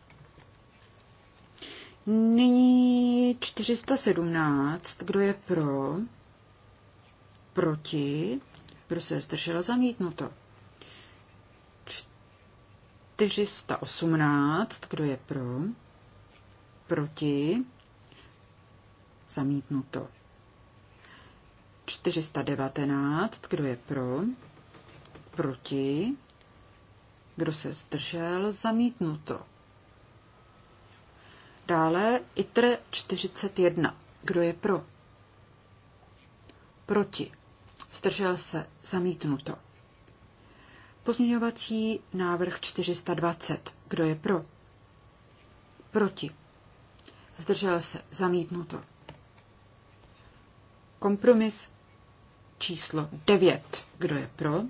Nyní 417. Kdo je pro? Proti. Kdo se zdržel zamítnuto? 418, kdo je pro, proti, zamítnuto. 419, kdo je pro, proti, kdo se zdržel, zamítnuto. Dále ITR 41, kdo je pro, proti, zdržel se, zamítnuto. Pozměňovací návrh 420. Kdo je pro? Proti. Zdržel se. Zamítnuto. Kompromis číslo 9. Kdo je pro?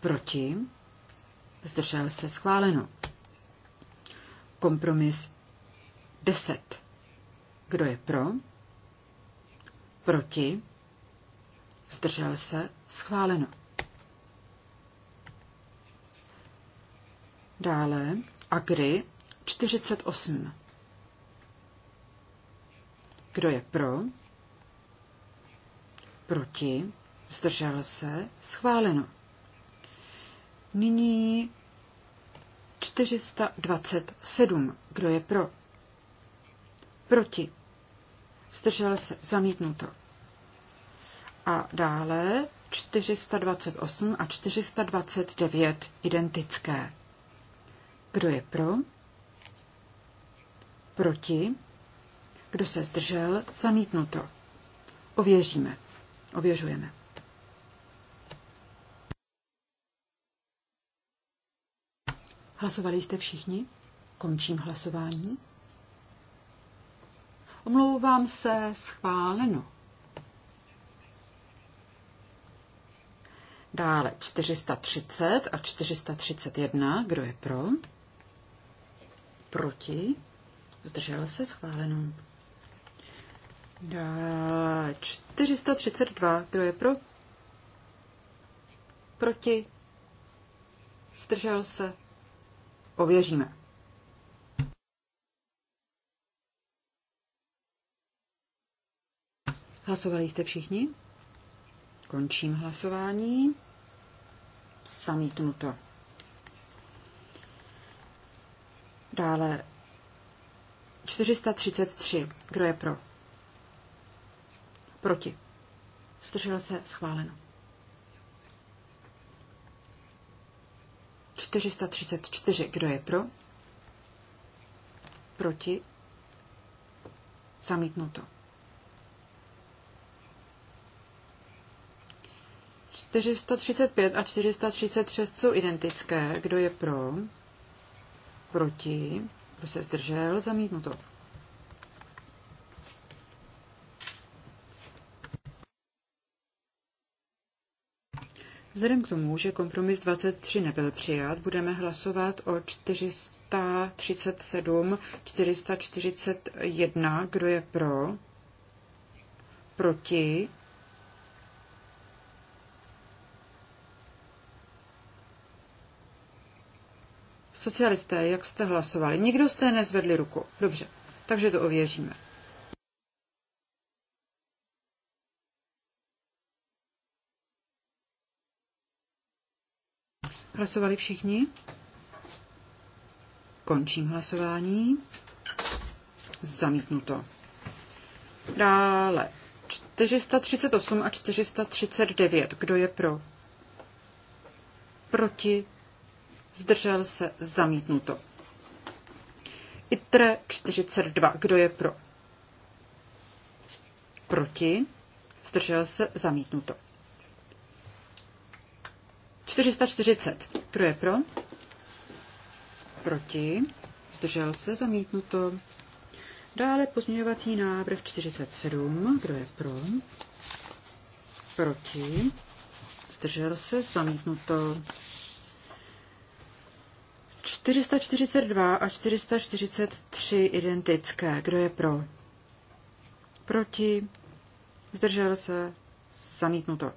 Proti. Zdržel se. Schváleno. Kompromis 10. Kdo je pro? Proti. Zdržel se. Schváleno. Dále Agri 48. Kdo je pro? Proti? Zdržel se? Schváleno. Nyní 427. Kdo je pro? Proti? Zdržel se? Zamítnuto. A dále 428 a 429 identické. Kdo je pro? Proti? Kdo se zdržel? Zamítnuto. Ověříme. Ověřujeme. Hlasovali jste všichni? Končím hlasování. Omlouvám se, schváleno. Dále 430 a 431. Kdo je pro? proti, zdržel se schváleno. Dále 432, kdo je pro, proti, zdržel se, ověříme. Hlasovali jste všichni? Končím hlasování. to. Dále 433. Kdo je pro? Proti. Zdržel se schváleno. 434. Kdo je pro? Proti. Zamítnuto. 435 a 436 jsou identické. Kdo je pro? proti, kdo se zdržel, zamítnuto. Vzhledem k tomu, že kompromis 23 nebyl přijat, budeme hlasovat o 437, 441, kdo je pro, proti, Socialisté, jak jste hlasovali? Nikdo jste nezvedli ruku. Dobře, takže to ověříme. Hlasovali všichni? Končím hlasování. Zamítnuto. Dále 438 a 439. Kdo je pro? Proti? zdržel se, zamítnuto. ITRE 42, kdo je pro? Proti, zdržel se, zamítnuto. 440, kdo je pro? Proti, zdržel se, zamítnuto. Dále pozměňovací návrh 47, kdo je pro? Proti, zdržel se, zamítnuto. 442 a 443 identické. Kdo je pro? Proti? Zdržel se? Zamítnuto.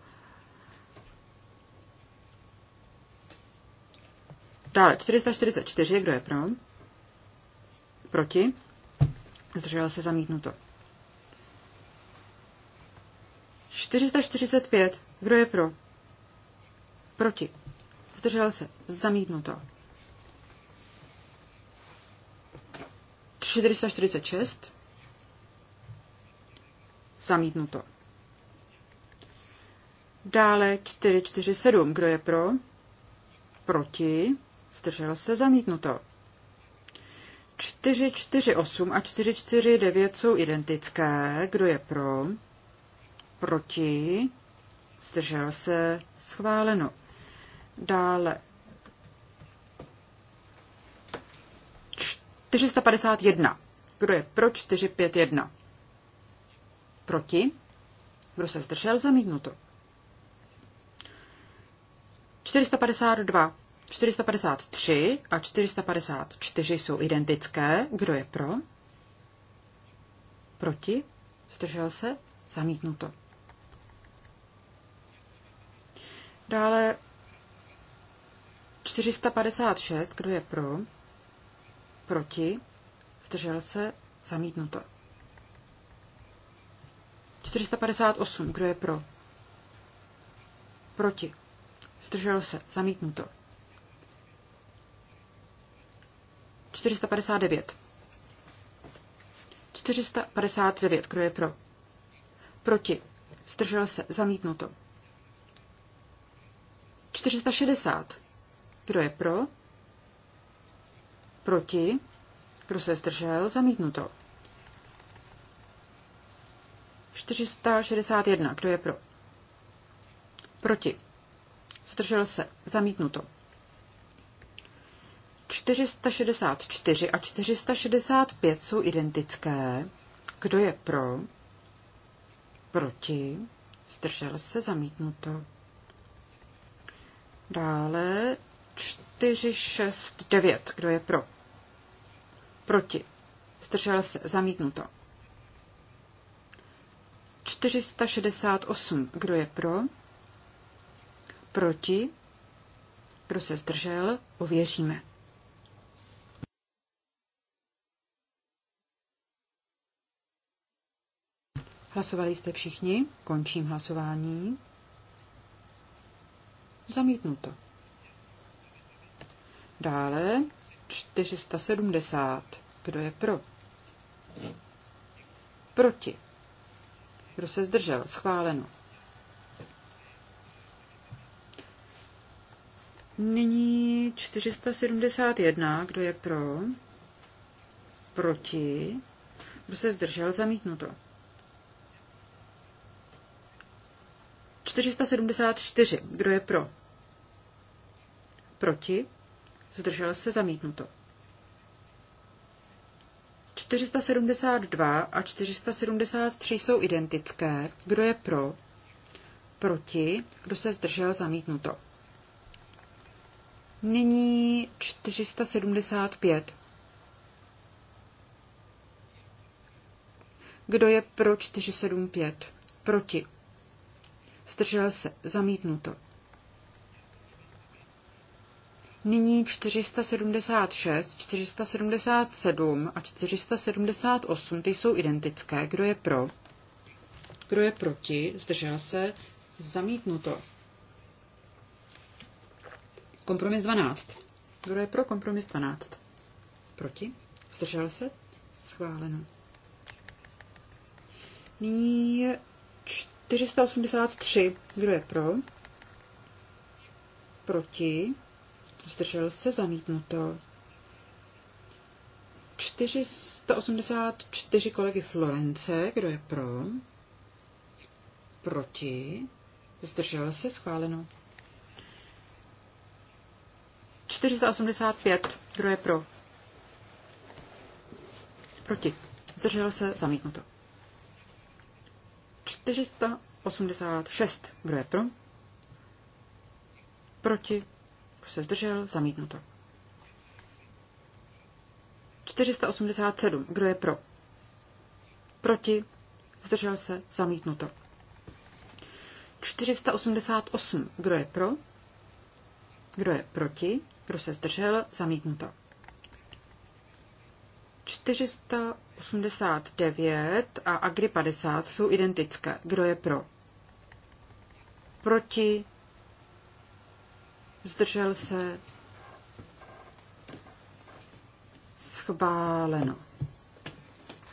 Dále 444. Kdo je pro? Proti? Zdržel se? Zamítnuto. 445. Kdo je pro? Proti. Zdržel se. Zamítnuto. 446. Zamítnuto. Dále 447. Kdo je pro? Proti? Zdržel se? Zamítnuto. 448 a 449 jsou identické. Kdo je pro? Proti? Zdržel se? Schváleno. Dále 451. Kdo je pro 451? Proti? Kdo se zdržel? Zamítnuto. 452, 453 a 454 jsou identické. Kdo je pro? Proti? Zdržel se? Zamítnuto. Dále 456, kdo je pro? proti, zdržel se, zamítnuto. 458, kdo je pro, proti, Zdrželo se, zamítnuto. 459. 459, kdo je pro? Proti. Zdrželo se. Zamítnuto. 460. Kdo je pro? Proti? Kdo se zdržel? Zamítnuto. 461. Kdo je pro? Proti. Zdržel se. Zamítnuto. 464 a 465 jsou identické. Kdo je pro? Proti. Zdržel se. Zamítnuto. Dále 469. Kdo je pro? proti, zdržel se, zamítnuto. 468, kdo je pro, proti, kdo se zdržel, ověříme. Hlasovali jste všichni? Končím hlasování. Zamítnuto. Dále 470. Kdo je pro? Proti. Kdo se zdržel? Schváleno. Nyní 471. Kdo je pro? Proti. Kdo se zdržel? Zamítnuto. 474. Kdo je pro? Proti zdržel se zamítnuto. 472 a 473 jsou identické. Kdo je pro? Proti. Kdo se zdržel? Zamítnuto. Nyní 475. Kdo je pro 475? Proti. Zdržel se. Zamítnuto. Nyní 476, 477 a 478, ty jsou identické. Kdo je pro? Kdo je proti? Zdržel se? Zamítnuto. Kompromis 12. Kdo je pro? Kompromis 12. Proti? Zdržel se? Schváleno. Nyní 483. Kdo je pro? Proti? zdržel se zamítnuto. 484 kolegy Florence, kdo je pro? Proti? Zdržel se schváleno. 485, kdo je pro? Proti? Zdržel se zamítnuto. 486, kdo je pro? Proti? se zdržel? Zamítnuto. 487. Kdo je pro? Proti? Zdržel se? Zamítnuto. 488. Kdo je pro? Kdo je proti? Kdo se zdržel? Zamítnuto. 489 a Agri 50 jsou identické. Kdo je pro? Proti? zdržel se, schváleno.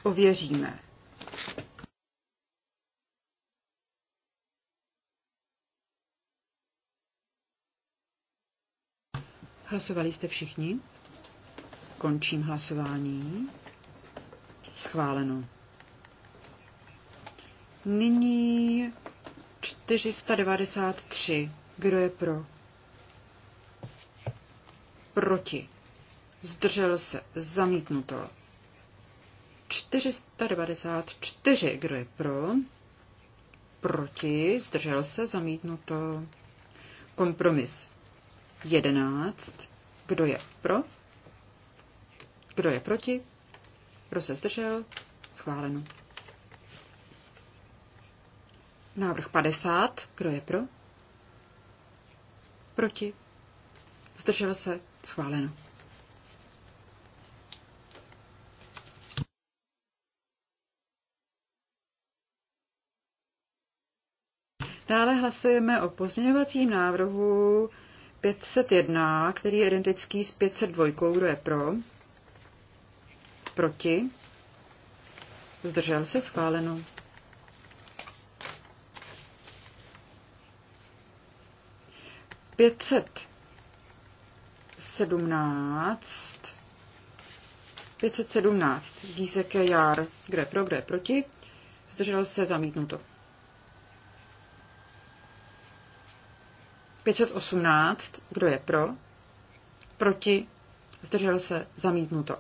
Ověříme. Hlasovali jste všichni? Končím hlasování. Schváleno. Nyní 493. Kdo je pro? proti, zdržel se, zamítnuto. 494, kdo je pro, proti, zdržel se, zamítnuto. Kompromis 11, kdo je pro, kdo je proti, kdo se zdržel, schváleno. Návrh 50, kdo je pro, proti, zdržel se, Schváleno. Dále hlasujeme o pozměňovacím návrhu 501, který je identický s 502. Kdo je pro? Proti? Zdržel se schváleno. Pětset 517. 517. Dísek je jár. Kde pro, kde proti. Zdržel se zamítnuto. 518. Kdo je pro? Proti. Zdržel se zamítnuto.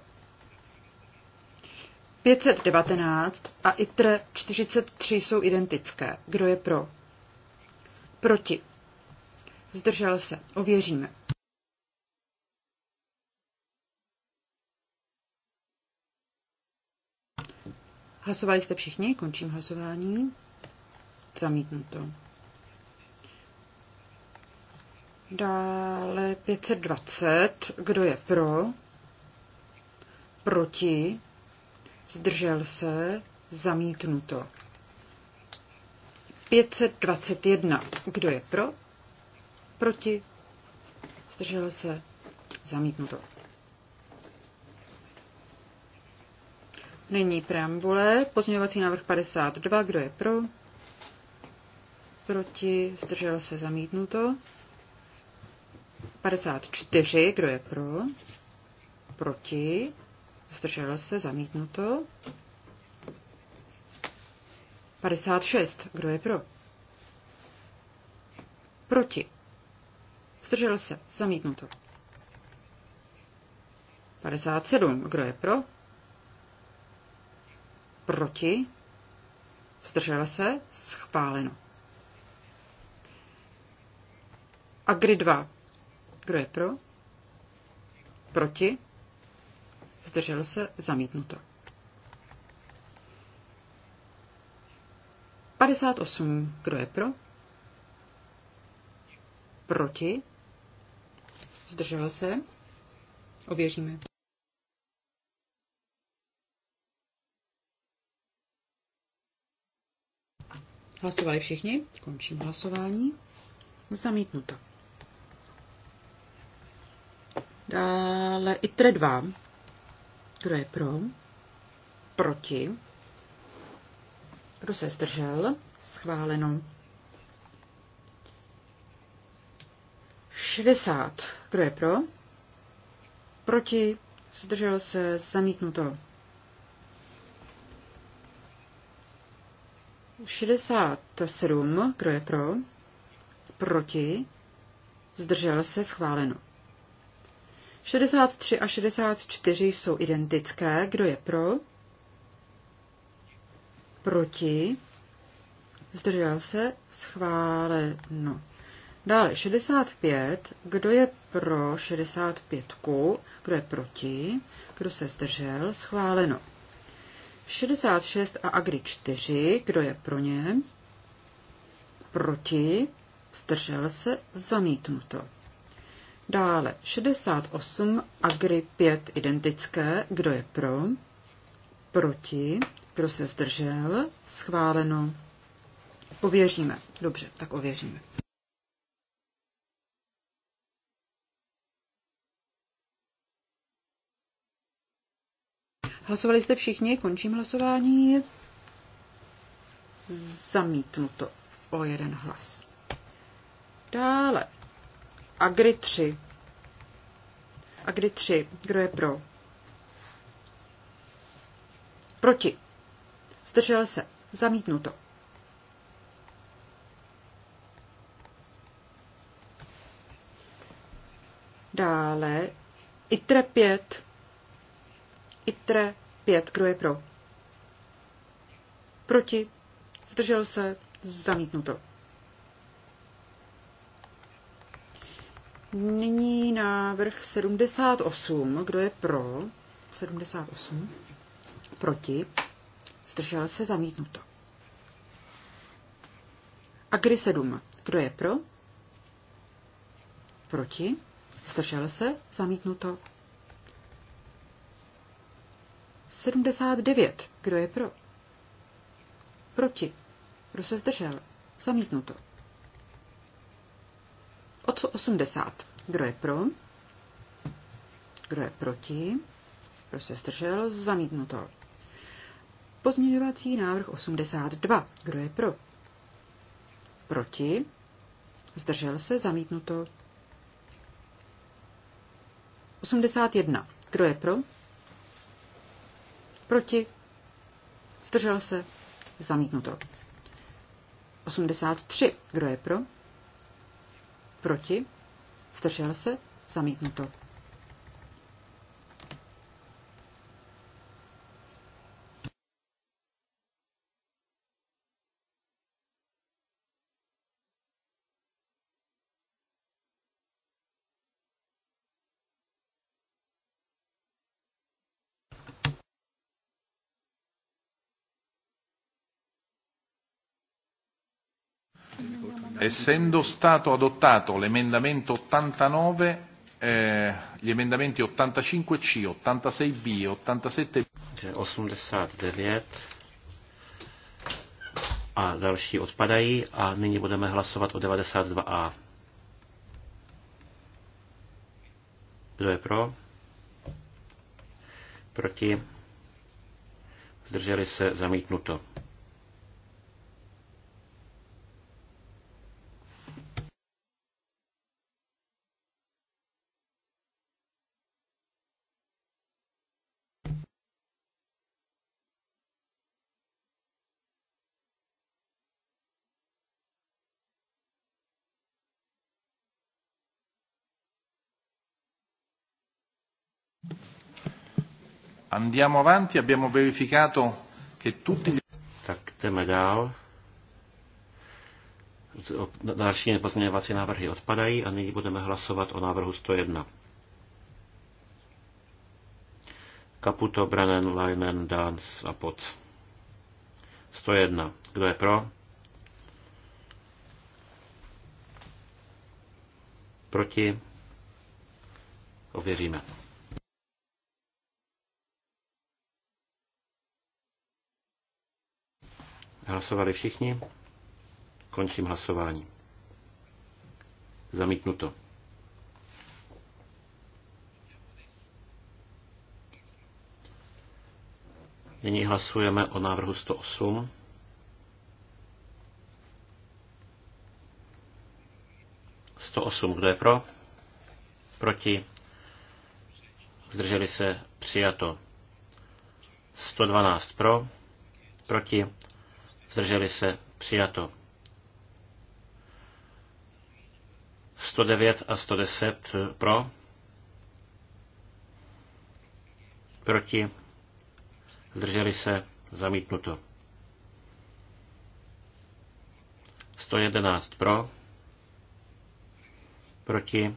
519 a itre 43 jsou identické. Kdo je pro? Proti. Zdržel se. Ověříme. Hlasovali jste všichni, končím hlasování. Zamítnuto. Dále 520. Kdo je pro? Proti? Zdržel se? Zamítnuto. 521. Kdo je pro? Proti? Zdržel se? Zamítnuto. Nyní preambule. Pozměňovací návrh 52. Kdo je pro? Proti? Zdržel se zamítnuto. 54. Kdo je pro? Proti? Zdržel se zamítnuto. 56. Kdo je pro? Proti. Zdržel se. Zamítnuto. 57. Kdo je pro? Proti? Zdržel se? Schváleno. Agri 2. Kdo je pro? Proti? Zdržel se? Zamítnuto. 58. Kdo je pro? Proti? Zdržel se? Ověříme. Hlasovali všichni? Končím hlasování. Zamítnuto. Dále ITRE 2. Kdo je pro? Proti? Kdo se zdržel? Schváleno. 60. Kdo je pro? Proti? Zdržel se? Zamítnuto. 67, kdo je pro? Proti? Zdržel se schváleno. 63 a 64 jsou identické. Kdo je pro? Proti? Zdržel se schváleno. Dále 65. Kdo je pro 65? Kdo je proti? Kdo se zdržel? Schváleno. 66 a Agri 4, kdo je pro ně? Proti, zdržel se, zamítnuto. Dále 68 Agri 5 identické, kdo je pro? Proti, kdo se zdržel? Schváleno. Ověříme. Dobře, tak ověříme. Hlasovali jste všichni, končím hlasování. Zamítnuto o jeden hlas. Dále. Agri 3. Agri 3. Kdo je pro? Proti. Zdržel se. Zamítnuto. Dále. ITRE 5. ITRE 5. Kdo je pro? Proti? Zdržel se? Zamítnuto. Nyní návrh 78. Kdo je pro? 78. Proti? Zdržel se? Zamítnuto. Agri 7. Kdo je pro? Proti? Zdržel se? Zamítnuto. 79. Kdo je pro? Proti. Kdo se zdržel? Zamítnuto. Od 80. Kdo je pro? Kdo je proti? Kdo se zdržel? Zamítnuto. Pozměňovací návrh 82. Kdo je pro? Proti? Zdržel se? Zamítnuto. 81. Kdo je pro? Proti? Zdržel se? Zamítnuto. 83. Kdo je pro? Proti? Zdržel se? Zamítnuto. essendo stato adottato l'emendamento 89, eh, gli emendamenti 85C, 86B, 87B. 89 a další odpadají a nyní budeme hlasovat o 92A. Kdo je pro? Proti? Zdrželi se zamítnuto. Andiamo avanti, abbiamo verificato che tutti gli... Tak jdeme dál. Další pozměňovací návrhy odpadají a nyní budeme hlasovat o návrhu 101. Kaputo, Branen, Leinen, Dans a Poc. 101. Kdo je pro? Proti? Ověříme. Hlasovali všichni? Končím hlasování. Zamítnuto. Nyní hlasujeme o návrhu 108. kdo je pro? Proti? Zdrželi se přijato. 112 pro, proti, zdrželi se, přijato. 109 a 110 eh, pro, proti, zdrželi se, zamítnuto. 111 pro, proti,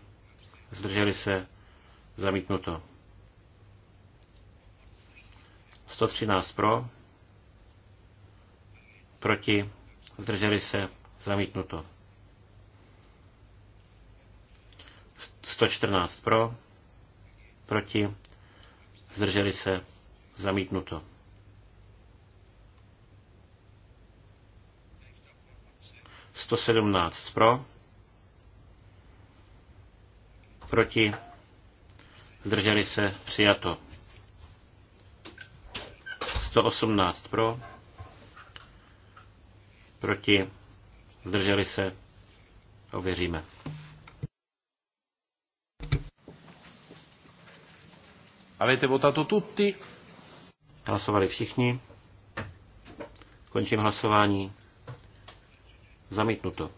zdrželi se, zamítnuto. 113 pro, proti, zdrželi se, zamítnuto. 114 pro, proti, zdrželi se, zamítnuto. Sto sedmnáct pro, proti, zdrželi se, přijato. 118 pro, proti, zdrželi se, ověříme. Avete votato tutti? Hlasovali všichni. Končím hlasování. Zamítnuto.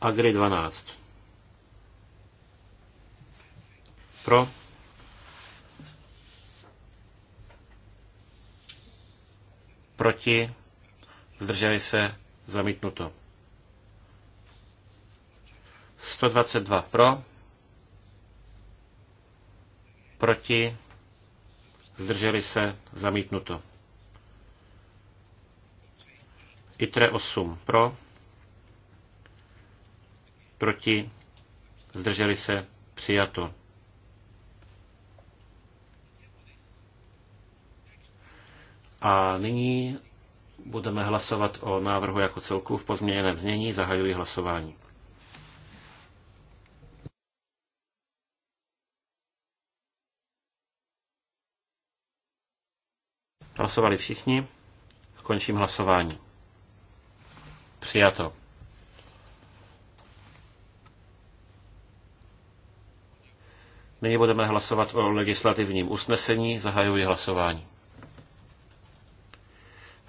Agri 12. Pro. proti, zdrželi se, zamítnuto. 122 pro, proti, zdrželi se, zamítnuto. ITRE 8 pro, proti, zdrželi se, přijato. A nyní budeme hlasovat o návrhu jako celku v pozměněném znění. Zahajuji hlasování. Hlasovali všichni. Končím hlasování. Přijato. Nyní budeme hlasovat o legislativním usnesení. Zahajuji hlasování.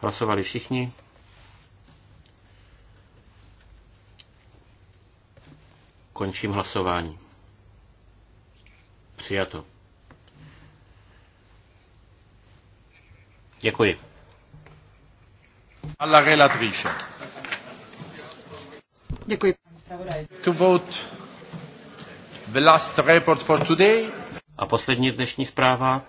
Hlasovali všichni? Končím hlasování. Přijato. Děkuji. Alla relatrice. Děkuji. To vote the last report for today. A poslední dnešní zpráva.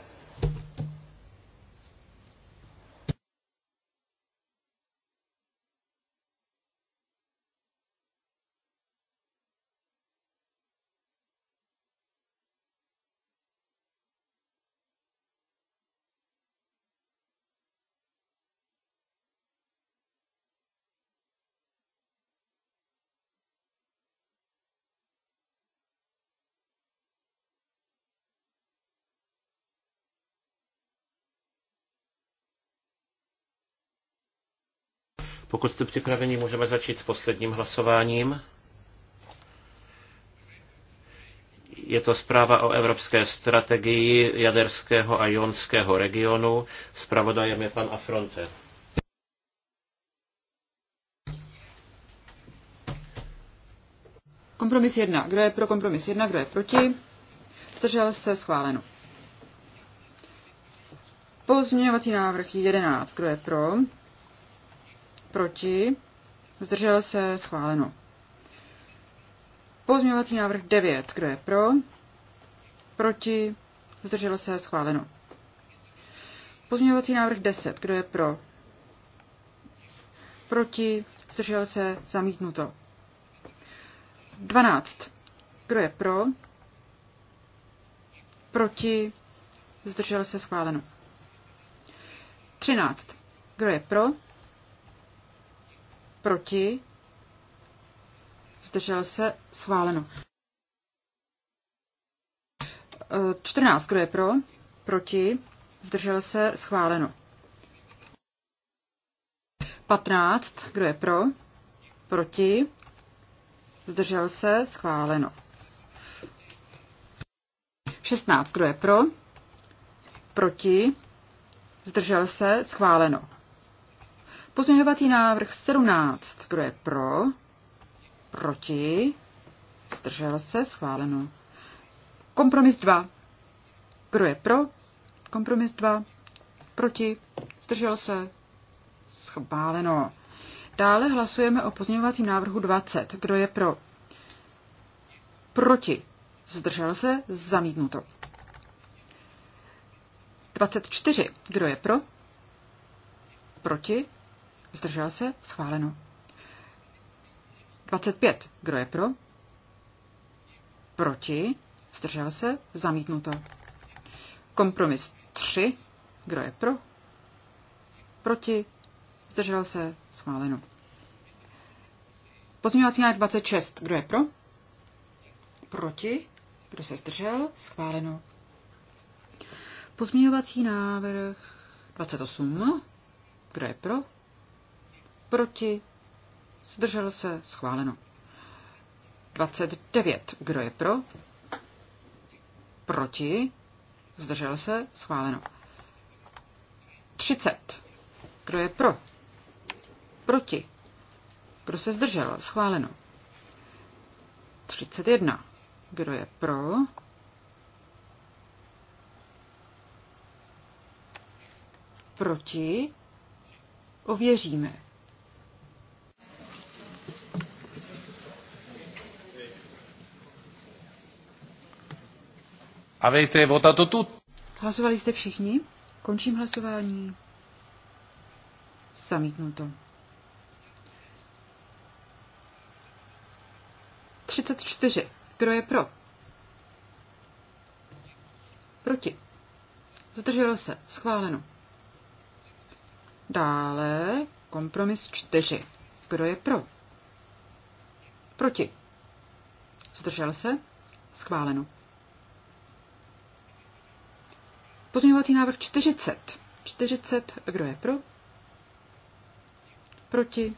Pokud jste připraveni, můžeme začít s posledním hlasováním. Je to zpráva o evropské strategii jaderského a jonského regionu. Zpravodajem je pan Afronte. Kompromis 1. Kdo je pro kompromis 1, kdo je proti? Zdržel se schváleno. Pozměňovací návrh 11. Kdo je pro? proti, zdržel se, schváleno. Pozměňovací návrh 9, kdo je pro, proti, zdržel se, schváleno. Pozměňovací návrh 10, kdo je pro, proti, zdržel se, zamítnuto. 12. Kdo je pro? Proti? Zdržel se schváleno. 13. Kdo je pro? proti, zdržel se, schváleno. 14, kdo je pro, proti, zdržel se, schváleno. 15, kdo je pro, proti, zdržel se, schváleno. 16, kdo je pro, proti, zdržel se, schváleno. Pozměňovací návrh 17. Kdo je pro? Proti? Zdržel se? Schváleno. Kompromis 2. Kdo je pro? Kompromis 2. Proti? Zdržel se? Schváleno. Dále hlasujeme o pozměňovacím návrhu 20. Kdo je pro? Proti? Zdržel se? Zamítnuto. 24. Kdo je pro? Proti? Zdržel se? Schváleno. 25. Kdo je pro? Proti? Zdržel se? Zamítnuto. Kompromis 3. Kdo je pro? Proti? Zdržel se? Schváleno. Pozměňovací návrh 26. Kdo je pro? Proti? Kdo se zdržel? Schváleno. Pozměňovací návrh 28. Kdo je pro? proti, zdrželo se, schváleno. 29. Kdo je pro? Proti, zdrželo se, schváleno. 30. Kdo je pro? Proti. Kdo se zdržel? Schváleno. 31. Kdo je pro? Proti. Ověříme. vota to tu. Hlasovali jste všichni? Končím hlasování. Samítnuto. 34. Kdo je pro? Proti. Zdrželo se. Schváleno. Dále kompromis 4. Kdo je pro? Proti. Zdržel se? Schváleno. Pozměňovací návrh 40. 40, kdo je pro? Proti?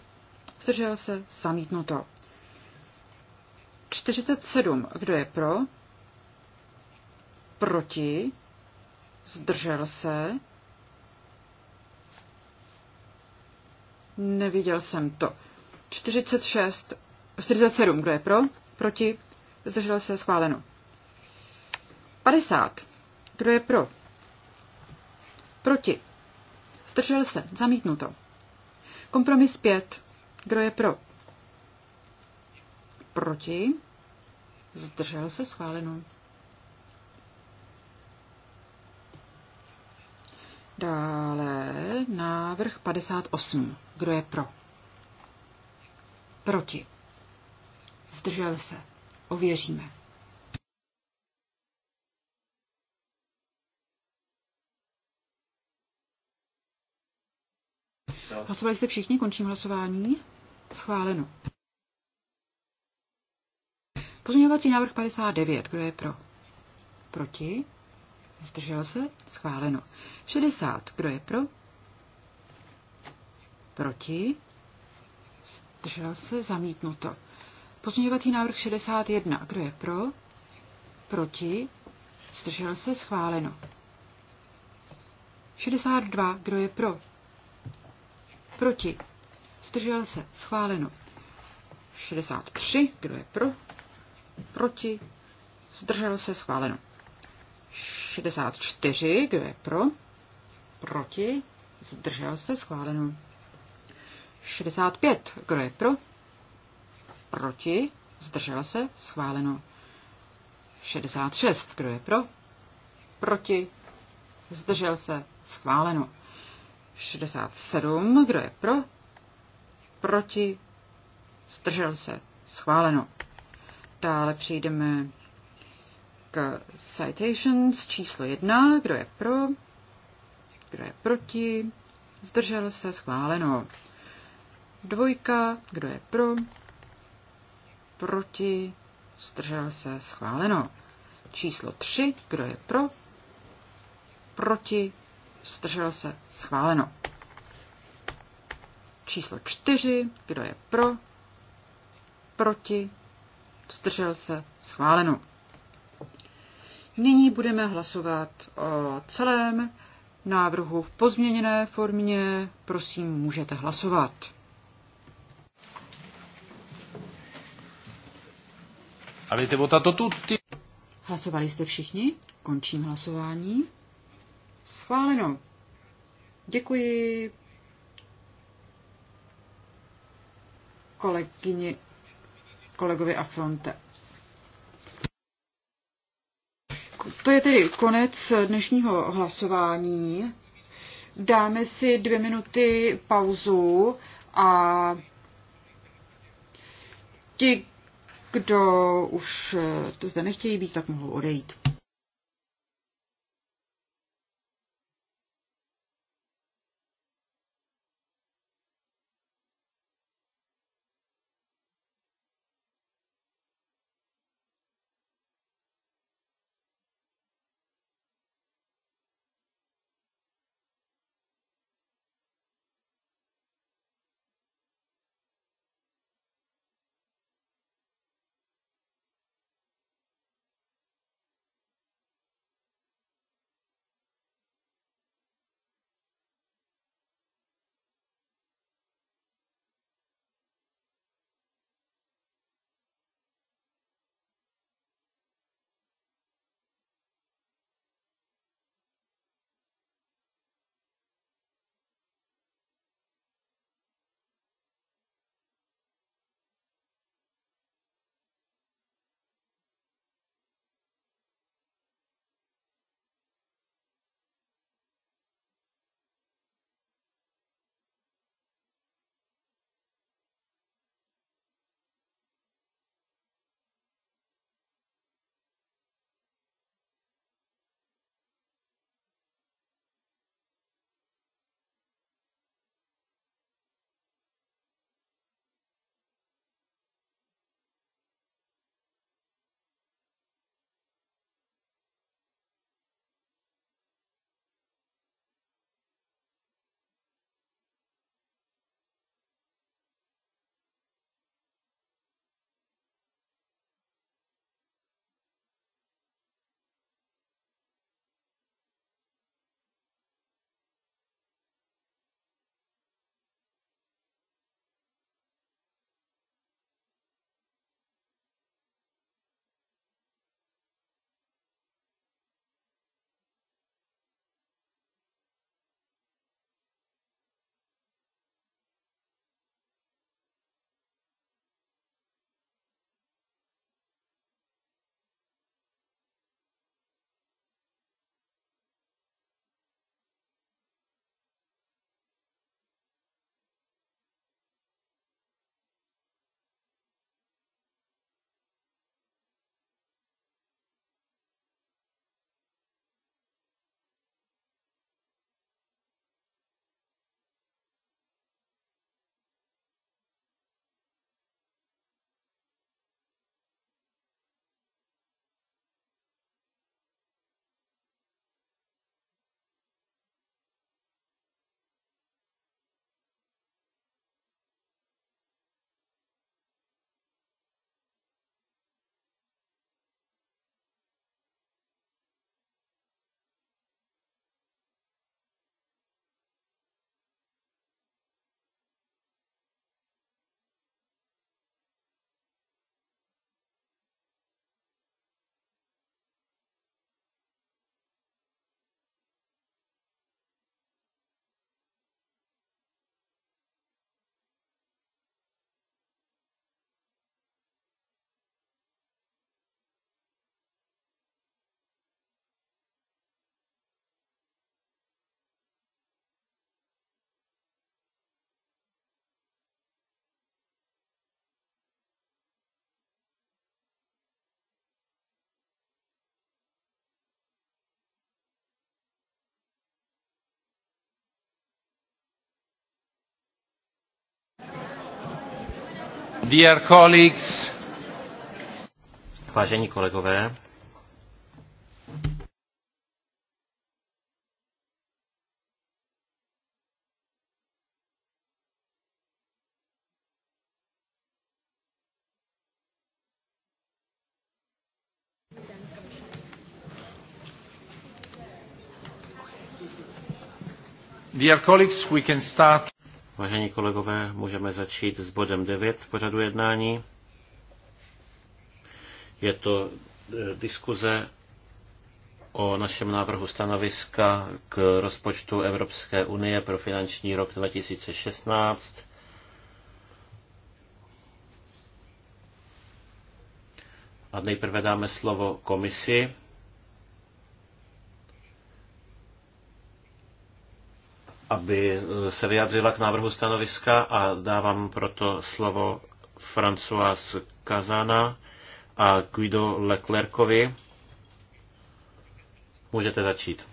Zdržel se? Samítnuto. 47, kdo je pro? Proti? Zdržel se? Neviděl jsem to. 46, 47, kdo je pro? Proti? Zdržel se? Schváleno. 50, kdo je pro? Proti. Zdržel se. Zamítnuto. Kompromis 5. Kdo je pro? Proti. Zdržel se. Schváleno. Dále návrh 58. Kdo je pro? Proti. Zdržel se. Ověříme. Hlasovali jste všichni, končím hlasování. Schváleno. Pozměňovací návrh 59, kdo je pro? Proti? Zdržel se? Schváleno. 60, kdo je pro? Proti? Zdržel se? Zamítnuto. Pozměňovací návrh 61, kdo je pro? Proti? Zdržel se? Schváleno. 62, kdo je pro? Proti. Zdržel se. Schváleno. 63. Kdo je pro? Proti. Zdržel se. Schváleno. 64. Kdo je pro? Proti. Zdržel se. Schváleno. 65. Kdo je pro? Proti. Zdržel se. Schváleno. 66. Kdo je pro? Proti. Zdržel se. Schváleno. 67. Kdo je pro? Proti? Zdržel se. Schváleno. Dále přejdeme k citations číslo 1. Kdo je pro? Kdo je proti? Zdržel se. Schváleno. Dvojka. Kdo je pro? Proti? Zdržel se. Schváleno. Číslo 3. Kdo je pro? Proti? zdržel se, schváleno. Číslo 4, kdo je pro, proti, zdržel se, schváleno. Nyní budeme hlasovat o celém návrhu v pozměněné formě. Prosím, můžete hlasovat. Avete votato tutti? Hlasovali jste všichni? Končím hlasování. Schváleno. Děkuji kolegyni, kolegovi fronte. To je tedy konec dnešního hlasování. Dáme si dvě minuty pauzu a ti, kdo už to zde nechtějí být, tak mohou odejít. Dear colleagues, Vážení kolegové, Dear colleagues, we can start. Vážení kolegové, můžeme začít s bodem 9 pořadu jednání. Je to e, diskuze o našem návrhu stanoviska k rozpočtu Evropské unie pro finanční rok 2016. A nejprve dáme slovo komisi. aby eh, se vyjádřila k návrhu stanoviska a dávám proto slovo François Kazana a Guido Leclercovi. Můžete začít.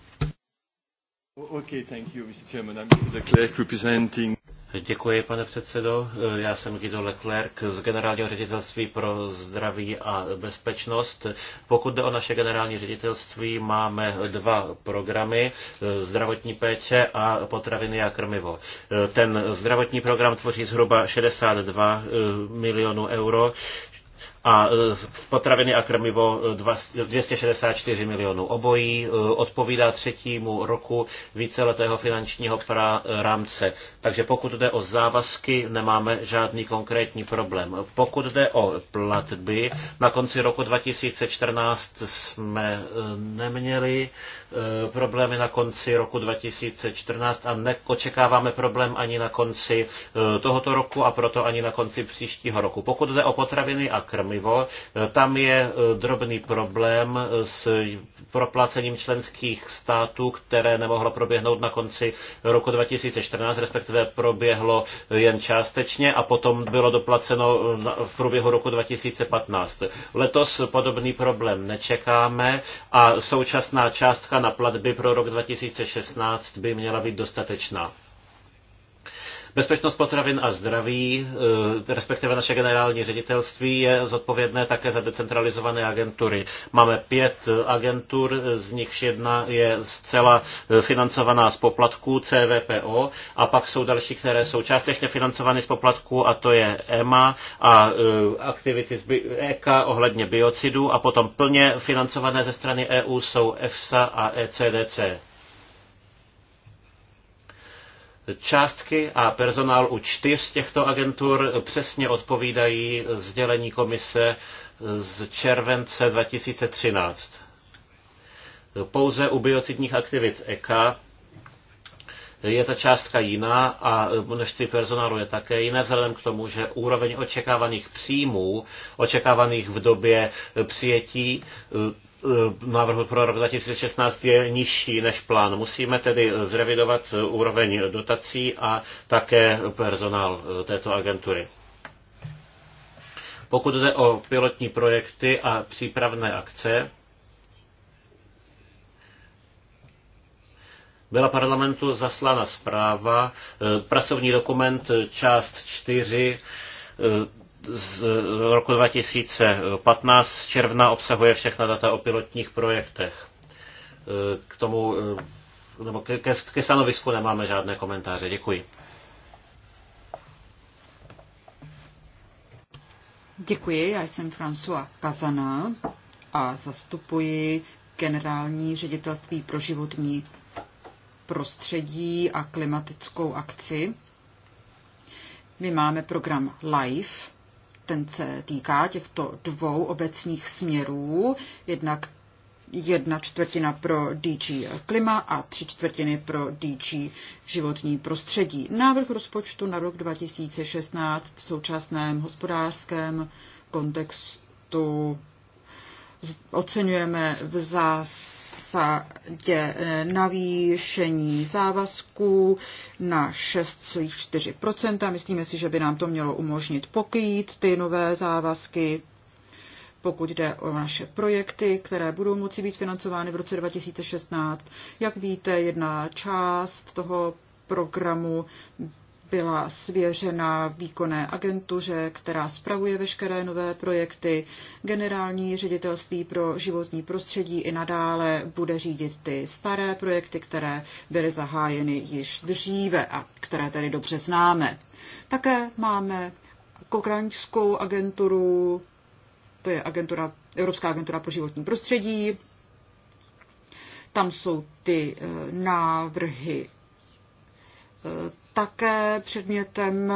Okay, thank you, Mr. Chairman. I'm Mr. Leclerc representing Děkuji, pane předsedo. Já jsem Guido Leclerc z Generálního ředitelství pro zdraví a bezpečnost. Pokud jde o naše generální ředitelství, máme dva programy, zdravotní péče a potraviny a krmivo. Ten zdravotní program tvoří zhruba 62 milionů euro, a e, potraviny a krmivo 264 e, milionů. Obojí e, odpovídá třetímu roku víceletého finančního rámce. Takže pokud jde o závazky, nemáme žádný konkrétní problém. Pokud jde o platby, na konci roku 2014 jsme neměli problémy na konci roku 2014 a neočekáváme problém ani na konci tohoto roku a proto ani na konci příštího roku. Pokud jde o potraviny a krmivo, krmivo. Tam je eh, drobný problém eh, s proplacením členských států, které nemohlo proběhnout na konci roku 2014, respektive proběhlo eh, jen částečně a potom bylo doplaceno v průběhu roku 2015. Letos podobný problém nečekáme a současná částka na platby pro rok 2016 by měla být dostatečná. Bezpečnost potravin a zdraví, eh, respektive naše generální ředitelství, je zodpovědné také za decentralizované agentury. Máme pět agentur, z nichž jedna je zcela eh, financovaná z poplatků CVPO a pak jsou další, které jsou částečně financovány z poplatků a to je EMA a eh, aktivity z EKA ohledně biocidů a potom plně financované ze strany EU jsou EFSA a ECDC. Částky a personál u čtyř z těchto agentur přesně odpovídají sdělení komise z července 2013. Pouze u biocidních aktivit EKA je ta částka jiná a množství personálu je také jiné, vzhledem k tomu, že úroveň očekávaných příjmů, očekávaných v době přijetí, Eh, návrhu pro rok 2016 je nižší než plán. Musíme tedy zrevidovat úroveň dotací a také personál eh, této agentury. Pokud jde o pilotní projekty a přípravné akce, byla parlamentu zaslána zpráva, eh, pracovní dokument část 4 z roku 2015 z června obsahuje všechna data o pilotních projektech. Eh, k tomu, eh, nebo ke, ke stanovisku nemáme žádné komentáře. Děkuji. Děkuji, já jsem François Kazana a zastupuji generální ředitelství pro životní prostředí a klimatickou akci. My máme program LIFE, ten se týká těchto dvou obecných směrů, jednak jedna čtvrtina pro DG klima a tři čtvrtiny pro DG životní prostředí. Návrh rozpočtu na rok 2016 v současném hospodářském kontextu oceňujeme v zásadě eh, navýšení závazků na 6,4%. Myslíme si, že by nám to mělo umožnit pokýt ty nové závazky, pokud jde o naše projekty, které budou moci být financovány v roce 2016. Jak víte, jedna část toho programu byla svěřena výkonné agentuře, která spravuje veškeré nové projekty. Generální ředitelství pro životní prostředí i nadále bude řídit ty staré projekty, které byly zahájeny již dříve a které tedy dobře známe. Také máme Kokraňskou agenturu, to je agentura, Evropská agentura pro životní prostředí. Tam jsou ty eh, návrhy eh, také předmětem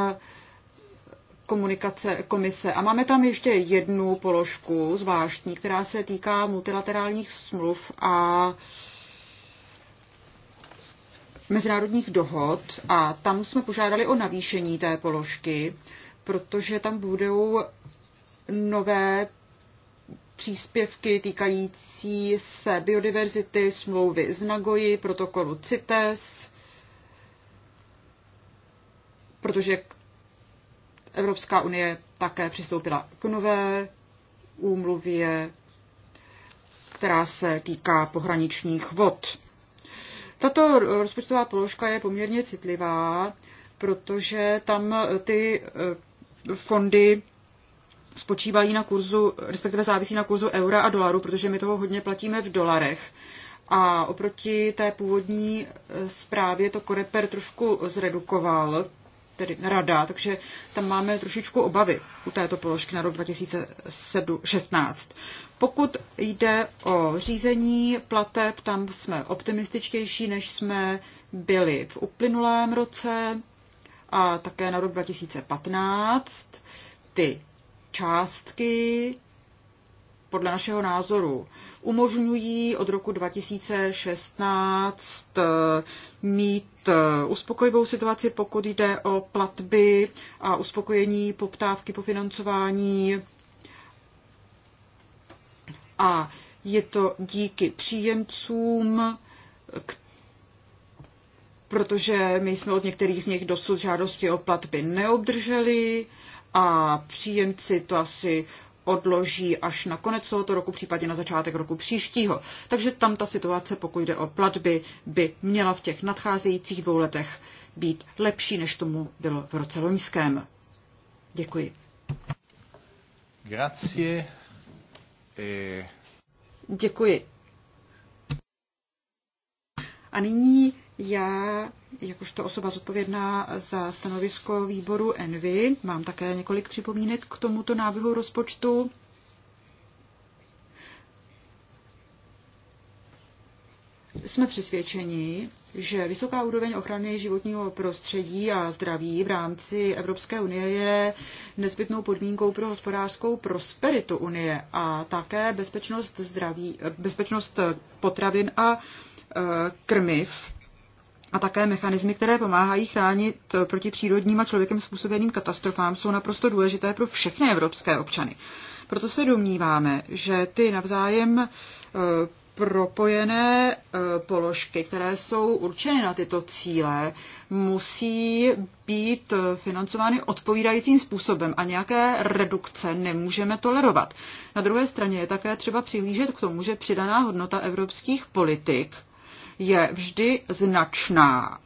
komunikace komise. A máme tam ještě jednu položku zvláštní, která se týká multilaterálních smluv a mezinárodních dohod a tam jsme požádali o navýšení té položky, protože tam budou nové příspěvky týkající se biodiverzity, smlouvy z Nagoji, protokolu CITES, protože Evropská unie také přistoupila k nové úmluvě, která se týká pohraničních vod. Tato rozpočtová položka je poměrně citlivá, protože tam eh, ty eh, fondy spočívají na kurzu, respektive závisí na kurzu eura a dolaru, protože my toho hodně platíme v dolarech. A oproti té původní eh, zprávě to Koreper trošku zredukoval, tedy rada, takže tam máme trošičku obavy u této položky na rok 2016. Pokud jde o řízení plateb, tam jsme optimističtější, než jsme byli v uplynulém roce a také na rok 2015. Ty částky podle našeho názoru umožňují od roku 2016 eh, mít eh, uspokojivou situaci, pokud jde o platby a uspokojení poptávky po financování. A je to díky příjemcům, protože my jsme od některých z nich dosud žádosti o platby neobdrželi a příjemci to asi odloží až na konec tohoto roku, případně na začátek roku příštího. Takže tam ta situace, pokud jde o platby, by měla v těch nadcházejících dvou letech být lepší, než tomu bylo v roce loňském. Děkuji. Grazie. E- Děkuji. A nyní já, jakožto osoba zodpovědná za stanovisko výboru Envy, mám také několik připomínek k tomuto návrhu rozpočtu. Jsme přesvědčeni, že vysoká úroveň ochrany životního prostředí a zdraví v rámci Evropské unie je nezbytnou podmínkou pro hospodářskou prosperitu unie a také bezpečnost, zdraví, bezpečnost potravin a Eh, krmiv a také mechanismy, které pomáhají chránit proti přírodním a člověkem způsobeným katastrofám, jsou naprosto důležité pro všechny evropské občany. Proto se domníváme, že ty navzájem eh, propojené eh, položky, které jsou určeny na tyto cíle, musí být financovány odpovídajícím způsobem a nějaké redukce nemůžeme tolerovat. Na druhé straně je také třeba přihlížet k tomu, že přidaná hodnota evropských politik je vždy značná.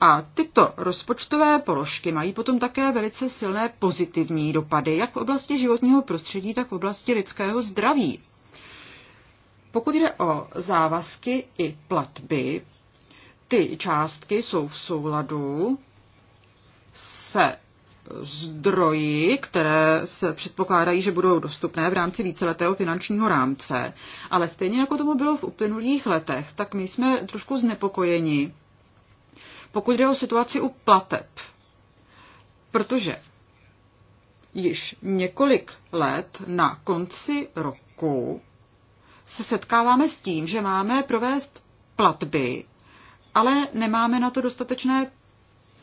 A tyto rozpočtové položky mají potom také velice silné pozitivní dopady, jak v oblasti životního prostředí, tak v oblasti lidského zdraví. Pokud jde o závazky i platby, ty částky jsou v souladu se zdroji, které se předpokládají, že budou dostupné v rámci víceletého finančního rámce. Ale stejně jako tomu bylo v uplynulých letech, tak my jsme trošku znepokojeni, pokud jde o situaci u plateb. Protože již několik let na konci roku se setkáváme s tím, že máme provést platby, ale nemáme na to dostatečné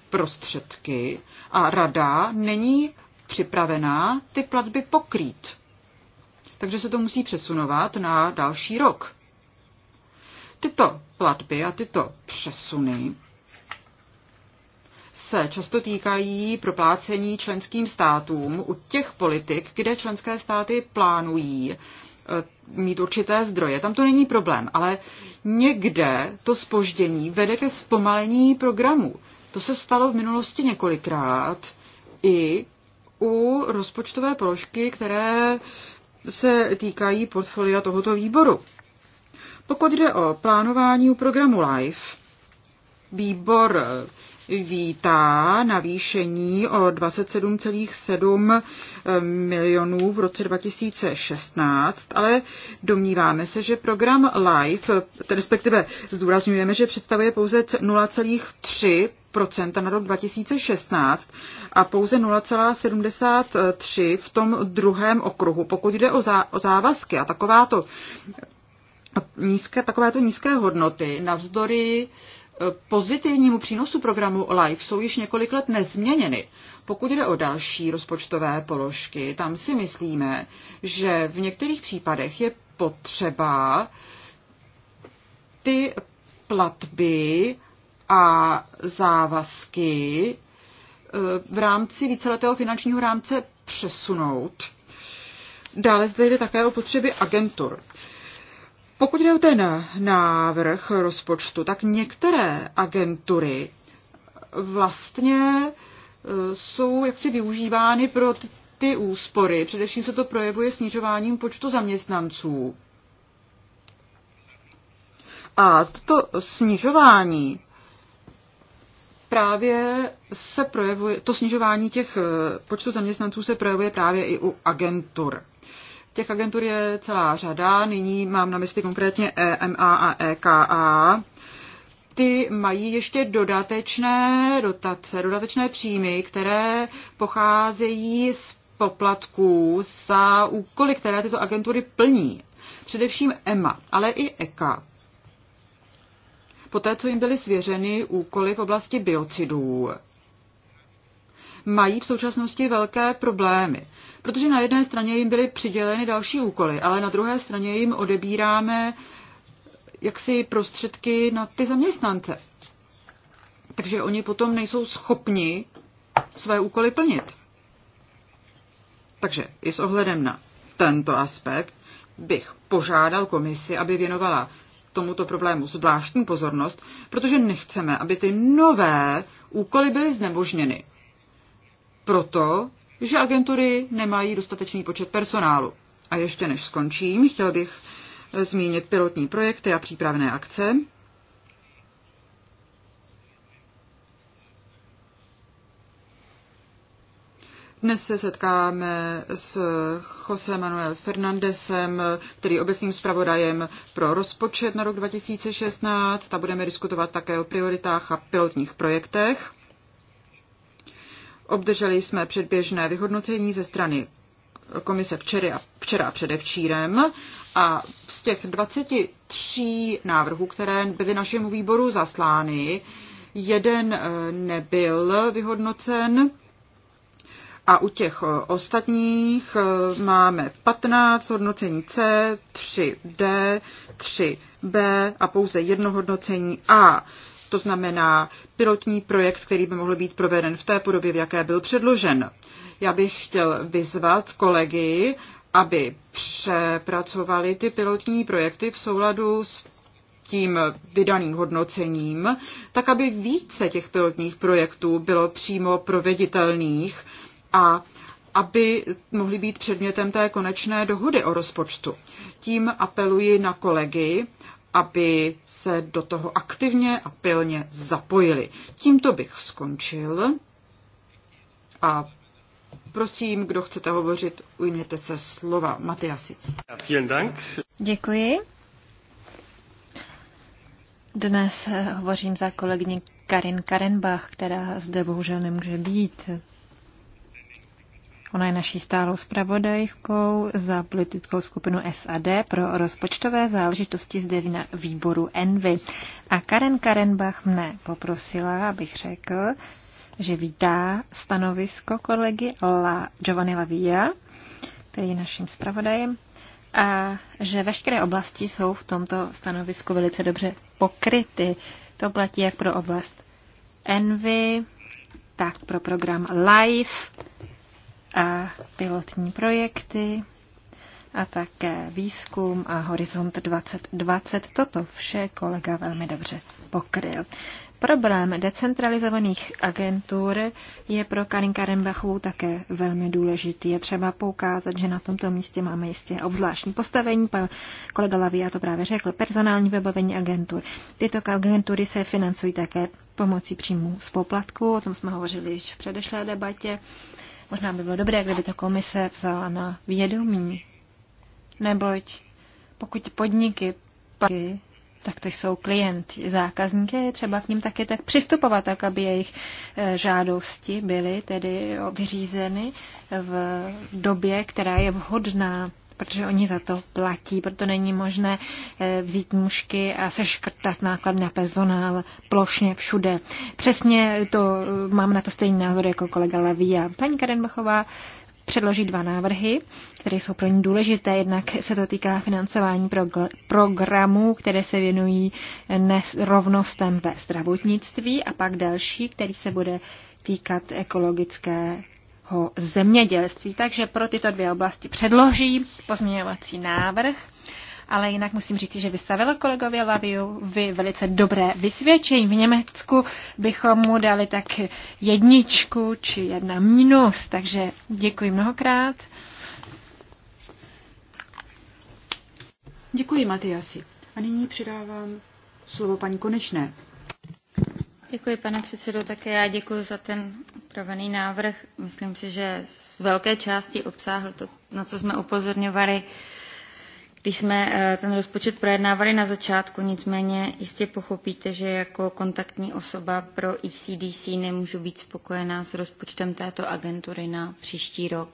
prostředky a rada není připravená ty platby pokrýt. Takže se to musí přesunovat na další rok. Tyto platby a tyto přesuny se často týkají proplácení členským státům u těch politik, kde členské státy plánují eh, mít určité zdroje. Tam to není problém, ale někde to spoždění vede ke zpomalení programu. To se stalo v minulosti několikrát i u rozpočtové položky, které se týkají portfolia tohoto výboru. Pokud jde o plánování u programu LIFE, výbor vítá navýšení o 27,7 milionů v roce 2016, ale domníváme se, že program LIFE, respektive zdůrazňujeme, že představuje pouze 0,3 na rok 2016 a pouze 0,73 v tom druhém okruhu. Pokud jde o, zá, o závazky a takováto nízké, takovéto nízké hodnoty, navzdory e, pozitivnímu přínosu programu LIFE jsou již několik let nezměněny. Pokud jde o další rozpočtové položky, tam si myslíme, že v některých případech je potřeba ty platby a závazky eh, v rámci víceletého finančního rámce přesunout. Dále zde jde také o potřeby agentur. Pokud jde o ten návrh rozpočtu, tak některé agentury vlastně eh, jsou jaksi využívány pro ty úspory. Především se to projevuje snižováním počtu zaměstnanců. A toto snižování právě se projevuje, to snižování těch eh, počtu zaměstnanců se projevuje právě i u agentur. Těch agentur je celá řada, nyní mám na mysli konkrétně EMA a EKA. E Ty mají ještě dodatečné dotace, dodatečné příjmy, které pocházejí z poplatků za úkoly, které tyto agentury plní. Především EMA, ale i EKA poté co jim byly svěřeny úkoly v oblasti biocidů, mají v současnosti velké problémy, protože na jedné straně jim byly přiděleny další úkoly, ale na druhé straně jim odebíráme jaksi prostředky na ty zaměstnance. Takže oni potom nejsou schopni své úkoly plnit. Takže i s ohledem na tento aspekt bych požádal komisi, aby věnovala tomuto problému zvláštní pozornost, protože nechceme, aby ty nové úkoly byly znemožněny. Proto, že agentury nemají dostatečný počet personálu. A ještě než skončím, chtěl bych eh, zmínit pilotní projekty a přípravné akce. Dnes se setkáme s Jose Manuel Fernandesem, který je obecným zpravodajem pro rozpočet na rok 2016 a budeme diskutovat také o prioritách a pilotních projektech. Obdrželi jsme předběžné vyhodnocení ze strany komise včera včera předevčírem a z těch 23 návrhů, které byly našemu výboru zaslány, jeden eh, nebyl vyhodnocen a u těch eh, ostatních eh, máme 15 hodnocení C, 3D, 3B a pouze jedno hodnocení A. To znamená pilotní projekt, který by mohl být proveden v té podobě, v jaké byl předložen. Já bych chtěl vyzvat kolegy, aby přepracovali ty pilotní projekty v souladu s tím vydaným hodnocením, tak aby více těch pilotních projektů bylo přímo proveditelných a aby mohly být předmětem té konečné dohody o rozpočtu. Tím apeluji na kolegy, aby se do toho aktivně a pilně zapojili. Tímto bych skončil a prosím, kdo chcete hovořit, ujměte se slova. Matiasi. Děkuji. Dnes hovořím za kolegyni Karin Karenbach, která zde bohužel nemůže být. Ona je naší stálou zpravodajkou za politickou skupinu SAD pro rozpočtové záležitosti zde na výboru Envy. A Karen Karenbach mne poprosila, abych řekl, že vítá stanovisko kolegy La Giovanni Lavia, který je naším zpravodajem, a že veškeré oblasti jsou v tomto stanovisku velice dobře pokryty. To platí jak pro oblast Envy, tak pro program Life, a pilotní projekty a také výzkum a Horizont 2020. Toto vše kolega velmi dobře pokryl. Problém decentralizovaných agentur je pro Karin Karenbachovou také velmi důležitý. Je třeba poukázat, že na tomto místě máme jistě obzvláštní postavení. Pan kolega Lavia to právě řekl. Personální vybavení agentur. Tyto agentury se financují také pomocí příjmů z poplatku. O tom jsme hovořili již v předešlé debatě. Možná by bylo dobré, kdyby to komise vzala na vědomí. Neboť pokud podniky platí, tak to jsou klienti, zákazníky, je třeba k ním taky tak přistupovat, tak aby jejich eh, žádosti byly tedy vyřízeny v době, která je vhodná protože oni za to platí, proto není možné eh, vzít mušky a seškrtat náklad na personál plošně všude. Přesně to eh, mám na to stejný názor jako kolega a Paní Karenbachová předloží dva návrhy, které jsou pro ní důležité. Jednak se to týká financování programů, které se věnují eh, rovnostem ve zdravotnictví a pak další, který se bude týkat ekologické zemědělství. Takže pro tyto dvě oblasti předloží pozměňovací návrh. Ale jinak musím říct, že vystavilo kolegově Laviu vy velice dobré vysvědčení. V Německu bychom mu dali tak jedničku či jedna minus, takže děkuji mnohokrát. Děkuji, Matyasi. A nyní předávám slovo paní Konečné. Děkuji, pane předsedo. Také já děkuji za ten upravený návrh. Myslím si, že z velké části obsáhl to, na co jsme upozorňovali, když jsme eh, ten rozpočet projednávali na začátku. Nicméně jistě pochopíte, že jako kontaktní osoba pro ECDC nemůžu být spokojená s rozpočtem této agentury na příští rok.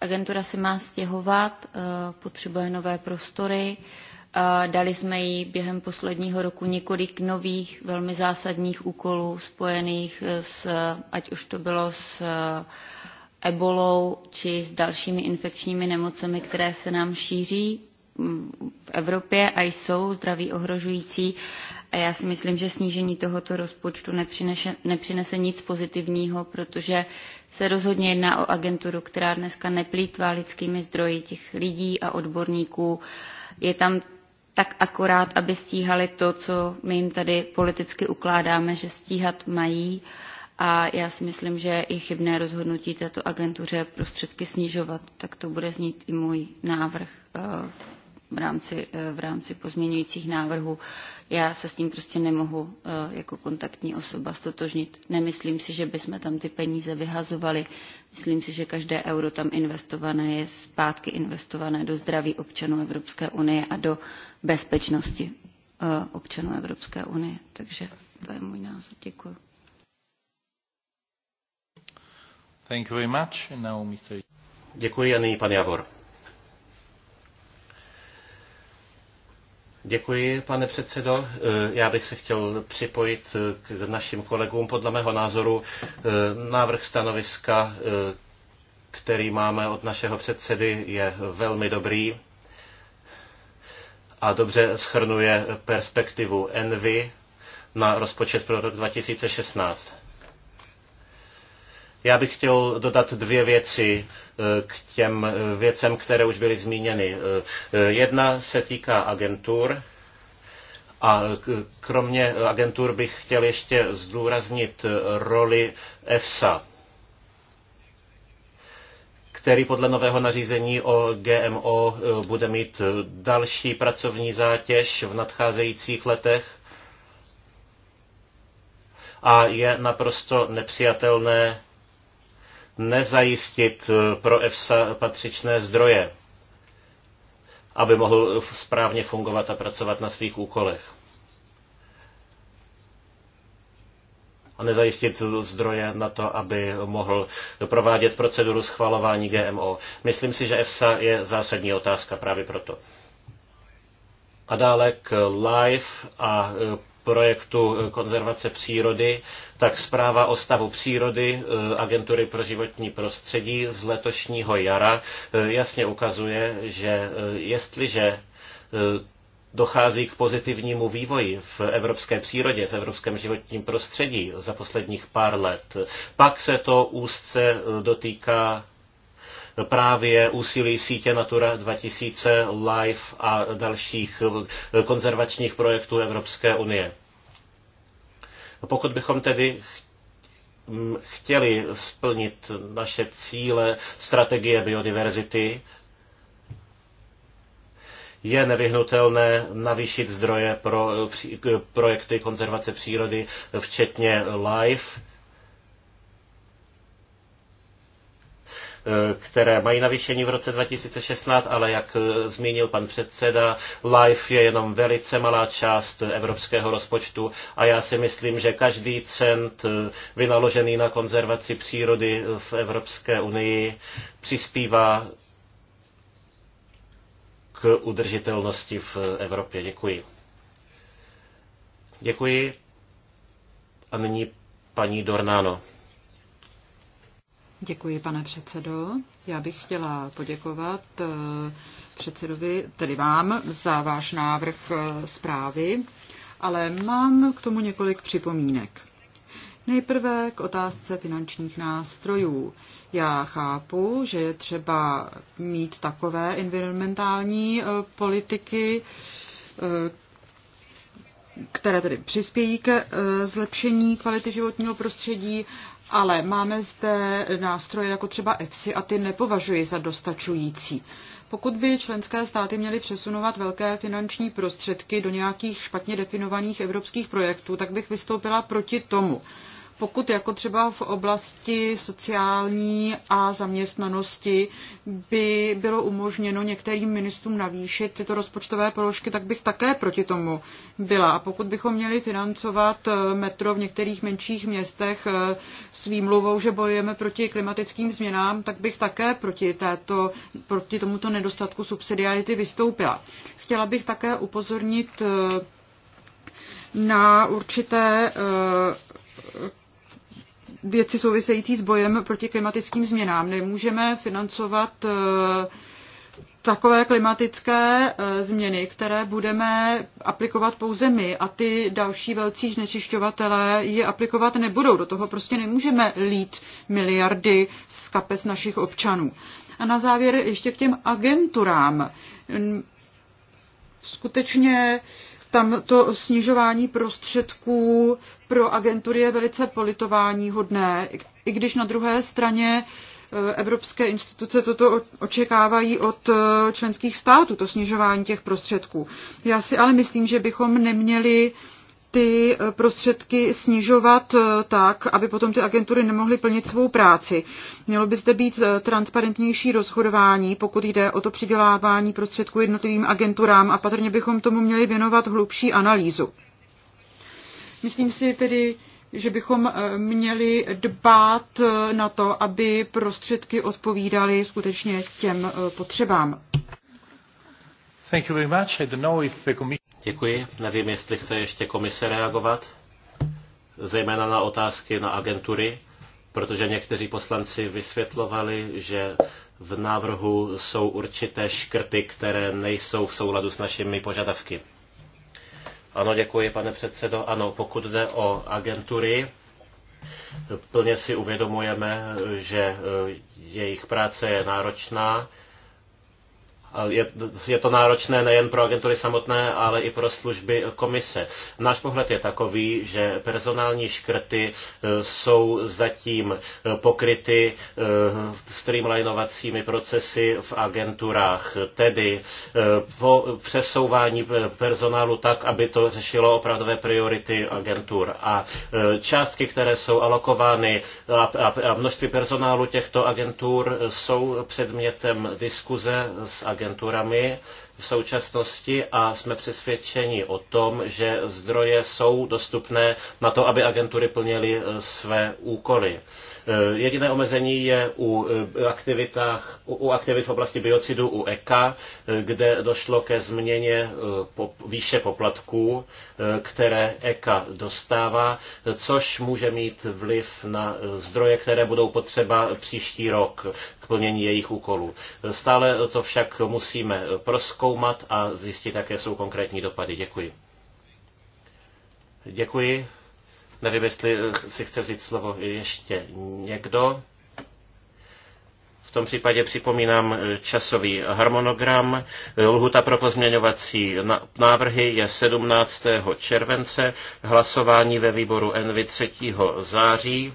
Agentura se má stěhovat, eh, potřebuje nové prostory, Dali jsme jí během posledního roku několik nových, velmi zásadních úkolů spojených s, ať už to bylo s eh, ebolou či s dalšími infekčními nemocemi, které se nám šíří mm, v Evropě a jsou zdraví ohrožující. A já si myslím, že snížení tohoto rozpočtu nepřinese, nepřinese nic pozitivního, protože se rozhodně jedná o agenturu, která dneska neplýtvá lidskými zdroji těch lidí a odborníků. Je tam tak akorát, aby stíhali to, co my jim tady politicky ukládáme, že stíhat mají. A já si myslím, že i chybné rozhodnutí této agentuře prostředky snižovat. Tak to bude znít i můj návrh eh, v rámci, eh, v rámci pozměňujících návrhů. Já se s tím prostě nemohu eh, jako kontaktní osoba stotožnit. Nemyslím si, že bychom tam ty peníze vyhazovali. Myslím si, že každé euro tam investované je zpátky investované do zdraví občanů Evropské unie a do bezpečnosti eh, občanů Evropské unie. Takže to je můj názor. Děkuji. Thank you very much. And now, Mr. Děkuji a nyní pan Javor. Děkuji, pane předsedo. Eh, já bych se chtěl připojit eh, k našim kolegům. Podle mého názoru eh, návrh stanoviska, který máme od našeho předsedy, je velmi dobrý a dobře schrnuje perspektivu Envy na rozpočet pro rok 2016. Já bych chtěl dodat dvě věci eh, k těm eh, věcem, které už byly zmíněny. Eh, jedna se týká agentur. A kromě agentur bych chtěl ještě zdůraznit roli EFSA, který podle nového nařízení o GMO bude mít další pracovní zátěž v nadcházejících letech a je naprosto nepřijatelné, nezajistit eh, pro EFSA patřičné zdroje, aby mohl správně fungovat a pracovat na svých úkolech. A nezajistit zdroje na to, aby mohl provádět proceduru schvalování GMO. Myslím si, že EFSA je zásadní otázka právě proto. A dále k live a eh, projektu eh, konzervace přírody, tak zpráva o stavu přírody eh, Agentury pro životní prostředí z letošního jara eh, jasně ukazuje, že jestliže dochází k pozitivnímu vývoji v evropské přírodě, v evropském životním prostředí za posledních pár let. Pak se to úzce dotýká právě úsilí sítě Natura 2000, LIFE a dalších konzervačních projektů Evropské unie. Pokud bychom tedy chtěli splnit naše cíle strategie biodiverzity, je nevyhnutelné navýšit zdroje pro projekty konzervace přírody, včetně LIFE Eh, které mají navýšení v roce 2016, ale jak eh, zmínil pan předseda, LIFE je jenom velice malá část evropského rozpočtu a já si myslím, že každý cent eh, vynaložený na konzervaci přírody v Evropské unii přispívá k udržitelnosti v Evropě. Děkuji. Děkuji. A nyní paní Dornáno. Děkuji, pane předsedo. Já bych chtěla poděkovat eh, předsedovi, tedy vám, za váš návrh eh, zprávy, ale mám k tomu několik připomínek. Nejprve k otázce finančních nástrojů. Já chápu, že je třeba mít takové environmentální eh, politiky, které tedy přispějí ke zlepšení kvality životního prostředí, ale máme zde nástroje jako třeba EFSI a ty nepovažuji za dostačující. Pokud by členské státy měly přesunovat velké finanční prostředky do nějakých špatně definovaných evropských projektů, tak bych vystoupila proti tomu pokud jako třeba v oblasti sociální a zaměstnanosti by bylo umožněno některým ministrům navýšit tyto rozpočtové položky, tak bych také proti tomu byla. A pokud bychom měli financovat eh, metro v některých menších městech eh, s výmluvou, že bojujeme proti klimatickým změnám, tak bych také proti, této, proti tomuto nedostatku subsidiarity vystoupila. Chtěla bych také upozornit eh, na určité věci související s bojem proti klimatickým změnám. Nemůžeme financovat eh, takové klimatické eh, změny, které budeme aplikovat pouze my a ty další velcí znečišťovatelé je aplikovat nebudou. Do toho prostě nemůžeme lít miliardy z kapes našich občanů. A na závěr ještě k těm agenturám. Skutečně tam to snižování prostředků pro agentury je velice politování hodné, i když na druhé straně eh, evropské instituce toto očekávají od eh, členských států, to snižování těch prostředků. Já si ale myslím, že bychom neměli uh, ty eh, prostředky snižovat eh, tak, aby potom ty agentury nemohly plnit svou práci. Mělo by zde být eh, transparentnější rozhodování, pokud jde o to přidělávání prostředků jednotlivým agenturám a patrně bychom tomu měli věnovat hlubší analýzu. Myslím si tedy, že bychom měli dbát na to, aby prostředky odpovídaly skutečně těm potřebám. Thank you very much. I don't know if the commission... Děkuji. Nevím, jestli chce ještě komise reagovat, zejména na otázky na agentury, protože někteří poslanci vysvětlovali, že v návrhu jsou určité škrty, které nejsou v souladu s našimi požadavky. Ano, děkuji, pane předsedo. Ano, pokud jde o agentury, plně si uvědomujeme, že e, jejich práce je náročná je, je to náročné nejen pro agentury samotné, ale i pro služby komise. Náš pohled je takový, že personální škrty e, jsou zatím e, pokryty e, streamlinovacími procesy v agenturách, tedy po přesouvání personálu tak, aby to řešilo opravdové priority agentur. A částky, které jsou alokovány a množství personálu těchto agentur jsou předmětem diskuze s agenturami agenturami v současnosti a jsme přesvědčeni o tom, že zdroje jsou dostupné na to, aby agentury plnily eh, své úkoly. Eh, jediné omezení je u, eh, aktivitách, u aktivit v oblasti biocidu u EKA, eh, kde došlo ke změně výše poplatků, které EKA dostává, což může mít vliv na zdroje, které budou potřeba příští rok k plnění jejich úkolů. Stále to však musíme proskoumat a zjistit, jaké jsou konkrétní dopady. Děkuji. Děkuji. Nevím, jestli eh, si chce vzít slovo ještě někdo. V tom případě připomínám eh, časový harmonogram. Eh, Lhuta pro pozměňovací návrhy je 17. července, hlasování ve výboru NV 3. září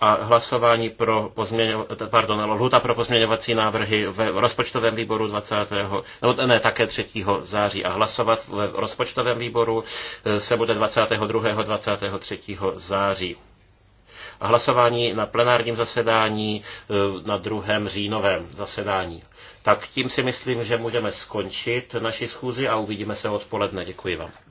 a hlasování pro pozměňo, pardon, lhuta pro pozměňovací návrhy v rozpočtovém výboru 20. No, ne, také 3. září a hlasovat v rozpočtovém výboru eh, se bude 22. 23. září. A hlasování na plenárním zasedání eh, na 2. říjnovém zasedání. Tak tím si myslím, že můžeme skončit naši schůzi a uvidíme se odpoledne. Děkuji vám.